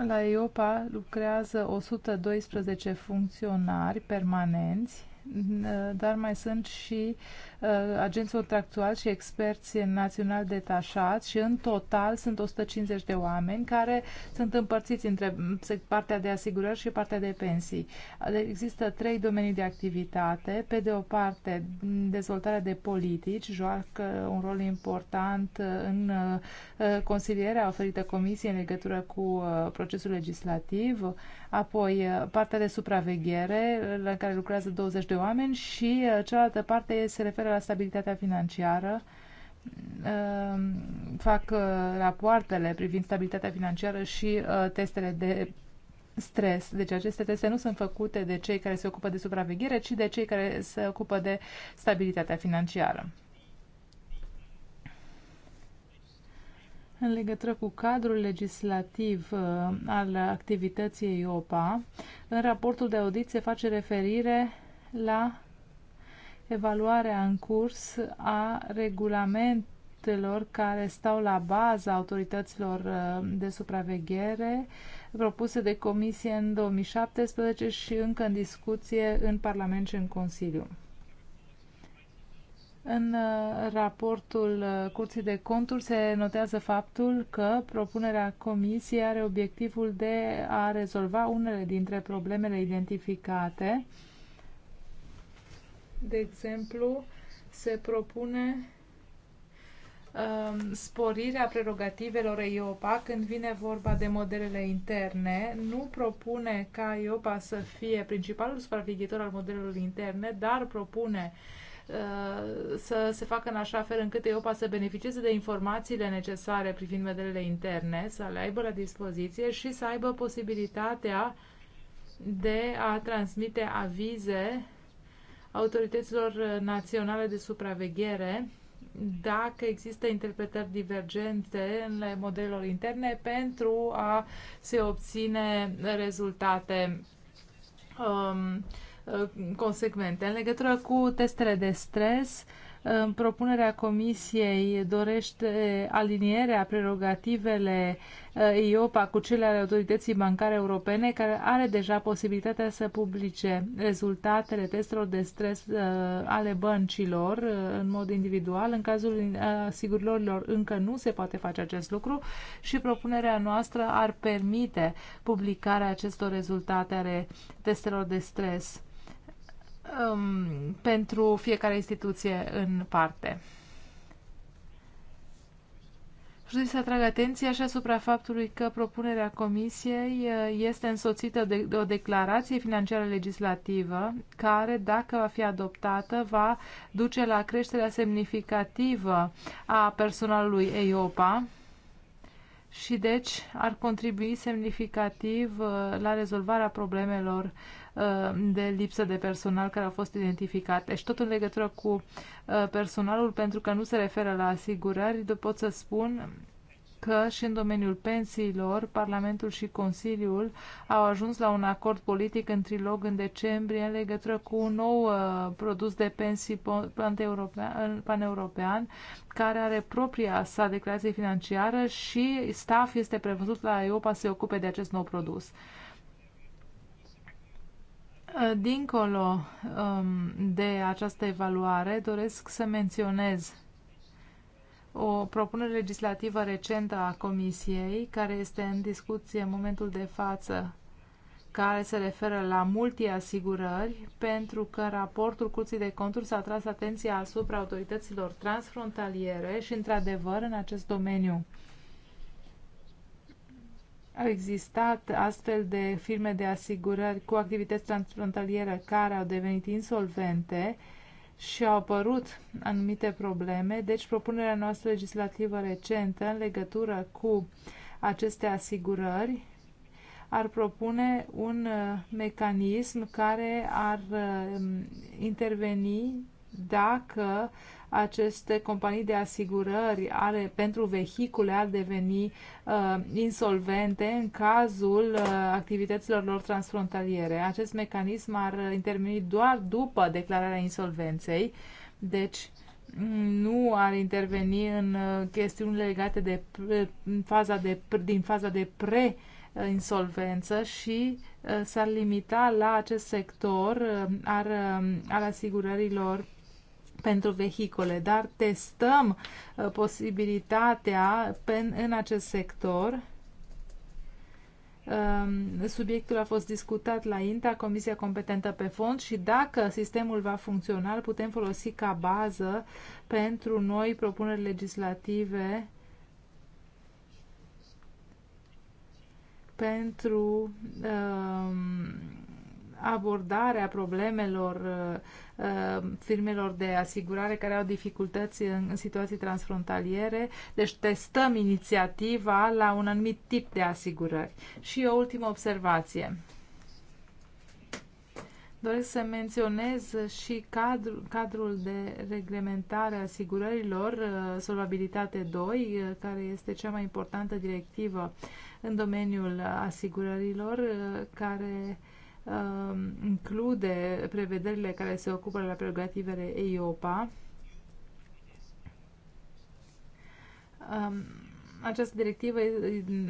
La Europa lucrează 112 funcționari permanenți, dar mai sunt și Uh, agenți contractuali și experți național detașați și în total sunt 150 de oameni care sunt împărțiți între partea de asigurări și partea de pensii. Deci există trei domenii de activitate. Pe de o parte, dezvoltarea de politici joacă un rol important în uh, consilierea oferită comisiei în legătură cu uh, procesul legislativ, apoi partea de supraveghere la care lucrează 20 de oameni și cealaltă parte se referă la stabilitatea financiară, ehm, fac uh, rapoartele privind stabilitatea financiară și uh, testele de stres. Deci aceste teste nu sunt făcute de cei care se ocupă de supraveghere, ci de cei care se ocupă de stabilitatea financiară. În legătură cu cadrul legislativ uh, al activității OPA, în raportul de audit se face referire la evaluarea în curs a regulamentelor care stau la baza autorităților uh, de supraveghere propuse de comisie în 2017 și încă în discuție în Parlament și în Consiliu. În uh, raportul uh, Curții de Conturi se notează faptul că propunerea Comisiei are obiectivul de a rezolva unele dintre problemele identificate de exemplu, se propune um, sporirea prerogativelor EIOPA când vine vorba de modelele interne. Nu propune ca EIOPA să fie principalul supraveghetor al modelelor interne, dar propune uh, să se facă în așa fel încât EOPA să beneficieze de informațiile necesare privind modelele interne, să le aibă la dispoziție și să aibă posibilitatea de a transmite avize autorităților uh, naționale de supraveghere dacă există interpretări divergente în modelelor interne pentru a se obține rezultate um, uh, consecvente. În legătură cu testele de stres, uh, propunerea Comisiei dorește alinierea prerogativele eh, IOPA cu cele ale autorității bancare europene, care are deja posibilitatea să publice rezultatele testelor de stres eh, ale băncilor eh, în mod individual. În cazul asigurărilor încă nu se poate face acest lucru și propunerea noastră ar permite publicarea acestor rezultate ale testelor de stres um, pentru fiecare instituție în parte. Aș dori să atrag atenția și asupra faptului că propunerea Comisiei uh, este însoțită de o declarație financiară legislativă care, dacă va fi adoptată, va duce la creșterea semnificativă a personalului EIOPA și deci ar contribui semnificativ uh, la rezolvarea problemelor Uh, de lipsă de personal care au fost identificate. Și tot în legătură cu uh, personalul, pentru că nu se referă la asigurări, pot să spun că și în domeniul pensiilor, Parlamentul și Consiliul au ajuns la un acord politic în trilog în decembrie în legătură cu un nou uh, produs de pensii paneuropean, care are propria sa declarație financiară și staff este prevăzut la EOPA să se ocupe de acest nou produs. Uh, Eh, dincolo ehm, de această evaluare, doresc să menționez o propunere legislativă recentă a Comisiei, care este în discuție în momentul de față, care se referă la multiasigurări, pentru că raportul Curții de Conturi s-a tras atenția asupra autorităților transfrontaliere și, într-adevăr, în acest domeniu au existat astfel de firme de asigurări cu activități transfrontaliere care au devenit insolvente și au apărut anumite probleme, deci propunerea noastră legislativă recentă în legătură cu aceste asigurări ar propune un uh, mecanism care ar uh, interveni dacă aceste companii de asigurări are, pentru vehicule ar deveni uh, insolvente în cazul uh, activităților lor transfrontaliere. Acest mecanism ar interveni doar după declararea insolvenței, deci mm, nu ar interveni în uh, chestiunile legate de uh, faza de, din faza de pre insolvență și uh, s-ar limita la acest sector al, al asigurărilor pentru vehicule, dar testăm uh, posibilitatea în acest sector. Um, subiectul a fost discutat la INTA, Comisia Competentă pe Fond și dacă sistemul va funcționa, îl putem folosi ca bază pentru noi propuneri legislative pentru um, abordarea problemelor uh, uh, firmelor de asigurare care au dificultăți în situații transfrontaliere. Deci testăm inițiativa la un anumit tip de asigurări. Și o ultimă observație. Doresc să menționez și cadru, cadrul de reglementare a asigurărilor, uh, solvabilitate 2, care este cea mai importantă directivă în domeniul asigurărilor, care Um, include prevederile care se ocupă la prerogativele EIOPA. Um, această directivă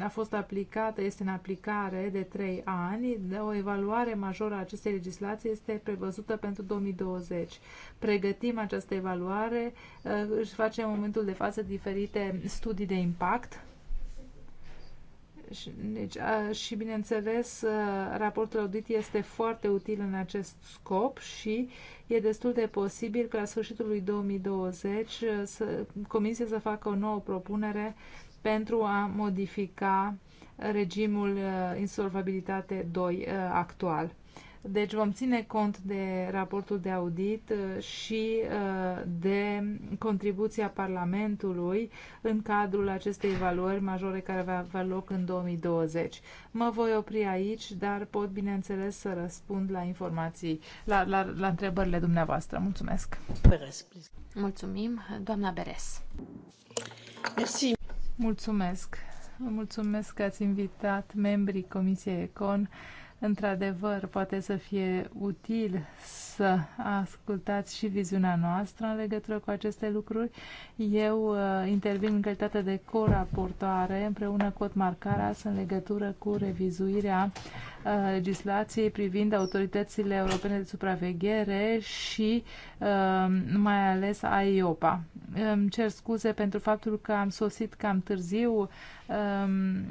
a fost aplicată, este în aplicare de 3 ani. O evaluare majoră a acestei legislații este prevăzută pentru 2020. Pregătim această evaluare, uh, își facem în momentul de față diferite studii de impact deci, și bineînțeles, raportul audit este foarte util în acest scop și e destul de posibil că la sfârșitul lui 2020 să, Comisia să facă o nouă propunere pentru a modifica regimul insolvabilitate 2 actual. Deci vom ține cont de raportul de audit uh, și uh, de contribuția Parlamentului în cadrul acestei evaluări majore care va avea loc în 2020. Mă voi opri aici, dar pot, bineînțeles, să răspund la informații, la, la, la întrebările dumneavoastră. Mulțumesc! Beres, Mulțumim, doamna Beres! Merci. Mulțumesc! Mulțumesc că ați invitat membrii Comisiei Econ Într-adevăr, poate să fie util să ascultați și viziunea noastră în legătură cu aceste lucruri. Eu uh, intervin în calitate de coraportoare împreună cu Otmar Caras în legătură cu revizuirea uh, legislației privind autoritățile europene de supraveghere și uh, mai ales AIOPA. Îmi cer scuze pentru faptul că am sosit cam târziu. Uh,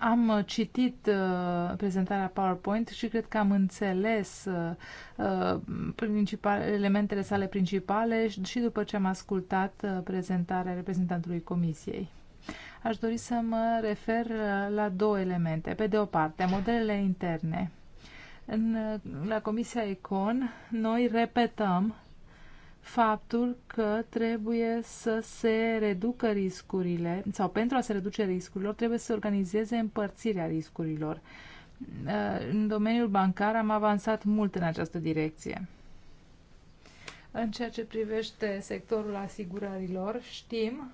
am uh, citit uh, prezentarea PowerPoint și cred că am înțeles uh, uh elementele sale principale și, și după ce am ascultat uh, prezentarea reprezentantului Comisiei. Aș dori să mă refer uh, la două elemente. Pe de o parte, modelele interne. În, uh, la Comisia Econ, noi repetăm faptul că trebuie să se reducă riscurile sau pentru a se reduce riscurilor trebuie să se organizeze împărțirea riscurilor. Uh, în domeniul bancar am avansat mult în această direcție. În ceea ce privește sectorul asigurărilor, știm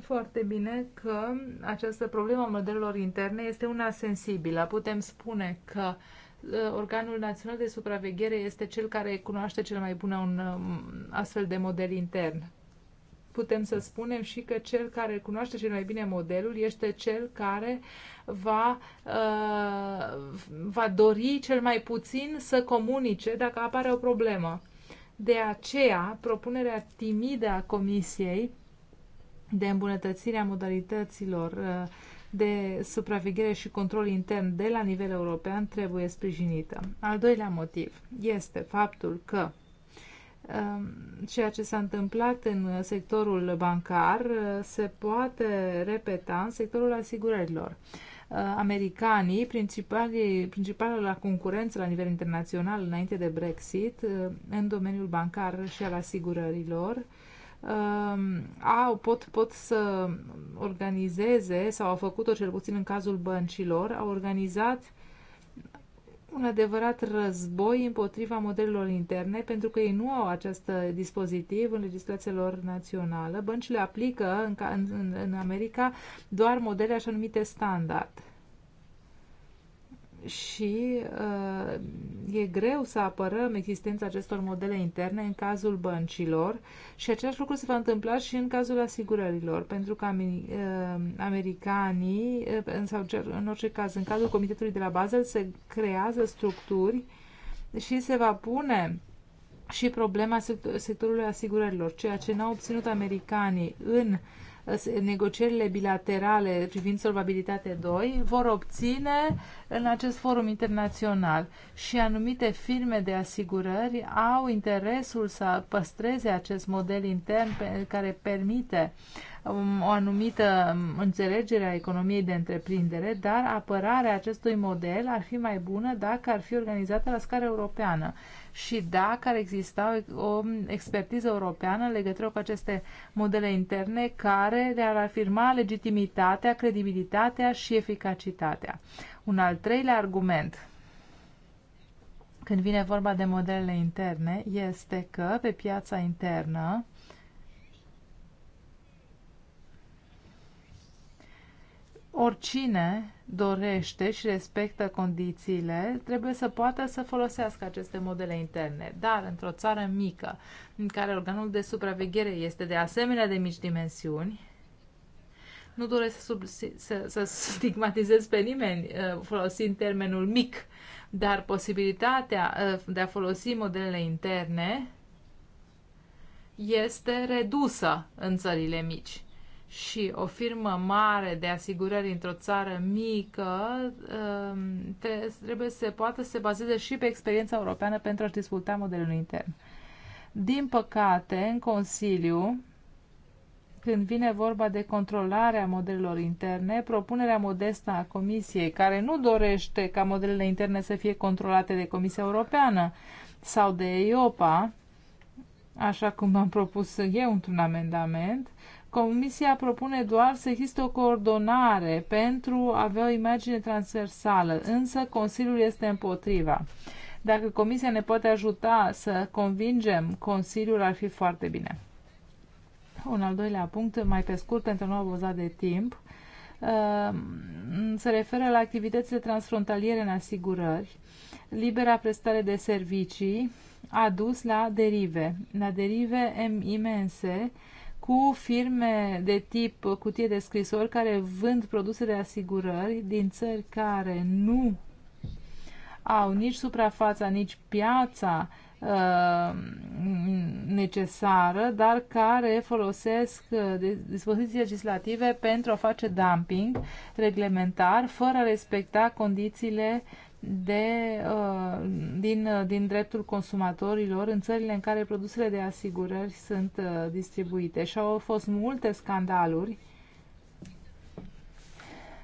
foarte bine că această problemă a modelelor interne este una sensibilă. Putem spune că uh, Uh, organul național de supraveghere este cel care cunoaște cel mai bun un um, astfel de model intern. Putem să spunem și că cel care cunoaște cel mai bine modelul este cel care va, uh, va dori cel mai puțin să comunice dacă apare o problemă. De aceea, propunerea timidă a Comisiei de îmbunătățirea modalităților uh, de supraveghere și control intern de la nivel european trebuie sprijinită. Al doilea motiv este faptul că um, ceea ce s-a întâmplat în sectorul bancar uh, se poate repeta în sectorul asigurărilor. Uh, americanii, principalii, principalul la concurență la nivel internațional înainte de Brexit, uh, în domeniul bancar și al asigurărilor, Um, au, pot, pot să organizeze, sau au făcut-o cel puțin în cazul băncilor, au organizat un adevărat război împotriva modelelor interne, pentru că ei nu au acest dispozitiv în legislația lor națională. Băncile aplică în, în, în America doar modele așa numite standard și uh, e greu să apărăm existența acestor modele interne în cazul băncilor și același lucru se va întâmpla și în cazul asigurărilor, pentru că amer- uh, americanii, uh, sau în orice caz, în cazul Comitetului de la Basel, se creează structuri și se va pune și problema sectorului asigurărilor, ceea ce n-au obținut americanii în uh, negocierile bilaterale privind solvabilitate 2 vor obține în acest forum internațional și anumite firme de asigurări au interesul să păstreze acest model intern pe care permite um, o anumită um, înțelegere a economiei de întreprindere, dar apărarea acestui model ar fi mai bună dacă ar fi organizată la scară europeană și dacă ar exista o expertiză europeană în legătură cu aceste modele interne care le-ar afirma legitimitatea, credibilitatea și eficacitatea. Un al treilea argument când vine vorba de modelele interne este că pe piața internă oricine dorește și respectă condițiile, trebuie să poată să folosească aceste modele interne. Dar într-o țară mică, în care organul de supraveghere este de asemenea de mici dimensiuni, nu doresc să, sub, să, să stigmatizez pe nimeni uh, folosind termenul mic, dar posibilitatea uh, de a folosi modelele interne este redusă în țările mici și o firmă mare de asigurări într-o țară mică um, trebuie să poată să se bazeze și pe experiența europeană pentru a-și dezvolta modelul intern. Din păcate, în Consiliu, când vine vorba de controlarea modelelor interne, propunerea modestă a Comisiei, care nu dorește ca modelele interne să fie controlate de Comisia Europeană sau de EIOPA, așa cum am propus eu într-un amendament, Comisia propune doar să existe o coordonare pentru a avea o imagine transversală, însă Consiliul este împotriva. Dacă Comisia ne poate ajuta să convingem Consiliul, ar fi foarte bine. Un al doilea punct, mai pe scurt, pentru nu abuza de timp, uh, se referă la activitățile transfrontaliere în asigurări. Libera prestare de servicii a dus la derive, la derive imense, cu firme de tip cutie de scrisori care vând produse de asigurări din țări care nu au nici suprafața, nici piața uh, necesară, dar care folosesc uh, dispoziții legislative pentru a face dumping reglementar, fără a respecta condițiile de, uh, din, uh, din dreptul consumatorilor în țările în care produsele de asigurări sunt uh, distribuite. Și au fost multe scandaluri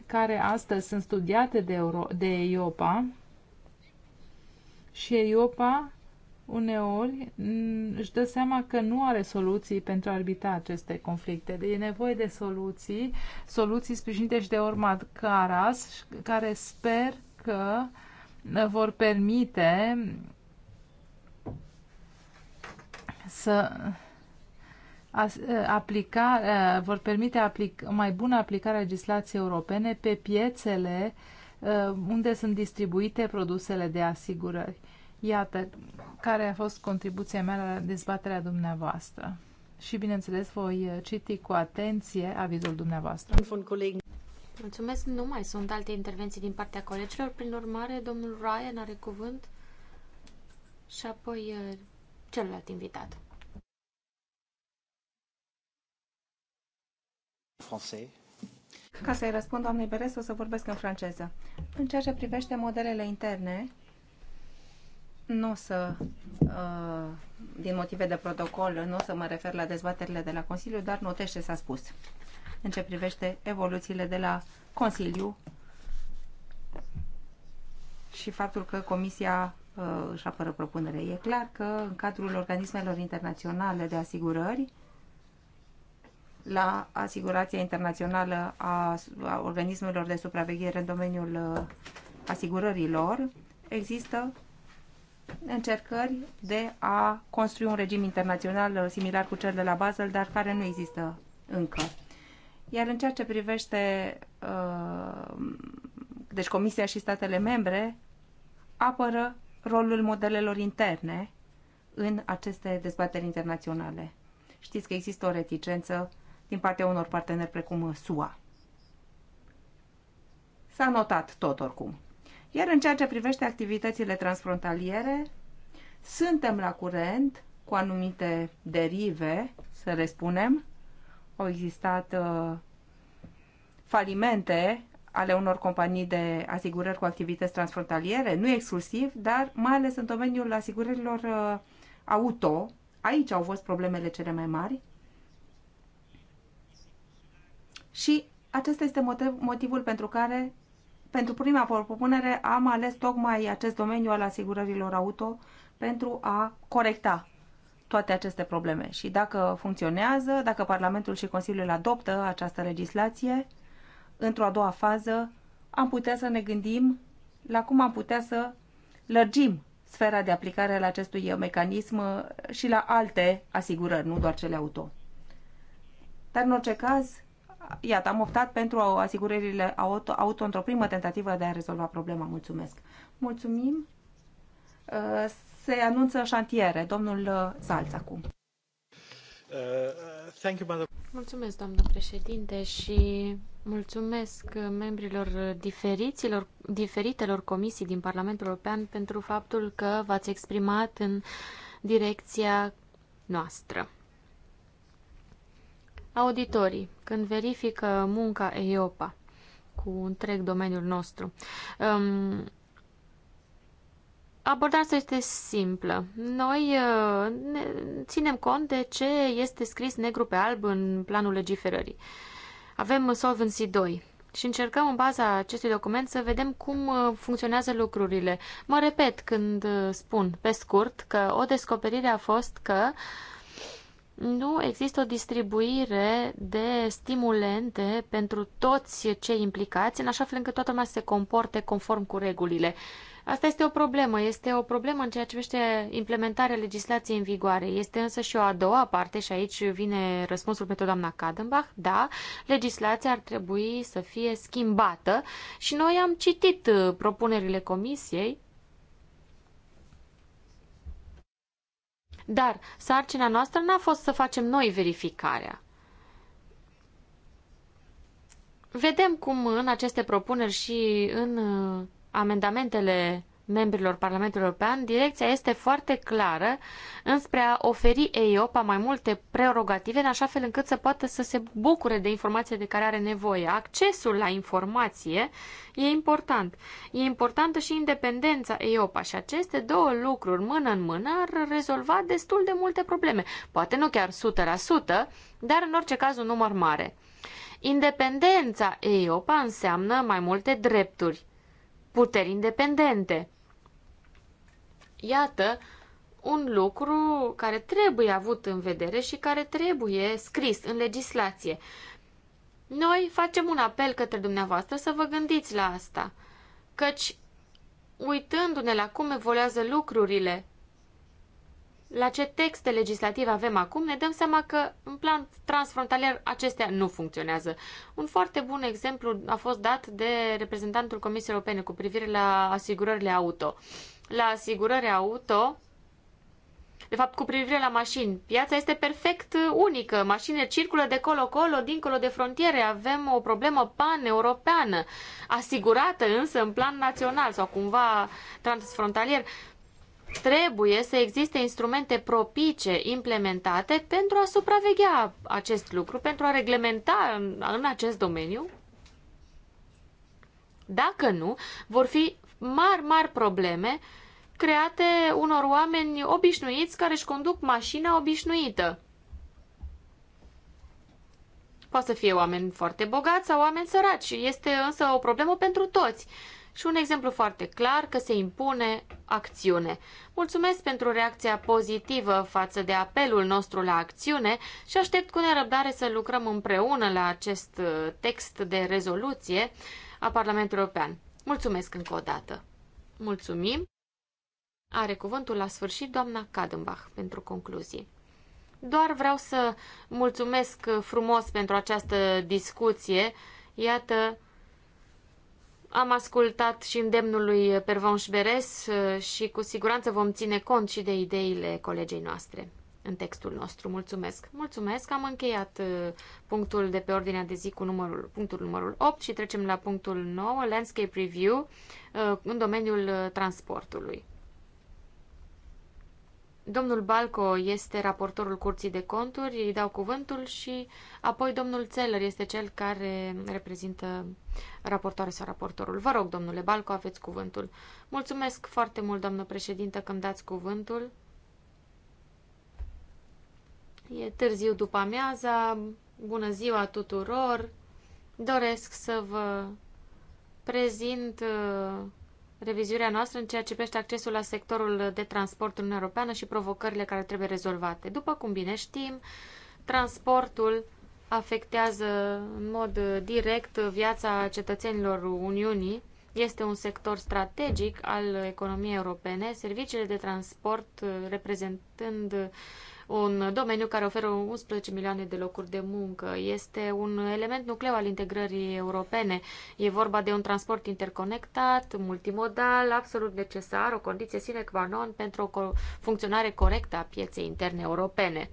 care astăzi sunt studiate de, Euro de EIOPA și EIOPA uneori își dă seama că nu are soluții pentru a arbita aceste conflicte. E nevoie de soluții, soluții sprijinite și de urmat Caras, care sper că vor permite să aplica, eh, vor permite aplic, mai bună aplicare a legislației europene pe piețele eh, unde sunt distribuite produsele de asigurări. Iată care a fost contribuția mea la dezbaterea dumneavoastră. Și, bineînțeles, voi eh, citi cu atenție avizul dumneavoastră. Mulțumesc. Nu mai sunt alte intervenții din partea colegilor. Prin urmare, domnul Ryan are cuvânt și apoi eh, celălalt invitat. Français. Ca să-i răspund doamnei Beres, o să vorbesc în franceză. În ceea ce privește modelele interne, nu o să, eh, din motive de protocol, nu o să mă refer la dezbaterile de la Consiliu, dar notește ce s-a spus în ce privește evoluțiile de la Consiliu și faptul că Comisia uh, își apără propunere. E clar că în cadrul organismelor internaționale de asigurări, la Asigurația Internațională a Organismelor de Supraveghere în domeniul uh, asigurărilor, există încercări de a construi un regim internațional uh, similar cu cel de la Basel, dar care nu există încă. Iar în ceea ce privește uh, deci Comisia și statele membre apără rolul modelelor interne în aceste dezbateri internaționale. Știți că există o reticență din partea unor parteneri precum SUA. S-a notat tot oricum. Iar în ceea ce privește activitățile transfrontaliere, suntem la curent cu anumite derive, să le spunem, au existat uh, falimente ale unor companii de asigurări cu activități transfrontaliere, nu exclusiv, dar mai ales în domeniul asigurărilor uh, auto. Aici au fost problemele cele mai mari. Și acesta este motiv, motivul pentru care, pentru prima propunere, am ales tocmai acest domeniu al asigurărilor auto pentru a corecta toate aceste probleme. Și dacă funcționează, dacă Parlamentul și Consiliul adoptă această legislație, într-o a doua fază am putea să ne gândim la cum am putea să lărgim sfera de aplicare al acestui mecanism și la alte asigurări, nu doar cele auto. Dar, în orice caz, iată, am optat pentru asigurările auto, auto într-o primă tentativă de a rezolva problema. Mulțumesc! Mulțumim! Uh, se anunță șantiere. Domnul Salț uh, acum. Uh, mulțumesc, doamnă președinte, și mulțumesc membrilor diferiților, diferitelor comisii din Parlamentul European pentru faptul că v-ați exprimat în direcția noastră. Auditorii, când verifică munca EIOPA cu întreg domeniul nostru, um, Abordarea asta este simplă. Noi uh, ne ținem cont de ce este scris negru pe alb în planul legiferării. Avem Solvency 2 și încercăm în baza acestui document să vedem cum uh, funcționează lucrurile. Mă repet când uh, spun pe scurt că o descoperire a fost că nu există o distribuire de stimulente pentru toți cei implicați, în așa fel încât toată lumea se comporte conform cu regulile. Asta este o problemă. Este o problemă în ceea ce vește implementarea legislației în vigoare. Este însă și o a doua parte și aici vine răspunsul pentru doamna Kadenbach. Da, legislația ar trebui să fie schimbată și noi am citit uh, propunerile comisiei Dar sarcina noastră n-a fost să facem noi verificarea. Vedem cum în aceste propuneri și în uh, amendamentele membrilor Parlamentului European, direcția este foarte clară înspre a oferi EIOPA mai multe prerogative în așa fel încât să poată să se bucure de informația de care are nevoie. Accesul la informație e important. E importantă și independența EIOPA și aceste două lucruri mână în mână ar rezolva destul de multe probleme. Poate nu chiar 100%, dar în orice caz un număr mare. Independența EIOPA înseamnă mai multe drepturi puteri independente. Iată un lucru care trebuie avut în vedere și care trebuie scris în legislație. Noi facem un apel către dumneavoastră să vă gândiți la asta, căci uitându-ne la cum evoluează lucrurile la ce texte legislative avem acum, ne dăm seama că în plan transfrontalier acestea nu funcționează. Un foarte bun exemplu a fost dat de reprezentantul Comisiei Europene cu privire la asigurările auto. La asigurări auto, de fapt cu privire la mașini, piața este perfect unică. Mașinile circulă de colo-colo, dincolo de frontiere. Avem o problemă pan-europeană, asigurată însă în plan național sau cumva transfrontalier trebuie să existe instrumente propice implementate pentru a supraveghea acest lucru, pentru a reglementa în, în acest domeniu? Dacă nu, vor fi mari, mari probleme create unor oameni obișnuiți care își conduc mașina obișnuită. Poate să fie oameni foarte bogați sau oameni săraci. Este însă o problemă pentru toți. Uh, și un exemplu foarte clar că se impune acțiune. Mulțumesc pentru reacția pozitivă față de apelul nostru la acțiune și aștept cu nerăbdare să lucrăm împreună la acest uh, text de rezoluție a Parlamentului European. Mulțumesc încă o dată! Mulțumim! Are cuvântul la sfârșit doamna Kadenbach pentru concluzii. Doar vreau să mulțumesc frumos pentru această discuție. Iată, am ascultat și îndemnul lui Pervon Șberes uh, și cu siguranță vom ține cont și de ideile colegei noastre în textul nostru. Mulțumesc! Mulțumesc! Am încheiat uh, punctul de pe ordinea de zi cu numărul, punctul numărul 8 și trecem la punctul 9, Landscape Review, uh, în domeniul transportului. Domnul Balco este raportorul Curții de Conturi, îi dau cuvântul și apoi domnul Țeller este cel care reprezintă raportoarea sau raportorul. Vă rog, domnule Balco, aveți cuvântul. Mulțumesc foarte mult, doamnă președintă, că îmi dați cuvântul. E târziu după amiaza, bună ziua tuturor. Doresc să vă prezint uh, revizuirea noastră în ceea ce privește accesul la sectorul de transport în Uniunea Europeană și provocările care trebuie rezolvate. După cum bine știm, transportul afectează în mod direct viața cetățenilor Uniunii. Este un sector strategic al economiei europene, serviciile de transport reprezentând un domeniu care oferă 11 milioane de locuri de muncă. Este un element nucleu al integrării europene. E vorba de un transport interconectat, multimodal, absolut necesar, o condiție sine qua non pentru o funcționare corectă a pieței interne europene.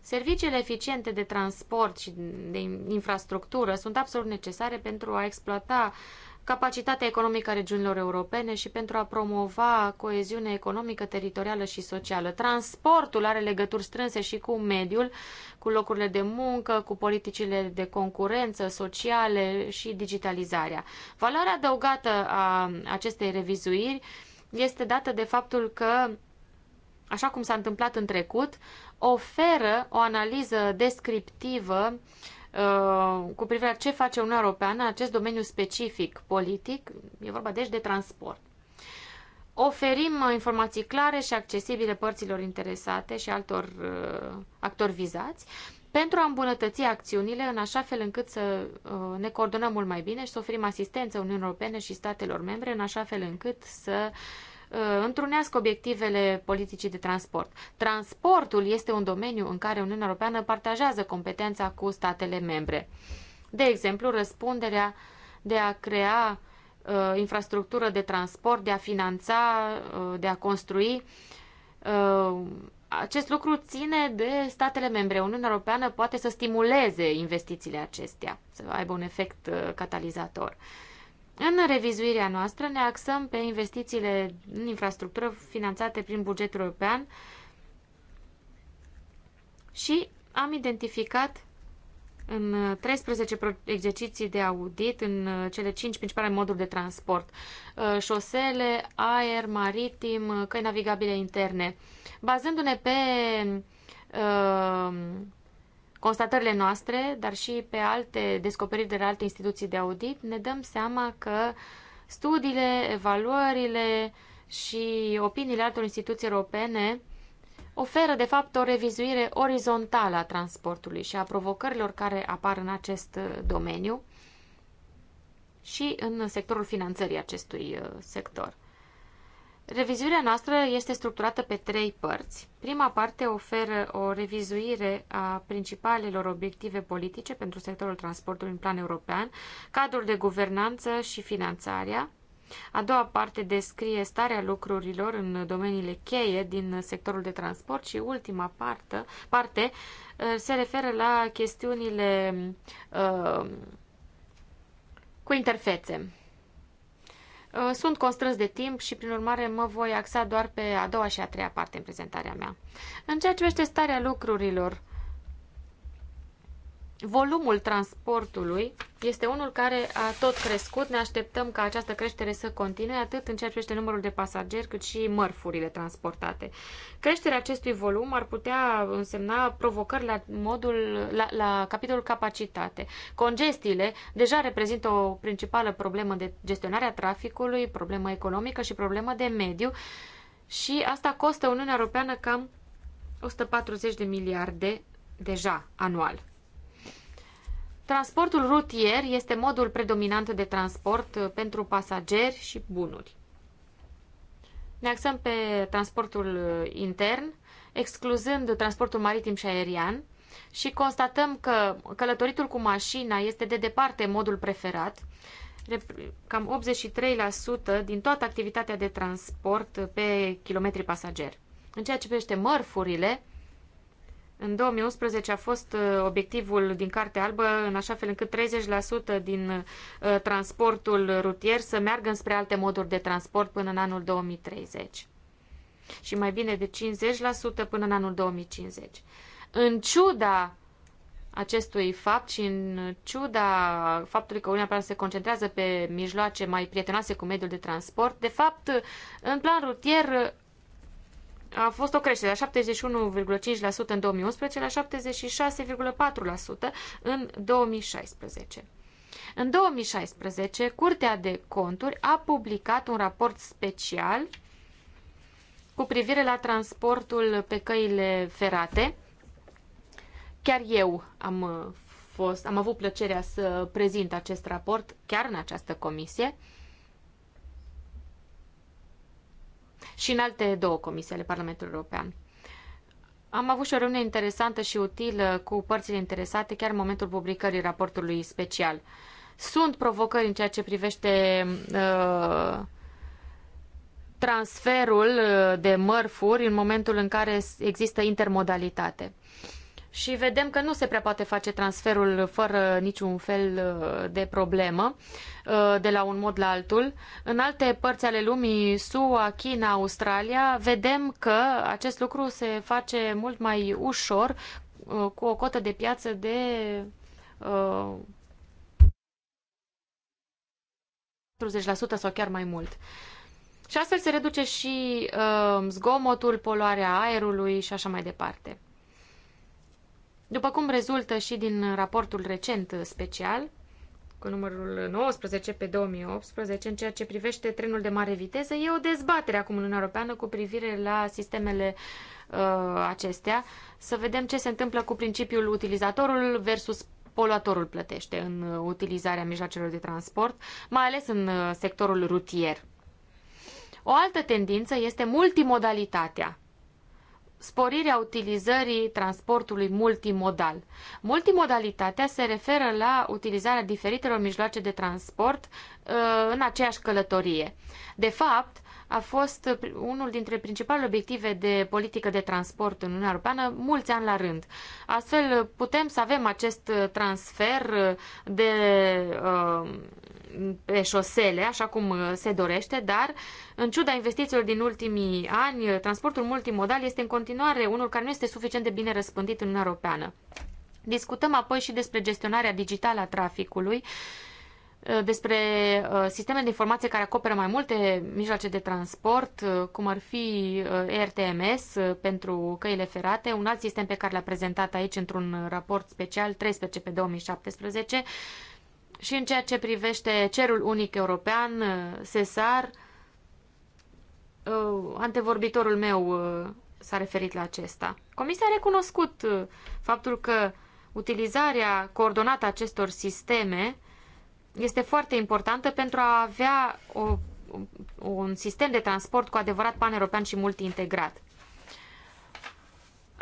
Serviciile eficiente de transport și de infrastructură sunt absolut necesare pentru a exploata uh, capacitatea economică a regiunilor europene și pentru a promova coeziune economică, teritorială și socială. Transportul are legături strânse și cu mediul, cu locurile de muncă, cu politicile de concurență sociale și digitalizarea. Valoarea adăugată a acestei revizuiri este dată de faptul că așa cum s-a întâmplat în trecut, oferă o analiză descriptivă uh, Uh, cu privire la ce face Uniunea Europeană, acest domeniu specific politic, e vorba deci de transport. Oferim uh, informații clare și accesibile părților interesate și altor uh, actori vizați pentru a îmbunătăți acțiunile în așa fel încât să ne coordonăm mult mai bine și să oferim asistență Uniunii Europene și statelor membre în așa fel încât să uh, Uh, întrunească obiectivele politicii de transport. Transportul este un domeniu în care Uniunea Europeană partajează competența cu statele membre. De exemplu, răspunderea de a crea uh, infrastructură de transport, de a finanța, uh, de a construi. Uh, acest lucru ține de statele membre. Uniunea Europeană poate să stimuleze investițiile acestea, să aibă un efect uh, catalizator. Uh, în revizuirea noastră ne axăm pe investițiile în infrastructură finanțate prin bugetul european și am identificat în 13 exerciții de audit în uh, cele 5 principale moduri de transport. Uh, șosele, aer, maritim, uh, căi navigabile interne. Bazându-ne pe constatările noastre, dar și pe alte descoperiri de la alte instituții de audit, ne dăm seama că studiile, evaluările și opiniile altor instituții europene oferă, de fapt, o revizuire orizontală a transportului și a provocărilor care apar în acest uh, domeniu și în sectorul finanțării acestui uh, sector. Revizuirea noastră este structurată pe trei părți. Prima parte oferă o revizuire a principalelor obiective politice pentru sectorul transportului în plan european, cadrul de guvernanță și finanțarea. A doua parte descrie starea lucrurilor în domeniile cheie din sectorul de transport și ultima parte, parte uh, se referă la chestiunile uh, cu interfețe. Uh, sunt constrâns de timp și, prin urmare, mă voi axa doar pe a doua și a treia parte în prezentarea mea. În ceea ce vește starea lucrurilor, volumul transportului este unul care a tot crescut. Ne așteptăm ca această creștere să continue, atât în ceea ce privește numărul de pasageri, cât și mărfurile transportate. Creșterea acestui volum ar putea însemna provocări la, modul, la, la capitolul capacitate. Congestiile deja reprezintă o principală problemă de gestionare a traficului, problemă economică și problemă de mediu și asta costă Uniunea Europeană cam 140 de miliarde deja anual. Transportul rutier este modul predominant de transport uh, pentru pasageri și bunuri. Ne axăm pe transportul uh, intern, excluzând transportul maritim și aerian, și constatăm că călătoritul cu mașina este de departe modul preferat, cam 83% din toată activitatea de transport uh, pe kilometri pasager. În ceea ce privește mărfurile, în 2011 a fost uh, obiectivul din Cartea Albă, în așa fel încât 30% din uh, transportul rutier să meargă spre alte moduri de transport până în anul 2030 și mai bine de 50% până în anul 2050. În ciuda acestui fapt și în ciuda faptului că Uniunea Europeană se concentrează pe mijloace mai prietenoase cu mediul de transport, de fapt, în plan rutier a fost o creștere la 71,5% în 2011 la 76,4% în 2016. În 2016, Curtea de Conturi a publicat un raport special cu privire la transportul pe căile ferate. Chiar eu am, uh, fost, am avut plăcerea să prezint acest raport chiar în această comisie. și în alte două comisii ale Parlamentului European. Am avut și o reuniune interesantă și utilă cu părțile interesate chiar în momentul publicării raportului special. Sunt provocări în ceea ce privește uh, transferul uh, de mărfuri în momentul în care există intermodalitate și vedem că nu se prea poate face transferul fără niciun fel uh, de problemă uh, de la un mod la altul. În alte părți ale lumii, SUA, China, Australia, vedem că acest lucru se face mult mai ușor uh, cu o cotă de piață de uh, 40% sau chiar mai mult. Și astfel se reduce și uh, zgomotul, poluarea aerului și așa mai departe. După cum rezultă și din raportul recent special, cu numărul 19 pe 2018, în ceea ce privește trenul de mare viteză, e o dezbatere acum în Uniunea Europeană cu privire la sistemele uh, acestea, să vedem ce se întâmplă cu principiul utilizatorul versus poluatorul plătește în uh, utilizarea mijloacelor de transport, mai ales în uh, sectorul rutier. O altă tendință este multimodalitatea sporirea utilizării transportului multimodal. Multimodalitatea se referă la utilizarea diferitelor mijloace de transport uh, în aceeași călătorie. De fapt, a fost unul dintre principalele obiective de politică de transport în Uniunea Europeană mulți ani la rând. Astfel, putem să avem acest transfer de uh, pe șosele, așa cum uh, se dorește, dar în ciuda investițiilor din ultimii ani, uh, transportul multimodal este în continuare unul care nu este suficient de bine răspândit în Uniunea Europeană. Discutăm apoi și despre gestionarea digitală a traficului, uh, despre sisteme de informație care acoperă mai multe mijloace de transport, cum ar fi RTMS pentru căile ferate, un alt sistem pe care l-a prezentat aici într-un raport special 13 pe 2017, și în ceea ce privește cerul unic european, SESAR, uh, uh, antevorbitorul meu uh, s-a referit la acesta. Comisia a recunoscut faptul că utilizarea coordonată a acestor sisteme este foarte importantă pentru a avea o, un sistem de transport cu adevărat pan-european și multi-integrat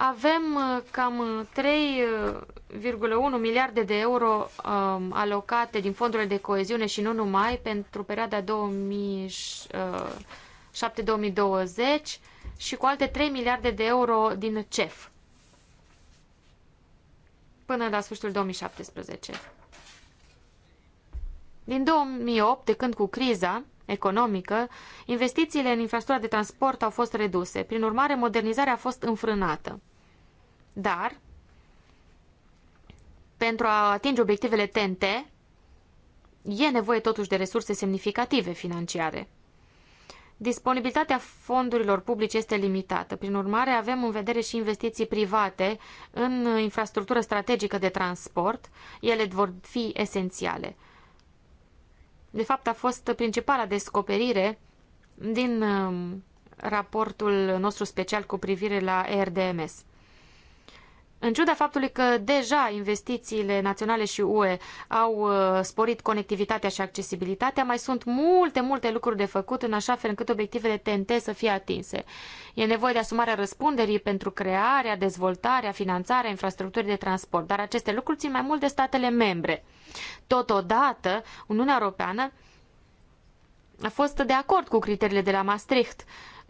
avem uh, cam 3,1 uh, uh, miliarde de euro um, alocate din fondurile de coeziune și nu numai pentru perioada 2007-2020 și cu alte 3 miliarde de euro din CEF până la sfârșitul 2017. Din 2008, de când cu criza, economică, investițiile în infrastructura de transport au fost reduse. Prin urmare, modernizarea a fost înfrânată. Dar, pentru a atinge obiectivele TNT, e nevoie totuși de resurse semnificative financiare. Disponibilitatea fondurilor publice este limitată. Prin urmare, avem în vedere și investiții private în infrastructură strategică de transport. Ele vor fi esențiale. De fapt, a fost principala descoperire din um, raportul nostru special cu privire la RDMS. În ciuda faptului că deja investițiile naționale și UE au uh, sporit conectivitatea și accesibilitatea, mai sunt multe, multe lucruri de făcut în așa fel încât obiectivele TNT să fie atinse. E nevoie de asumarea răspunderii pentru crearea, dezvoltarea, finanțarea infrastructurii de transport, dar aceste lucruri țin mai mult de statele membre. Totodată, Uniunea Europeană a fost de acord cu criteriile de la Maastricht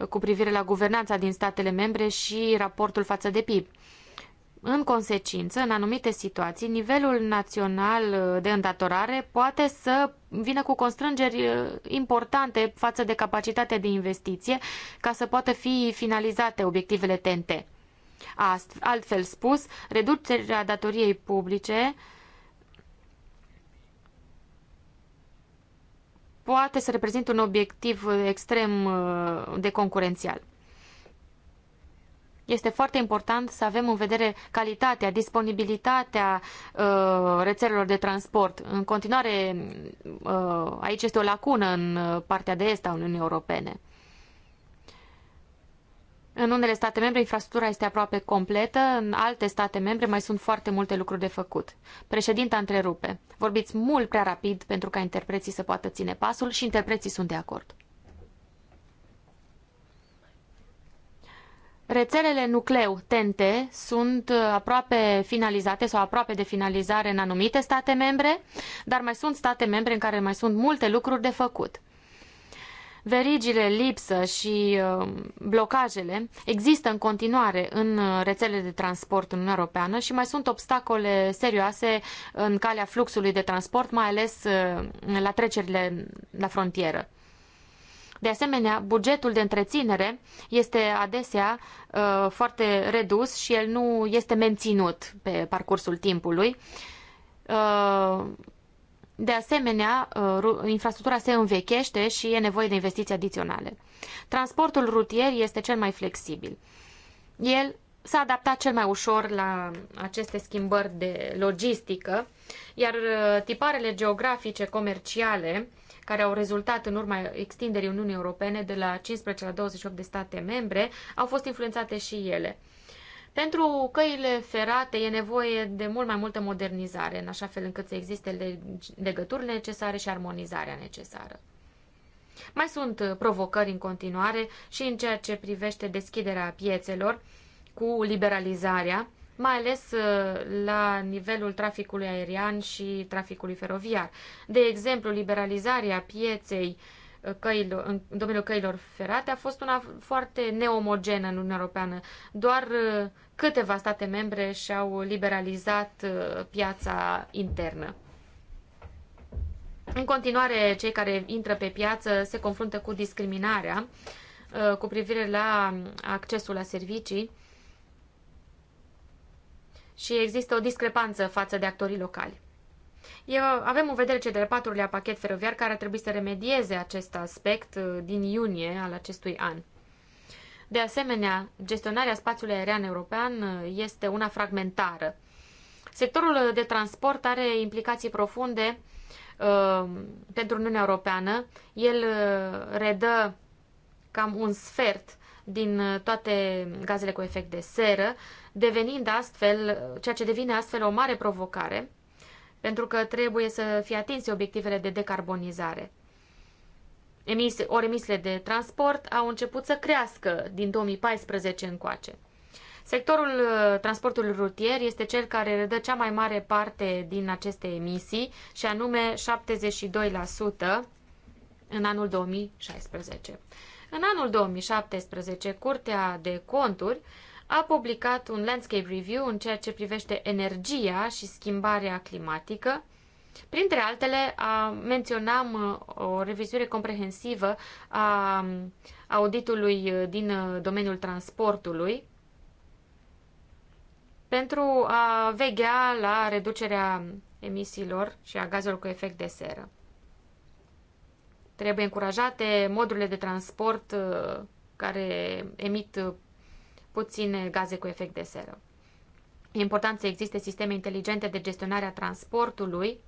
cu privire la guvernanța din statele membre și raportul față de PIB. În consecință, în anumite situații, nivelul național uh, de îndatorare poate să vină cu constrângeri uh, importante față de capacitatea de investiție ca să poată fi finalizate obiectivele TNT. Altfel spus, reducerea datoriei publice poate să reprezinte un obiectiv uh, extrem de concurențial este foarte important să avem în vedere calitatea, disponibilitatea uh, rețelelor de transport. În continuare, uh, aici este o lacună în partea de est a Uniunii Europene. În unele state membre infrastructura este aproape completă, în alte state membre mai sunt foarte multe lucruri de făcut. Președinta întrerupe. Vorbiți mult prea rapid pentru ca interpreții să poată ține pasul și interpreții sunt de acord. Rețelele nucleu TNT sunt uh, aproape finalizate sau aproape de finalizare în anumite state membre, dar mai sunt state membre în care mai sunt multe lucruri de făcut. Verigile, lipsă și uh, blocajele există în continuare în uh, rețelele de transport în Uniunea Europeană și mai sunt obstacole serioase în calea fluxului de transport, mai ales la trecerile la frontieră. De asemenea, bugetul de întreținere este adesea uh, foarte redus și el nu este menținut pe parcursul timpului. Uh, de asemenea, uh, infrastructura se învechește și e nevoie de investiții adiționale. Transportul rutier este cel mai flexibil. El s-a adaptat cel mai ușor la aceste schimbări de logistică, iar uh, tiparele geografice comerciale care au rezultat în urma extinderii Uniunii Europene de la 15 la 28 de state membre, au fost influențate și ele. Pentru căile ferate e nevoie de mult mai multă modernizare, în așa fel încât să existe legături necesare și armonizarea necesară. Mai sunt provocări în continuare și în ceea ce privește deschiderea piețelor cu liberalizarea, mai ales uh, la nivelul traficului aerian și traficului feroviar. De exemplu, liberalizarea pieței uh, căilor, în domeniul căilor ferate a fost una foarte neomogenă în Uniunea Europeană. Doar uh, câteva state membre și-au liberalizat piața internă. În continuare, cei care intră pe piață se confruntă cu discriminarea cu privire la accesul la servicii și există o discrepanță față de actorii locali. Eu, avem în vedere ce de la patrulea pachet feroviar care ar trebui să remedieze acest aspect uh, din iunie al acestui an. De asemenea, gestionarea spațiului aerian european uh, este una fragmentară. Sectorul uh, de transport are implicații profunde uh, pentru Uniunea Europeană. El redă cam un sfert din toate gazele cu efect de seră, devenind astfel, ceea ce devine astfel o mare provocare, pentru că trebuie să fie atinse obiectivele de decarbonizare. Emise, ori emisiile de transport au început să crească din 2014 încoace. Sectorul uh, transportului rutier este cel care redă cea mai mare parte din aceste emisii, și anume 72% în anul 2016. În anul 2017, Curtea de Conturi a publicat un landscape review în ceea ce privește energia și schimbarea climatică. Printre altele, a, menționam uh, o revizuire comprehensivă a um, auditului uh, din uh, domeniul transportului pentru a veghea la reducerea emisiilor și a gazelor cu efect de seră. Trebuie încurajate modurile de transport care emit puține gaze cu efect de seră. E important să existe sisteme inteligente de gestionare a transportului,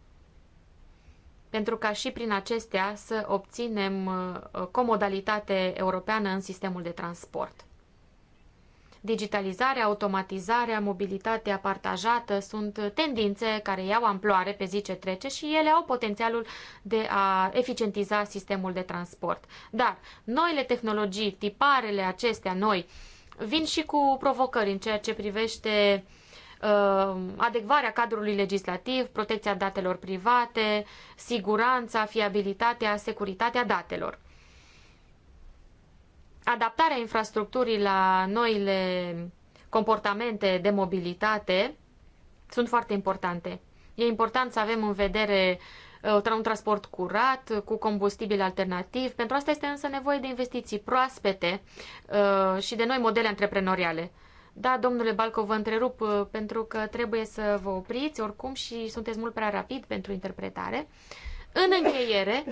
pentru ca și prin acestea să obținem uh, comodalitate europeană în sistemul de transport. Digitalizarea, automatizarea, mobilitatea partajată sunt tendințe care iau amploare pe zi ce trece și ele au potențialul de a eficientiza sistemul de transport. Dar noile tehnologii, tiparele acestea noi, uh, vin și cu provocări în ceea ce privește uh, adecvarea cadrului legislativ, protecția datelor private, siguranța, fiabilitatea, securitatea datelor. Adaptarea infrastructurii la noile comportamente de mobilitate sunt foarte importante. E important să avem în vedere Uh, un transport curat, uh, cu combustibil alternativ. Pentru asta este însă nevoie de investiții proaspete uh, și de noi modele antreprenoriale. Da, domnule Balco, vă întrerup pentru că trebuie să vă opriți oricum și sunteți mult prea rapid pentru interpretare. În încheiere,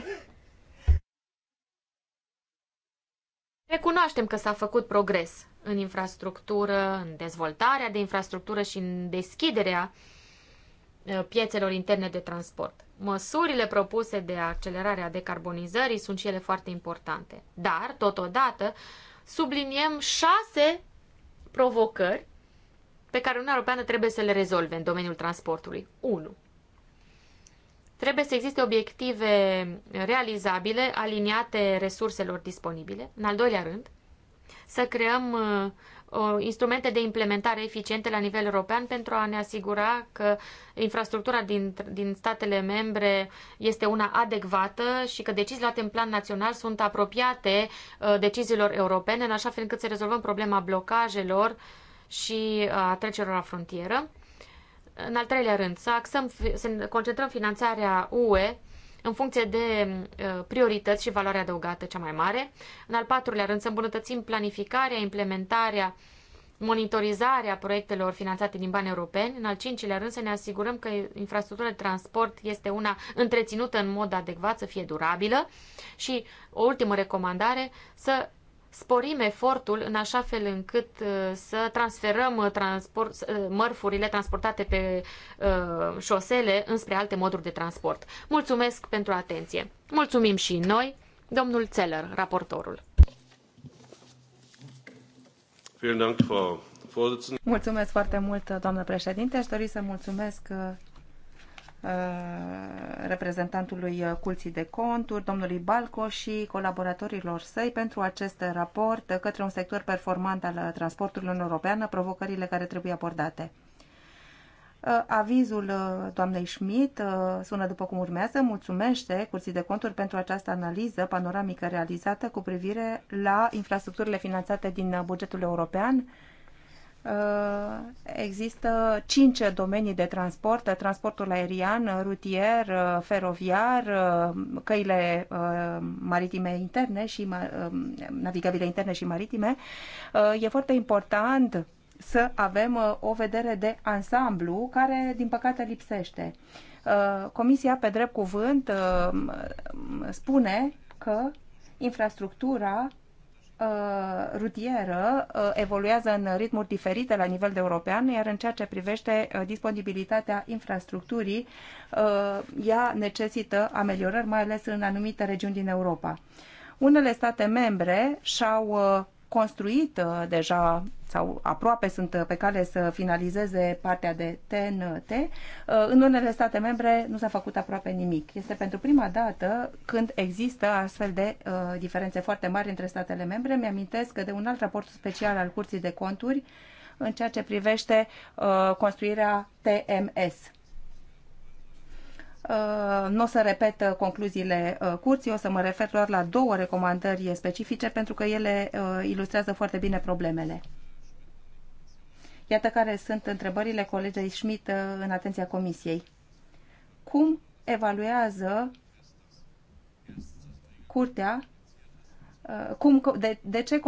recunoaștem că s-a făcut progres în infrastructură, în dezvoltarea de infrastructură și în deschiderea uh, Uh, piețelor interne de transport. Măsurile propuse de accelerarea decarbonizării sunt și ele foarte importante. Dar, totodată, subliniem șase provocări pe care Uniunea Europeană trebuie să le rezolve în domeniul transportului. 1. Trebuie să existe obiective realizabile, aliniate resurselor disponibile. În al doilea rând, să creăm uh, Uh, instrumente de implementare eficiente la nivel european pentru a ne asigura că infrastructura din, din statele membre este una adecvată și că deciziile luate în plan național sunt apropiate uh, deciziilor europene, în așa fel încât să rezolvăm problema blocajelor și uh, a trecerilor la frontieră. În al treilea rând, să, axăm, să concentrăm finanțarea UE în funcție de uh, priorități și valoarea adăugată cea mai mare. În al patrulea rând, să îmbunătățim planificarea, implementarea, monitorizarea proiectelor finanțate din bani europeni. În al cincilea rând, să ne asigurăm că infrastructura de transport este una întreținută în mod adecvat, să fie durabilă. Și o ultimă recomandare, să sporim efortul în așa fel încât uh, să transferăm uh, transport, uh, mărfurile transportate pe șosele înspre alte moduri de transport. Mulțumesc pentru atenție. Mulțumim și noi, domnul Țeller, raportorul. Mulțumesc foarte mult, doamnă președinte. Aș dori să mulțumesc Uh, reprezentantului Culții de Conturi, domnului Balco și colaboratorilor săi pentru acest raport către un sector performant al transporturilor în europeană, provocările care trebuie abordate. Uh, avizul uh, doamnei Schmidt sună după cum urmează, mulțumește Curții de Conturi pentru această analiză panoramică realizată cu privire la infrastructurile finanțate din bugetul european, Uh, există cinci domenii de transport, transportul aerian, rutier, uh, feroviar, uh, căile maritime interne și navigabile interne și maritime. E foarte important să avem o vedere de ansamblu care, din păcate, lipsește. Comisia, pe drept cuvânt, spune că infrastructura Uh, rutieră uh, evoluează în ritmuri diferite la nivel de european, iar în ceea ce privește uh, disponibilitatea infrastructurii, ea necesită ameliorări, mai ales în anumite regiuni din Europa. Unele state membre și-au construit uh, deja sau aproape sunt uh, pe cale să finalizeze partea de TNT. Uh, în unele state membre nu s-a făcut aproape nimic. Este pentru prima dată când există astfel de diferențe foarte mari între statele membre. Mi-amintesc că de un alt raport special al Curții de Conturi în ceea ce privește construirea TMS Uh, nu o să repet uh, concluziile uh, curții, o să mă refer doar la două recomandări specifice pentru că ele ilustrează foarte bine problemele. Iată care sunt întrebările colegei Schmidt în atenția comisiei. Cum evaluează curtea cum, de, de ce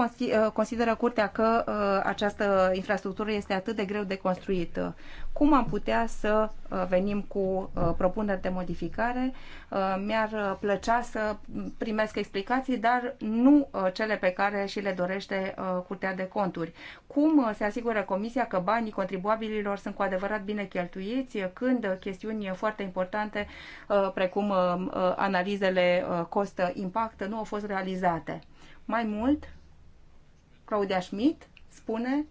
consideră curtea că această infrastructură este atât de greu de construit? cum am putea să uh, venim cu uh, propuneri de modificare. Uh, mi-ar plăcea să primesc explicații, dar nu cele pe care și le dorește Curtea de Conturi. Cum se asigură Comisia că banii contribuabililor sunt cu adevărat bine cheltuiți când chestiuni foarte importante precum analizele cost-impact nu au fost realizate? Mai mult, Claudia Schmidt spune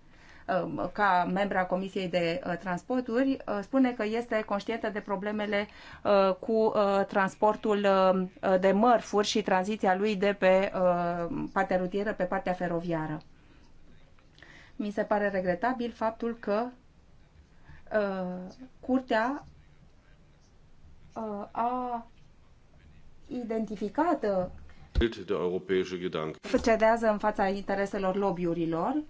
Um, ca membra Comisiei de uh, Transporturi, uh, spune că este conștientă de problemele uh, cu transportul um, de mărfuri și tranziția lui de pe um, partea rutieră pe partea feroviară. Mi se pare regretabil faptul că curtea a identificat cedează în fața intereselor lobbyurilor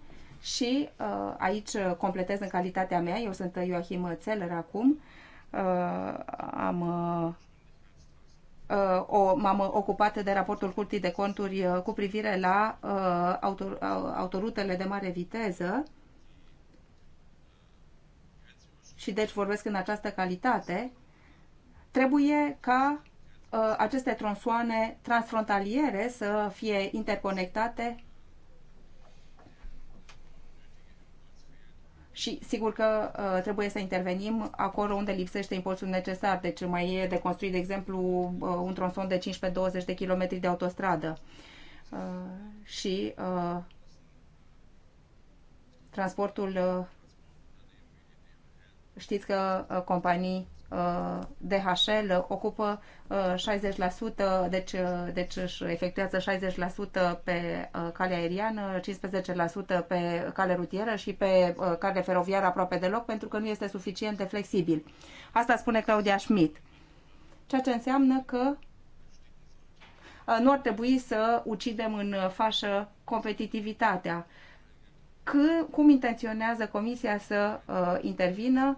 și uh, aici uh, completez în calitatea mea, eu sunt Ioachim uh, Țeller acum, am Uh, m-am ocupat de raportul Curții de Conturi cu privire la autor, autorutele de mare viteză și deci vorbesc în această calitate, trebuie ca aceste tronsoane transfrontaliere să fie interconectate și sigur că uh, trebuie să intervenim acolo unde lipsește impulsul necesar. Deci mai e de construit, de exemplu, uh, un tronson de 15-20 de kilometri de autostradă. Uh, și uh, transportul, uh, știți că uh, companii Uh, DHL ocupă 60%, uh, deci, uh, deci își efectuează 60% pe calea aeriană, 15% pe cale rutieră și pe cale feroviară aproape deloc, pentru că nu este suficient de flexibil. Asta spune Claudia Schmidt. Ceea ce înseamnă că nu ar trebui să ucidem în fașă competitivitatea. cum intenționează Comisia să uh, intervină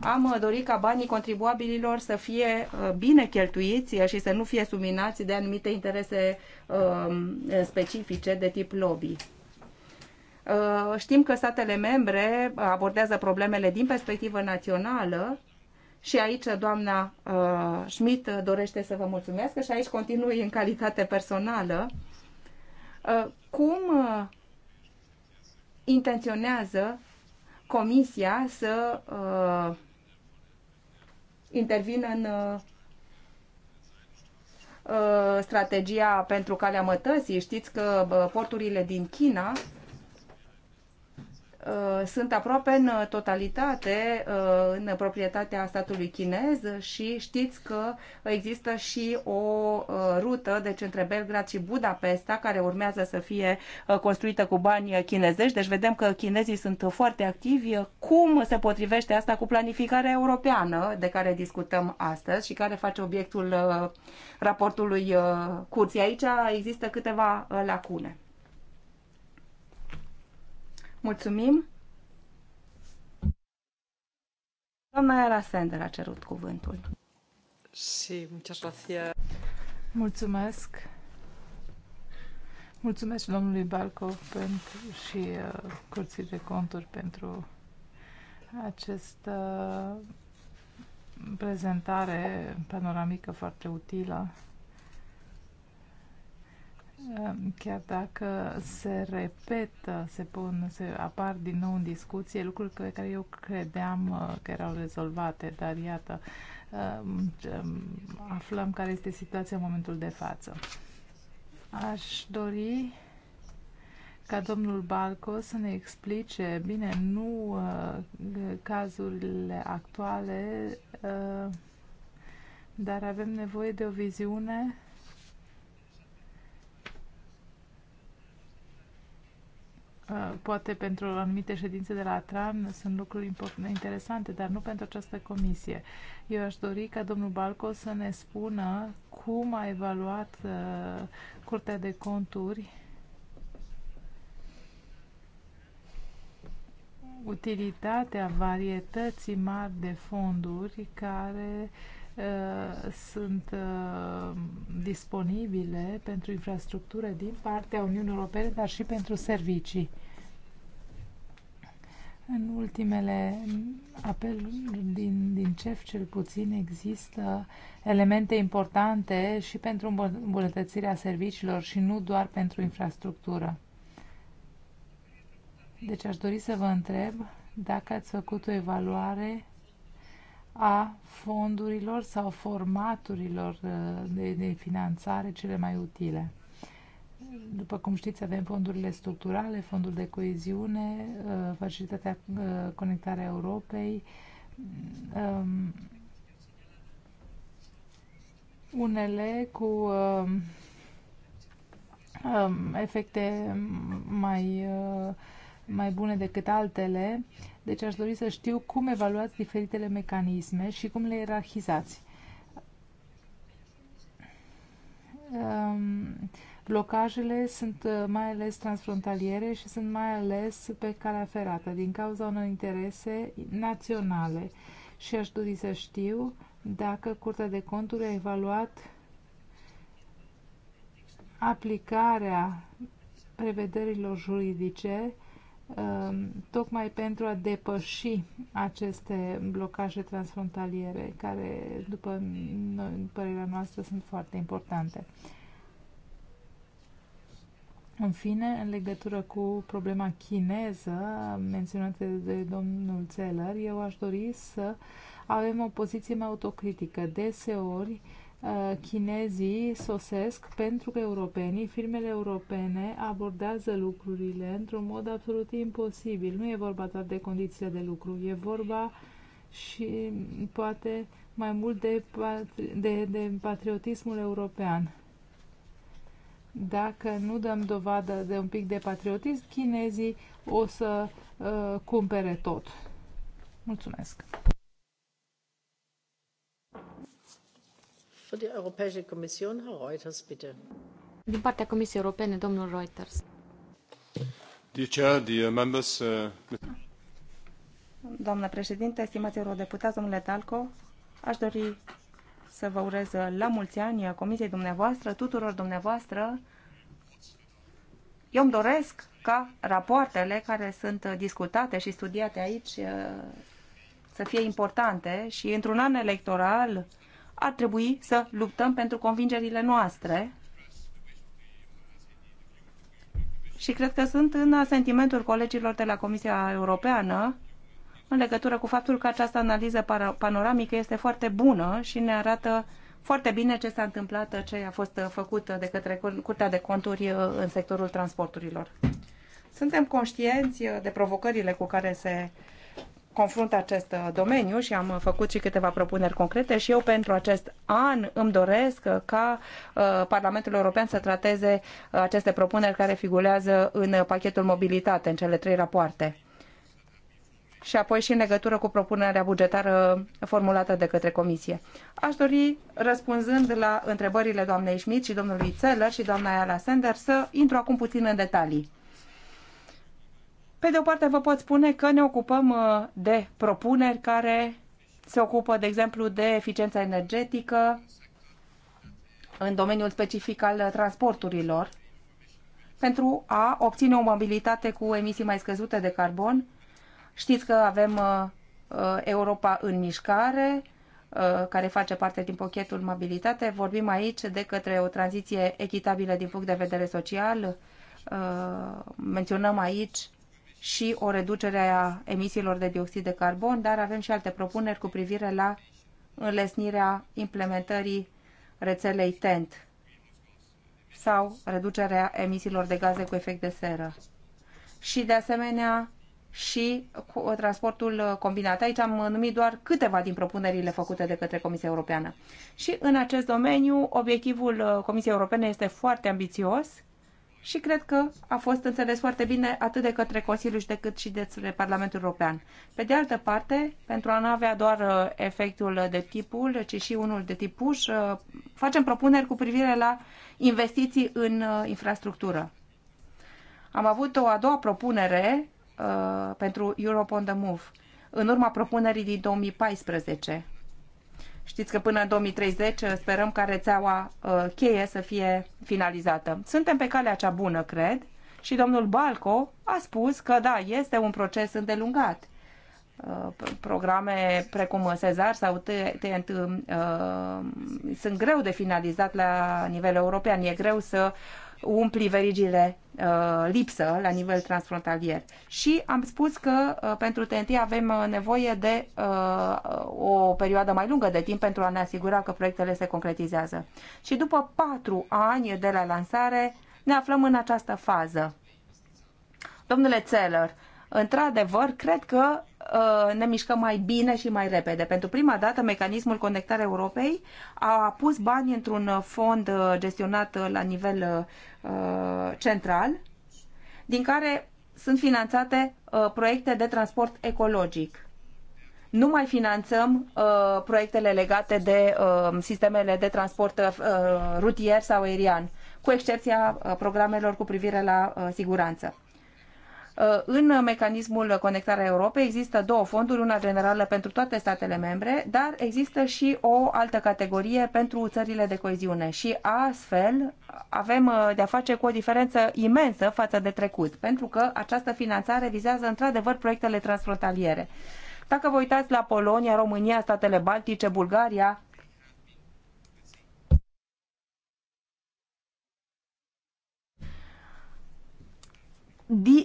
am uh, dorit ca banii contribuabililor să fie uh, bine cheltuiți uh, și să nu fie subminați de anumite interese um, specifice de tip lobby. Știm că statele membre abordează problemele din perspectivă națională și aici doamna Schmidt dorește să vă mulțumesc și aici continui în calitate personală. Cum intenționează Comisia să uh, intervină în uh, strategia pentru calea mătăsii. Știți că uh, porturile din China Uh, sunt aproape în totalitate uh, în proprietatea statului chinez și știți că există și o uh, rută, deci între Belgrad și Budapesta, care urmează să fie construită cu bani chinezești. Deci vedem că chinezii sunt foarte activi. Cum se potrivește asta cu planificarea europeană de care discutăm astăzi și care face obiectul raportului curții? Aici există câteva lacune. Mulțumim. Doamna Era Sender a cerut cuvântul. Sí, muchas Mulțumesc. Mulțumesc domnului Balco pentru, și uh, Curții de Conturi pentru această uh, prezentare panoramică foarte utilă Chiar dacă se repetă, se pun, se apar din nou în discuție lucruri pe care eu credeam uh, că erau rezolvate, dar iată, uh, aflăm care este situația în momentul de față. Aș dori ca domnul Balco să ne explice, bine, nu uh, cazurile actuale, dar avem nevoie de o viziune Uh, poate pentru anumite ședințe de la TRAN sunt lucruri interesante, dar nu pentru această comisie. Eu aș dori ca domnul Balco să ne spună cum a evaluat uh, Curtea de Conturi utilitatea varietății mari de fonduri care uh, Uh, sunt uh, disponibile pentru infrastructură din partea Uniunii Europene, dar și pentru servicii. În ultimele apeluri din, din CEF, cel puțin, există elemente importante și pentru îmbunătățirea serviciilor și nu doar pentru infrastructură. Deci aș dori să vă întreb dacă ați făcut o evaluare a fondurilor sau formaturilor uh, de, de finanțare cele mai utile. După cum știți, avem fondurile structurale, fondul de coeziune, uh, facilitatea uh, conectarea Europei, um, unele cu um, um, efecte mai uh, mai bune decât altele, deci aș dori să știu cum evaluați diferitele mecanisme și cum le ierarhizați. Um, blocajele sunt uh, mai ales transfrontaliere și sunt mai ales pe calea ferată, din cauza unor interese naționale. Și aș dori să știu dacă Curtea de Conturi a evaluat aplicarea prevederilor juridice Um, tocmai pentru a depăși aceste blocaje transfrontaliere, care, după părerea noastră, sunt foarte importante. În fine, în legătură cu problema chineză menționată de domnul Zeller, eu aș dori să avem o poziție mai autocritică. Deseori, uh, Uh, chinezii sosesc pentru că europenii, firmele europene abordează lucrurile într-un mod absolut imposibil. Nu e vorba doar de condiția de lucru, e vorba și poate mai mult de, de, de patriotismul european. Dacă nu dăm dovadă de un pic de patriotism, chinezii o să uh, cumpere tot. Mulțumesc! Din partea Comisiei Europene, domnul Reuters. Uh, Doamnă președinte, stimați eurodeputați, domnule Talco, aș dori să vă urez la mulți ani comisiei dumneavoastră, tuturor dumneavoastră. Eu îmi doresc ca rapoartele care sunt discutate și studiate aici uh, să fie importante și într-un an electoral ar trebui să luptăm pentru convingerile noastre și cred că sunt în sentimentul colegilor de la Comisia Europeană în legătură cu faptul că această analiză panoramică este foarte bună și ne arată foarte bine ce s-a întâmplat, ce a fost făcut de către Curtea de Conturi în sectorul transporturilor. Suntem conștienți de provocările cu care se confrunt acest uh, domeniu și am uh, făcut și câteva propuneri concrete și eu pentru acest an îmi doresc uh, ca Parlamentul European să trateze aceste propuneri care figurează în pachetul mobilitate, în cele trei rapoarte. Și apoi și în legătură cu propunerea bugetară formulată de către Comisie. Aș dori, răspunzând la întrebările doamnei Schmidt și domnului Țeller și doamna Ayala Sender, să intru acum puțin în detalii pe de o parte vă pot spune că ne ocupăm uh, de propuneri care se ocupă, de exemplu, de eficiența energetică în domeniul specific al transporturilor pentru a obține o mobilitate cu emisii mai scăzute de carbon. Știți că avem uh, uh, Europa în mișcare, care face parte din pochetul mobilitate. Vorbim aici de către o tranziție echitabilă din punct de vedere social. Menționăm aici și o reducere a emisiilor de dioxid de carbon, dar avem și alte propuneri cu privire la înlesnirea implementării rețelei TENT sau reducerea emisiilor de gaze cu efect de seră. Și de asemenea și cu transportul combinat. Aici am numit doar câteva din propunerile făcute de către Comisia Europeană. Și în acest domeniu, obiectivul Comisiei Europene este foarte ambițios – și cred că a fost înțeles foarte bine atât de către Consiliu și decât și de Parlamentul European. Pe de altă parte, pentru a nu avea doar uh, efectul de tipul, ci și unul de tip uh, facem propuneri cu privire la investiții în uh, infrastructură. Am avut o a doua propunere uh, pentru Europe on the Move, în urma propunerii din 2014. Știți că până în 2030 uh, sperăm ca rețeaua uh, cheie să fie finalizată. Suntem pe calea cea bună, cred, și domnul Balco a spus că da, este un proces îndelungat. Uh, programe precum Sezar sau TNT sunt greu de finalizat la nivel european. E greu să umpli verigile uh, lipsă la nivel transfrontalier. Și am spus că uh, pentru TNT avem uh, nevoie de o perioadă mai lungă de timp pentru a ne asigura că proiectele se concretizează. Și după patru ani de la lansare ne aflăm în această fază. Domnule Țeller, într-adevăr, cred că uh, ne mișcăm mai bine și mai repede. Pentru prima dată, mecanismul Conectare Europei a pus bani într-un fond uh, gestionat uh, la nivel central, din care sunt finanțate proiecte de transport ecologic. Nu mai finanțăm proiectele legate de sistemele de transport rutier sau aerian, cu excepția programelor cu privire la siguranță. Uh, în mecanismul Conectarea Europei există două fonduri, una generală pentru toate statele membre, dar există și o altă categorie pentru țările de coeziune și astfel avem uh, de-a face cu o diferență imensă față de trecut, pentru că această finanțare vizează într-adevăr proiectele transfrontaliere. Dacă vă uitați la Polonia, România, statele Baltice, Bulgaria,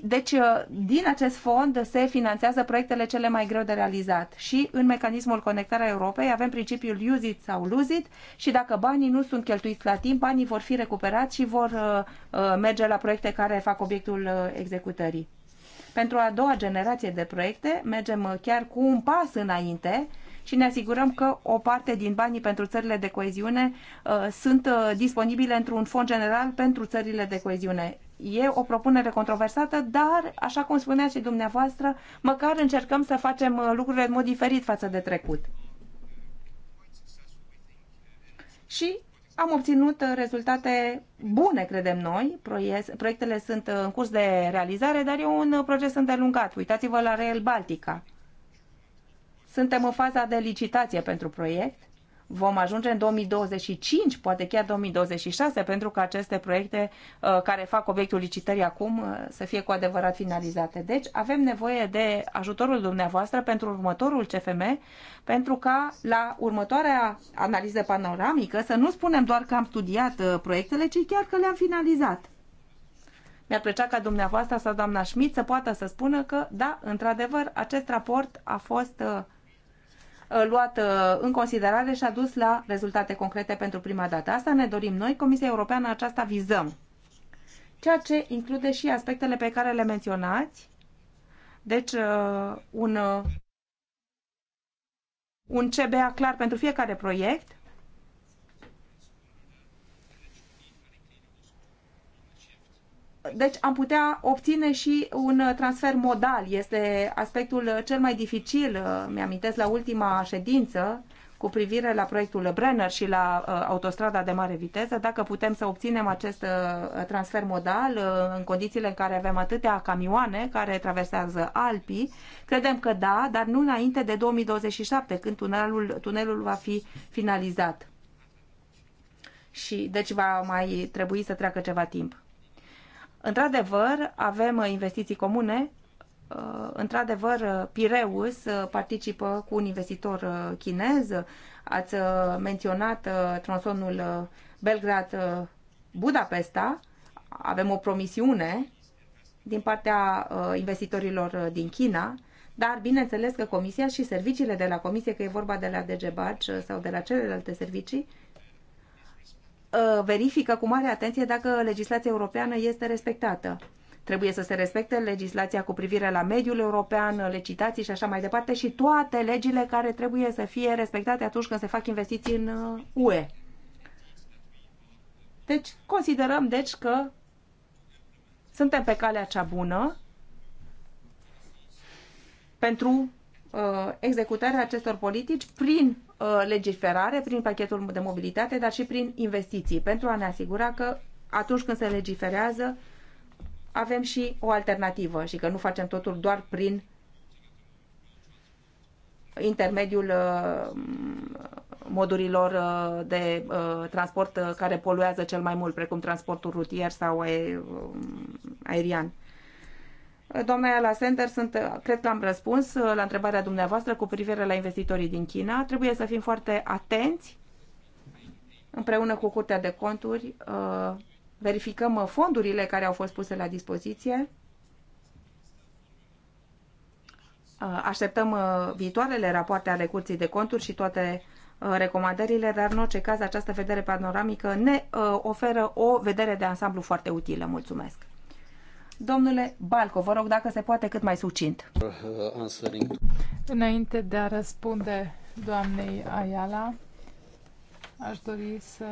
deci, uh, din acest fond se finanțează proiectele cele mai greu de realizat și în mecanismul conectarea Europei avem principiul use it sau lose it și dacă banii nu sunt cheltuiți la timp, banii vor fi recuperați și vor uh, uh, merge la proiecte care fac obiectul executării. Pentru a doua generație de proiecte mergem chiar cu un pas înainte și ne asigurăm că o parte din banii pentru țările de coeziune uh, sunt uh, disponibile într-un fond general pentru țările de coeziune. E o propunere controversată, dar, așa cum spunea și dumneavoastră, măcar încercăm să facem uh, lucrurile în mod diferit față de trecut. Și am obținut uh, rezultate bune, credem noi. Proiectele sunt uh, în curs de realizare, dar e un proces îndelungat. Uitați-vă la Rail Baltica. Suntem în faza de licitație pentru proiect vom ajunge în 2025, poate chiar 2026, pentru că aceste proiecte uh, care fac obiectul licitării acum uh, să fie cu adevărat finalizate. Deci avem nevoie de ajutorul dumneavoastră pentru următorul CFM, pentru ca la următoarea analiză panoramică să nu spunem doar că am studiat uh, proiectele, ci chiar că le-am finalizat. Mi-ar plăcea ca dumneavoastră sau doamna Schmidt să poată să spună că, da, într-adevăr, acest raport a fost Uh, luat uh, în considerare și a dus la rezultate concrete pentru prima dată. Asta ne dorim noi, Comisia Europeană, aceasta vizăm. Ceea ce include și aspectele pe care le menționați, deci uh, un, un CBA clar pentru fiecare proiect, deci am putea obține și un transfer modal. Este aspectul cel mai dificil, mi-amintesc la ultima ședință cu privire la proiectul Brenner și la uh, autostrada de mare viteză, dacă putem să obținem acest uh, transfer modal uh, în condițiile în care avem atâtea camioane care traversează Alpii, credem că da, dar nu înainte de 2027, când tunelul, tunelul va fi finalizat. Și deci va mai trebui să treacă ceva timp. Într-adevăr, avem uh, investiții comune. Uh, într-adevăr, uh, Pireus participă cu un investitor chinez. Ați menționat tronsonul Belgrad-Budapesta. Avem o promisiune din partea investitorilor din China, dar bineînțeles că Comisia și serviciile de la Comisie, că e vorba de la DGBAC sau de la celelalte servicii, Uh, verifică cu mare atenție dacă legislația europeană este respectată. Trebuie să se respecte legislația cu privire la mediul european, licitații și așa mai departe și toate legile care trebuie să fie respectate atunci când se fac investiții în UE. Uh, deci, considerăm, deci, că suntem pe calea cea bună pentru uh, executarea acestor politici prin Uh, legiferare, prin pachetul de mobilitate, dar și prin investiții, pentru a ne asigura că atunci când se legiferează, avem și o alternativă și că nu facem totul doar prin intermediul uh, modurilor uh, de transport care poluează cel mai mult, precum transportul rutier sau aerian. Doamna la Center, sunt, cred că am răspuns la întrebarea dumneavoastră cu privire la investitorii din China. Trebuie să fim foarte atenți împreună cu Curtea de Conturi. Uh, verificăm fondurile care au fost puse la dispoziție. Uh, așteptăm uh, viitoarele rapoarte ale Curții de Conturi și toate recomandările, dar în orice caz această vedere panoramică ne oferă o vedere de ansamblu foarte utilă. Mulțumesc! Domnule Balco, vă rog dacă se poate cât mai sucint. Înainte de a răspunde doamnei Ayala, aș dori să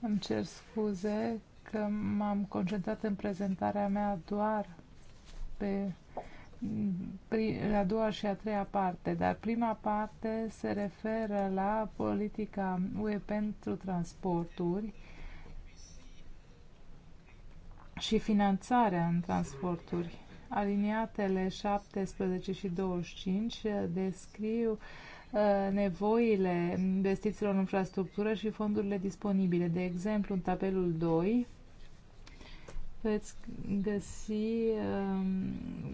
îmi cer scuze că m-am concentrat în prezentarea mea doar pe a doua și a treia parte, dar prima parte se referă la politica UE pentru transporturi și finanțarea în transporturi. Aliniatele 17 și 25 eh, descriu eh, nevoile investițiilor în infrastructură și fondurile disponibile. De exemplu, în tabelul 2, veți găsi uh,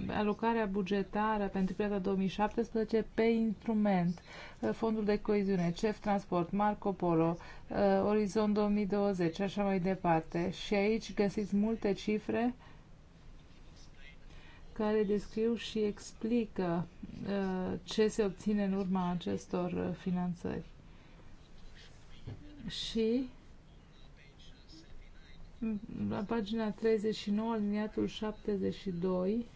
alocarea bugetară pentru perioada 2017 pe instrument, uh, fondul de coeziune, CEF Transport, Marco Polo, uh, Orizont 2020 și așa mai departe. Și aici găsiți multe cifre care descriu și explică uh, ce se obține în urma acestor uh, finanțări. Și la pagina 39, aliniatul 72,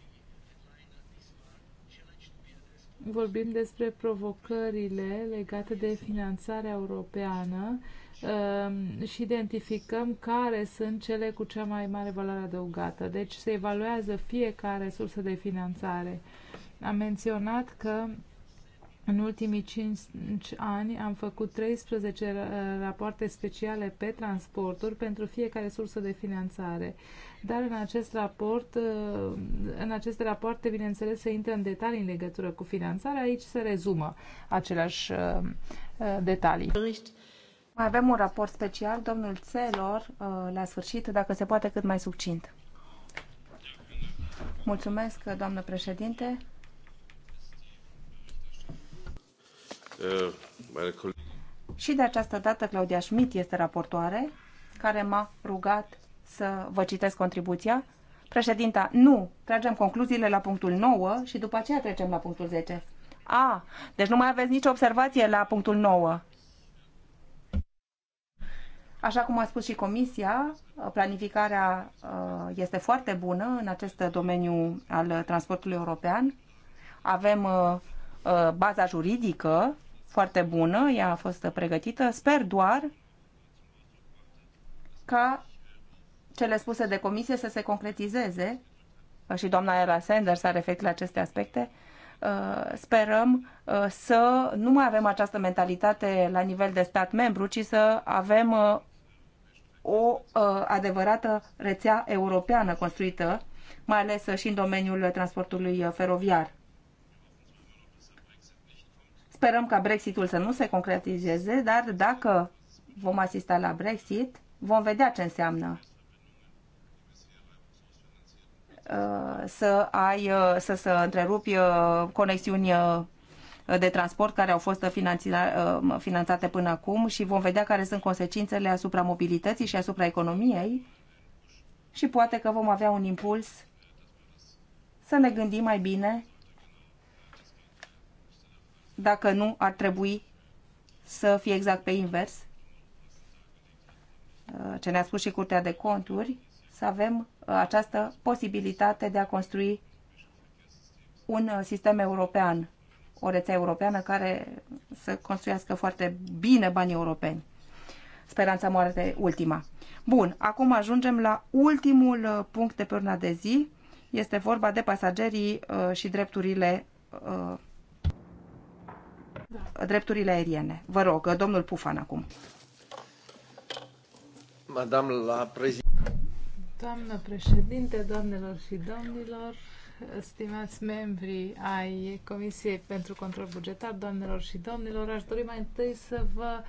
vorbim despre provocările legate de finanțarea europeană um, și identificăm care sunt cele cu cea mai mare valoare adăugată. Deci se evaluează fiecare sursă de finanțare. Am menționat că în ultimii 5 ani am făcut 13 rapoarte speciale pe transporturi pentru fiecare sursă de finanțare. Dar în acest raport, uh, în aceste rapoarte, bineînțeles, se intră în detalii în legătură cu finanțarea. Aici se rezumă aceleași uh, uh, detalii. Mai avem un raport special, domnul Țelor, la sfârșit, dacă se poate cât mai succint. Mulțumesc, doamnă președinte. Și de această dată Claudia Schmidt este raportoare, care m-a rugat să vă citesc contribuția. Președinta, nu, tragem concluziile la punctul 9 și după aceea trecem la punctul 10. A, deci nu mai aveți nicio observație la punctul 9. Așa cum a spus și Comisia, planificarea uh, este foarte bună în acest domeniu al transportului european. Avem uh, uh, baza juridică foarte bună, ea a fost pregătită. Sper doar ca cele spuse de comisie să se concretizeze și doamna Ella Sanders s-a referit la aceste aspecte, uh, sperăm uh, să nu mai avem această mentalitate la nivel de stat membru, ci să avem uh, o adevărată rețea europeană construită, mai ales și în domeniul transportului feroviar. Sperăm ca Brexitul să nu se concretizeze, dar dacă vom asista la Brexit, vom vedea ce înseamnă uh, să ai uh, să, să întrerupi uh, conexiuni de transport care au fost finanțate până acum și vom vedea care sunt consecințele asupra mobilității și asupra economiei și poate că vom avea un impuls să ne gândim mai bine dacă nu ar trebui să fie exact pe invers, uh, ce ne-a spus și Curtea de Conturi, să avem uh, această posibilitate de a construi un uh, sistem european, o rețea europeană care să construiască foarte bine banii europeni. Speranța moarte ultima. Bun, acum ajungem la ultimul punct de pe urna de zi. Este vorba de pasagerii și drepturile drepturile aeriene. Vă rog, domnul Pufan acum. Madame la președinte. Doamnă președinte, doamnelor și domnilor, stimați membri ai Comisiei pentru Control Bugetar, doamnelor și domnilor, aș dori mai întâi să vă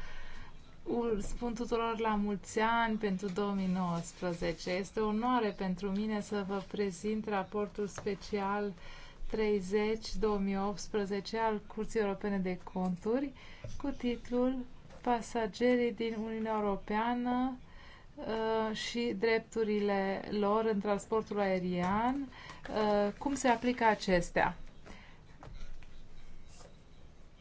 spun tuturor la mulți ani pentru 2019. Este o onoare pentru mine să vă prezint raportul special uh, al Curții Europene de Conturi cu titlul Pasagerii din Uniunea Europeană uh, și drepturile lor în transportul aerian, uh, cum se aplică acestea.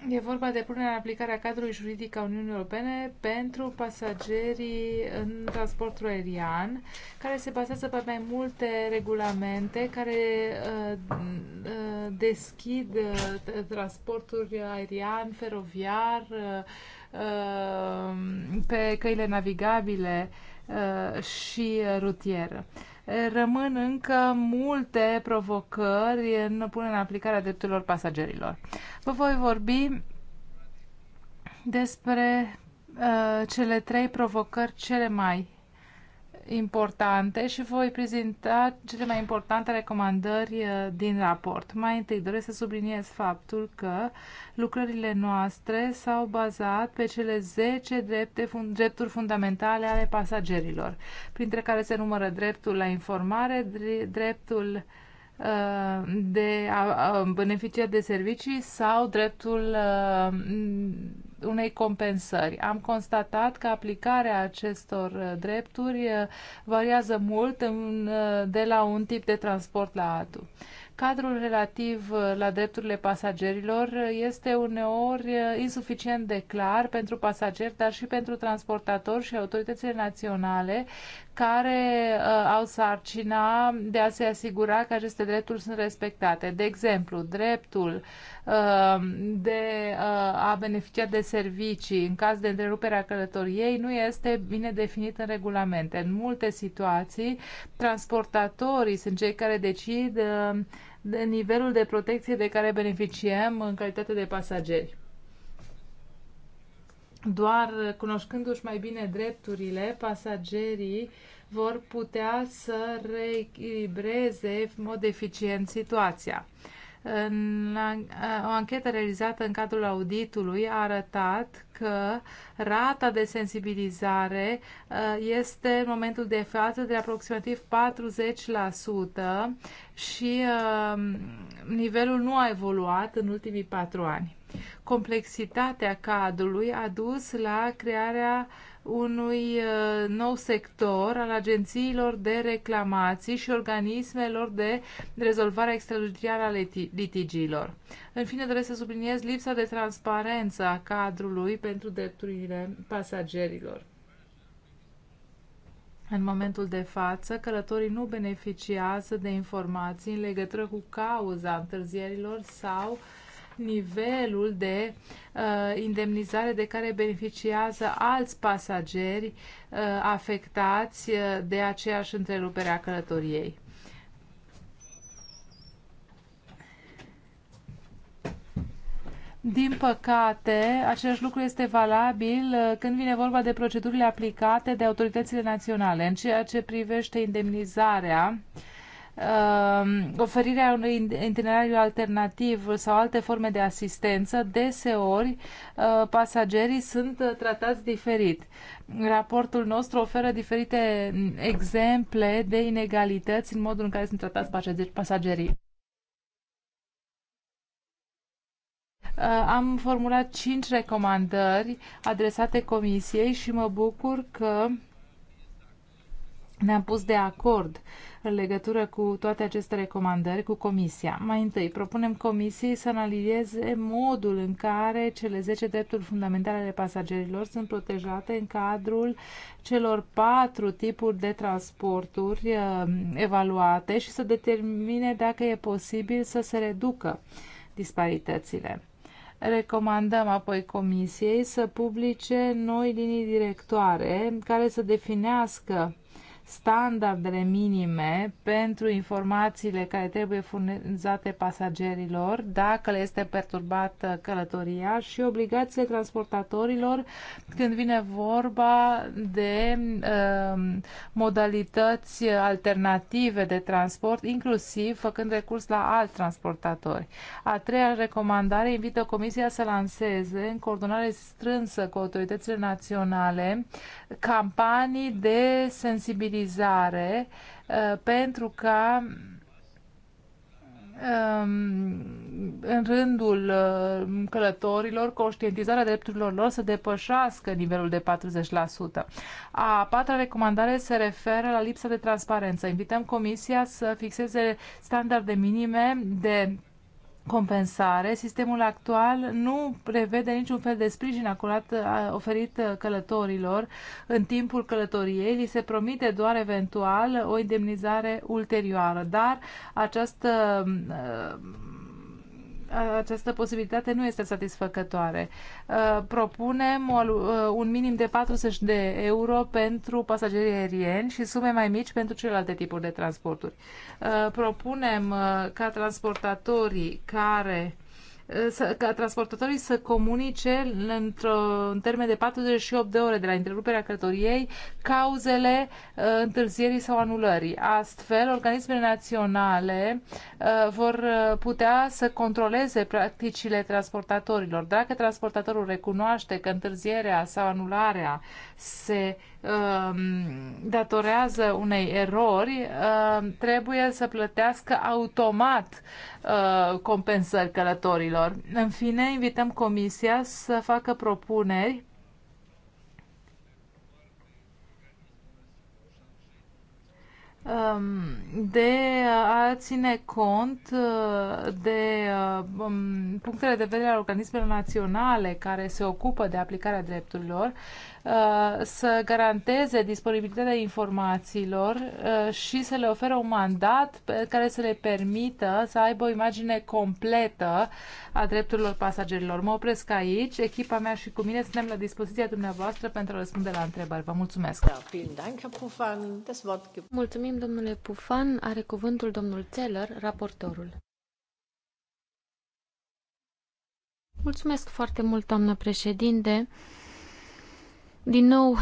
E vorba de punerea în aplicare a cadrului juridic a Uniunii Europene pentru pasagerii în transportul aerian, care se bazează pe mai multe regulamente care uh, uh deschid uh, transportul aerian, feroviar, uh, uh, pe căile navigabile uh, și rutieră rămân încă multe provocări în până în aplicare drepturilor pasagerilor. Vă voi vorbi despre uh, cele trei provocări cele mai importante și voi prezenta cele mai importante recomandări uh, din raport. Mai întâi doresc să subliniez faptul că lucrările noastre s-au bazat pe cele 10 drepte, drepturi fundamentale ale pasagerilor, printre care se numără dreptul la informare, dreptul uh, de a beneficia de servicii sau dreptul uh, unei compensări. Am constatat că aplicarea acestor uh, drepturi uh, variază mult în, uh, de la un tip de transport la altul. Cadrul relativ la drepturile pasagerilor este uneori insuficient de clar pentru pasageri, dar și pentru transportatori și autoritățile naționale care uh, au sarcina de a se asigura că aceste drepturi sunt respectate. De exemplu, dreptul uh, de uh, a beneficia de servicii în caz de întrerupere a călătoriei nu este bine definit în regulamente. În multe situații, transportatorii sunt cei care decid uh, de nivelul de protecție de care beneficiem în calitate de pasageri. Doar cunoscându-și mai bine drepturile, pasagerii vor putea să reechilibreze în mod eficient situația. În o anchetă realizată în cadrul auditului a arătat că rata de sensibilizare uh, este în momentul de față de aproximativ 40% și uh, nivelul nu a evoluat în ultimii patru ani. Complexitatea cadrului a dus la crearea unui uh, nou sector al agențiilor de reclamații și organismelor de rezolvare extrajudiciară a litigiilor. În fine, doresc să subliniez lipsa de transparență a cadrului pentru drepturile pasagerilor. În momentul de față, călătorii nu beneficiază de informații în legătură cu cauza întârzierilor sau uh, nivelul de uh, indemnizare de care beneficiază alți pasageri uh, afectați uh, de aceeași întrerupere a călătoriei. Din păcate, același lucru este valabil uh, când vine vorba de procedurile aplicate de autoritățile naționale. În ceea ce privește indemnizarea uh, Um, oferirea unui itinerariu alternativ sau alte forme de asistență, deseori uh, pasagerii sunt uh, tratați diferit. Raportul nostru oferă diferite mm, exemple de inegalități în modul în care sunt tratați pasagerii. Uh, am formulat cinci recomandări adresate Comisiei și mă bucur că ne-am pus de acord în legătură cu toate aceste recomandări cu Comisia. Mai întâi, propunem Comisiei să analizeze modul în care cele 10 drepturi fundamentale ale pasagerilor sunt protejate în cadrul celor patru tipuri de transporturi uh, evaluate și să determine dacă e posibil să se reducă disparitățile. Recomandăm apoi Comisiei să publice noi linii directoare care să definească standardele minime pentru informațiile care trebuie furnizate pasagerilor dacă le este perturbată călătoria și obligațiile transportatorilor când vine vorba de uh, modalități alternative de transport, inclusiv făcând recurs la alt transportatori. A treia recomandare invită Comisia să lanseze în coordonare strânsă cu autoritățile naționale campanii de sensibilizare utilizare uh, pentru ca um, în rândul uh, călătorilor, conștientizarea drepturilor lor să depășească nivelul de 40%. A patra recomandare se referă la lipsa de transparență. Invităm Comisia să fixeze standarde minime de compensare, sistemul actual nu prevede niciun fel de sprijin acurat oferit uh, călătorilor în timpul călătoriei. Li se promite doar eventual o indemnizare ulterioară, dar această uh, această posibilitate nu este satisfăcătoare. Uh, propunem uh, un minim de 40 de euro pentru pasagerii aerieni și sume mai mici pentru celelalte tipuri de transporturi. Uh, propunem ca transportatorii care Eh, să, ca transportatorii să comunice într-un termen de 48 de ore de la întreruperea călătoriei cauzele uh, întârzierii sau anulării. Astfel, organismele naționale uh, vor putea să controleze practicile transportatorilor. Dacă transportatorul recunoaște că întârzierea sau anularea se uh, Um, datorează unei erori, um, trebuie să plătească automat uh, compensări călătorilor. În fine, invităm Comisia să facă propuneri um, de a ține cont uh, de uh, punctele de vedere ale organismelor naționale care se ocupă de aplicarea drepturilor Uh, să garanteze disponibilitatea informațiilor uh, și să le oferă un mandat care să le permită să aibă o imagine completă a drepturilor pasagerilor. Mă opresc aici. Echipa mea și cu mine suntem la dispoziția dumneavoastră pentru a răspunde la întrebări. Vă mulțumesc! Da, Mulțumim, domnule Pufan. Are cuvântul domnul Teller, raportorul. Mulțumesc foarte mult, doamnă președinte. Din nou,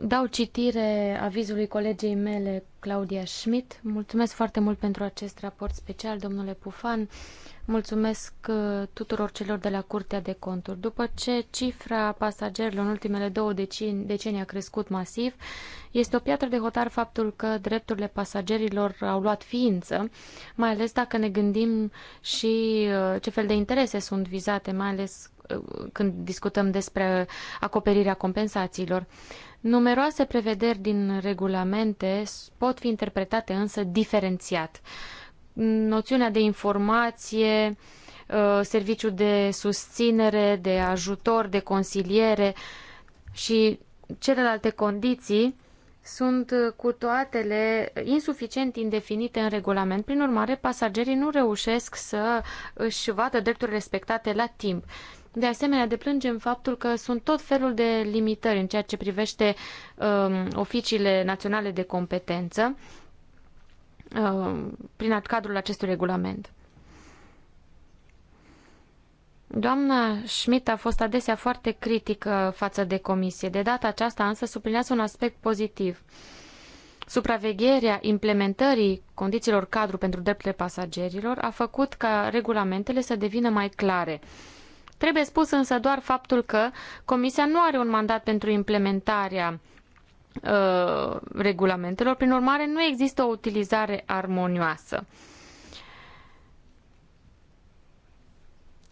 dau citire avizului colegei mele, Claudia Schmidt. Mulțumesc foarte mult pentru acest raport special, domnule Pufan. Mulțumesc uh, tuturor celor de la Curtea de Conturi. După ce cifra pasagerilor în ultimele două decenii a crescut masiv, este o piatră de hotar faptul că drepturile pasagerilor au luat ființă, mai ales dacă ne gândim și uh, ce fel de interese sunt vizate, mai ales când discutăm despre acoperirea compensațiilor. Numeroase prevederi din regulamente pot fi interpretate însă diferențiat. Noțiunea de informație, uh, serviciu de susținere, de ajutor, de consiliere și celelalte condiții sunt uh, cu toatele insuficient indefinite în regulament. Prin urmare, pasagerii nu reușesc să își vadă drepturile respectate la timp. De asemenea, deplângem faptul că sunt tot felul de limitări în ceea ce privește um, oficiile naționale de competență um, prin cadrul acestui regulament. Doamna Schmidt a fost adesea foarte critică față de comisie. De data aceasta însă sublinează un aspect pozitiv. Supravegherea implementării condițiilor cadru pentru drepturile pasagerilor a făcut ca regulamentele să devină mai clare. Trebuie spus însă doar faptul că Comisia nu are un mandat pentru implementarea uh, regulamentelor, prin urmare nu există o utilizare armonioasă.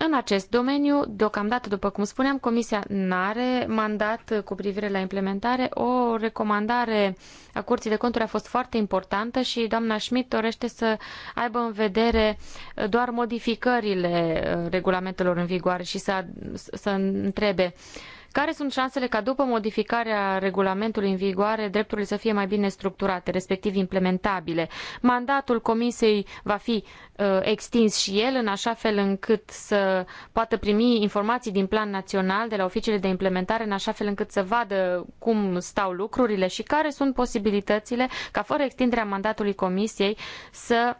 În acest domeniu, deocamdată, după cum spuneam, Comisia n-are mandat cu privire la implementare. O recomandare a Curții de Conturi a fost foarte importantă și doamna Schmidt dorește să aibă în vedere doar modificările uh, regulamentelor în vigoare și să, să întrebe uh, care sunt șansele ca după modificarea regulamentului în vigoare drepturile să fie mai bine structurate, respectiv implementabile? Mandatul comisiei va fi uh, extins și el în așa fel încât să poată primi informații din plan național de la oficiile de implementare, în așa fel încât să vadă cum stau lucrurile și care sunt posibilitățile ca fără extinderea mandatului comisiei să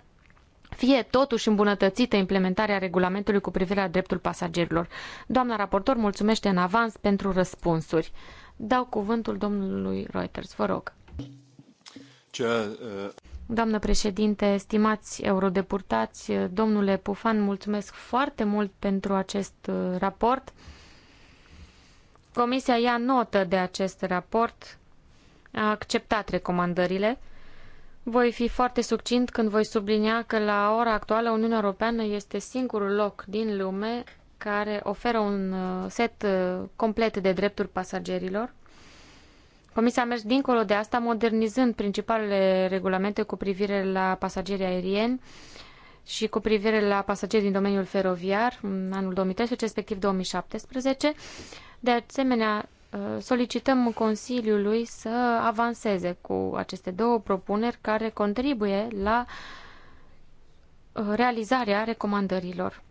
fie totuși îmbunătățită implementarea regulamentului cu privire la dreptul pasagerilor. Doamna raportor, mulțumește în avans pentru răspunsuri. Dau cuvântul domnului Reuters, vă rog. Ce, uh... Doamnă președinte, stimați eurodeputați, domnule Pufan, mulțumesc foarte mult pentru acest uh, raport. Comisia ia notă de acest raport, a acceptat recomandările. Voi fi foarte succint când voi sublinia că la ora actuală Uniunea Europeană este singurul loc din lume care oferă un uh, set uh, complet de drepturi pasagerilor. Comisia a mers dincolo de asta, modernizând principalele regulamente cu privire la pasagerii aerieni și cu privire la pasageri din domeniul feroviar în anul 2013, respectiv 2017. De asemenea, solicităm Consiliului să avanseze cu aceste două propuneri care contribuie la uh, realizarea recomandărilor.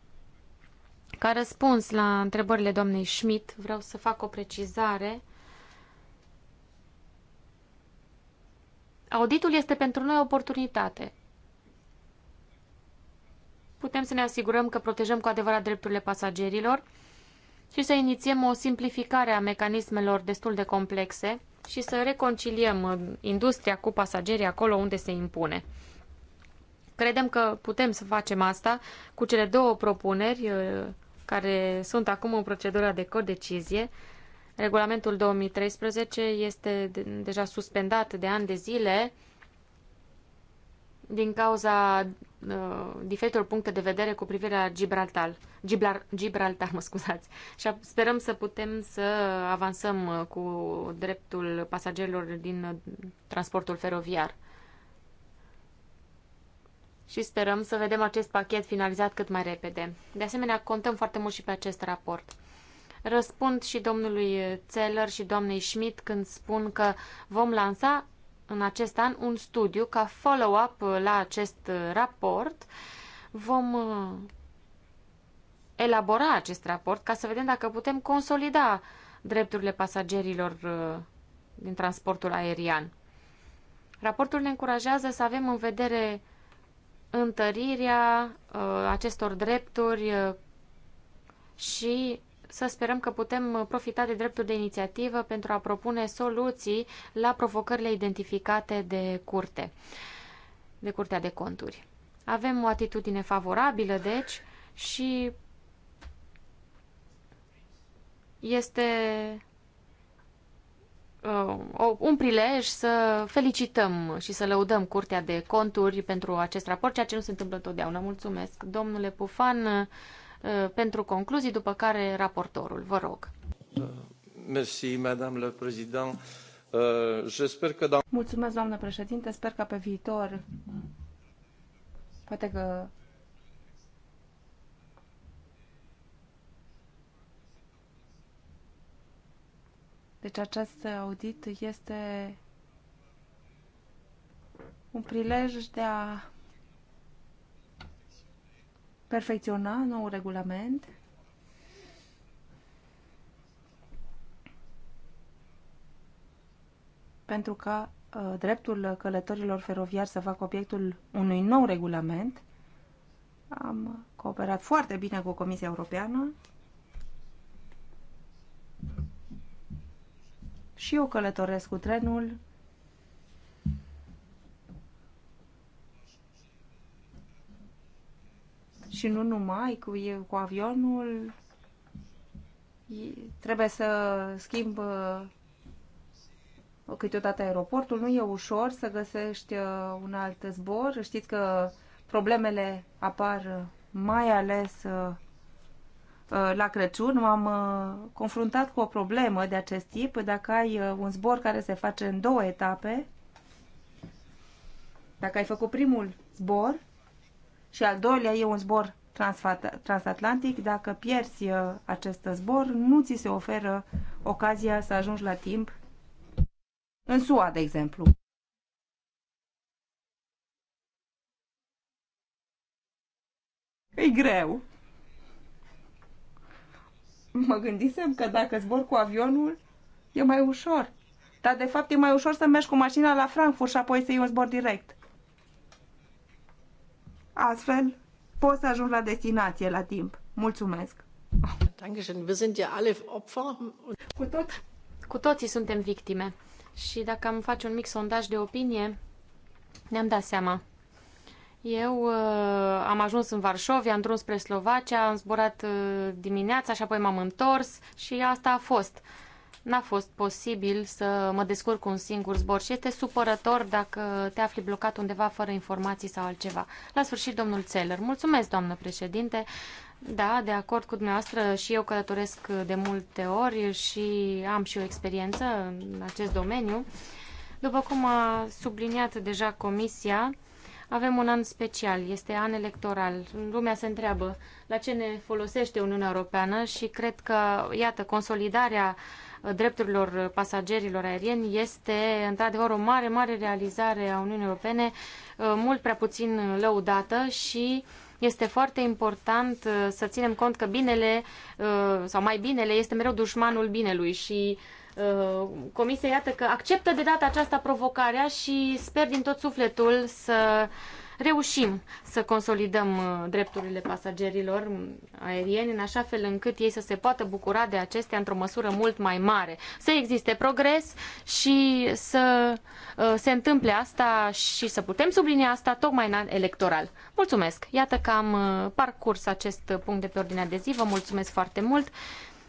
Ca răspuns la întrebările doamnei Schmidt, vreau să fac o precizare. Auditul este pentru noi o oportunitate. Putem să ne asigurăm că protejăm cu adevărat drepturile pasagerilor, și să inițiem o simplificare a mecanismelor destul de complexe și să reconciliem uh, industria cu pasagerii acolo unde se impune. Credem că putem să facem asta cu cele două propuneri uh, care sunt acum în procedura de codecizie. Regulamentul 2013 este deja suspendat de ani de zile din cauza uh, diferitelor puncte de vedere cu privire la Gibraltar. Gibral, Gibraltar, mă scuzați. Și sperăm să putem să avansăm uh, cu dreptul pasagerilor din uh, transportul feroviar. Și sperăm să vedem acest pachet finalizat cât mai repede. De asemenea, contăm foarte mult și pe acest raport. Răspund și domnului Țeller și doamnei Schmidt când spun că vom lansa în acest an un studiu ca follow-up la acest raport. Vom uh, elabora acest raport ca să vedem dacă putem consolida drepturile pasagerilor uh, din transportul aerian. Raportul ne încurajează să avem în vedere întărirea uh, acestor drepturi și să sperăm că putem profita de dreptul de inițiativă pentru a propune soluții la provocările identificate de curte, de Curtea de Conturi. Avem o atitudine favorabilă, deci, și este uh, un prilej să felicităm și să lăudăm Curtea de Conturi pentru acest raport, ceea ce nu se întâmplă întotdeauna. Mulțumesc, domnule Pufan. Uh, pentru concluzii, după care raportorul. Vă rog. Uh, merci, Madame le Président. Uh, Mulțumesc, doamnă președinte. Sper că pe viitor, poate că Deci acest audit este un prilej de a perfecționa nou regulament pentru ca uh, dreptul călătorilor feroviari să facă obiectul unui nou regulament. Am cooperat foarte bine cu Comisia Europeană și eu călătoresc cu trenul și nu numai, cu, cu avionul trebuie să schimb uh, câteodată aeroportul, nu e ușor să găsești uh, un alt zbor. Știți că problemele apar uh, mai ales la Crăciun. M-am confruntat cu o problemă de acest tip. Dacă ai un zbor care se face în două etape, dacă ai făcut primul zbor, și al doilea e un zbor transatlantic. Dacă pierzi uh, acest zbor, nu ți se oferă ocazia să ajungi la timp în SUA, de exemplu. E greu. Mă gândisem că dacă zbor cu avionul, e mai ușor. Dar de fapt e mai ușor să mergi cu mașina la Frankfurt și apoi să iei un zbor direct. Astfel, poți să ajungi la destinație la timp. Mulțumesc! Cu, tot... Cu toții suntem victime. Și dacă am face un mic sondaj de opinie, ne-am dat seama. Eu uh, am ajuns în Varșovia, am drum spre Slovacia, am zburat uh, dimineața și apoi m-am întors și asta a fost. Uh, n-a fost posibil să mă descurc cu un singur zbor și este supărător dacă te afli blocat undeva fără informații sau altceva. La sfârșit, domnul Țeller. Mulțumesc, doamnă președinte. Da, de acord cu dumneavoastră și eu călătoresc de multe ori și am și o experiență în acest domeniu. După cum a subliniat deja comisia, avem un an special, este an electoral. Lumea se întreabă la ce ne folosește Uniunea Europeană și cred că, iată, consolidarea uh, Uh, drepturilor pasagerilor aerieni este într-adevăr o mare, mare realizare a Uniunii Europene, uh, mult prea puțin lăudată și este foarte important uh, să ținem cont că binele, sau mai binele, este mereu dușmanul binelui și Comisia, iată că acceptă de data aceasta provocarea și sper din tot sufletul să reușim să consolidăm uh, drepturile pasagerilor mm, aerieni în așa fel încât ei să se poată bucura de acestea într-o măsură mult mai mare. Să existe progres și să uh, se întâmple asta și să putem sublinia asta tocmai în an electoral. Mulțumesc! Iată că am uh, parcurs acest punct de pe ordinea de zi. Vă mulțumesc foarte mult!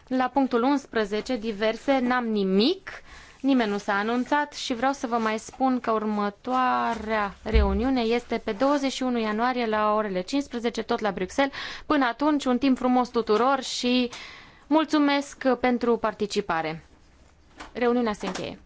La punctul 11, diverse, n-am nimic. Nimeni nu s-a anunțat și vreau să vă mai spun că următoarea reuniune este pe 21 ianuarie la orele 15, tot la Bruxelles. Până atunci, un timp frumos tuturor și mulțumesc pentru participare. Reuniunea se încheie.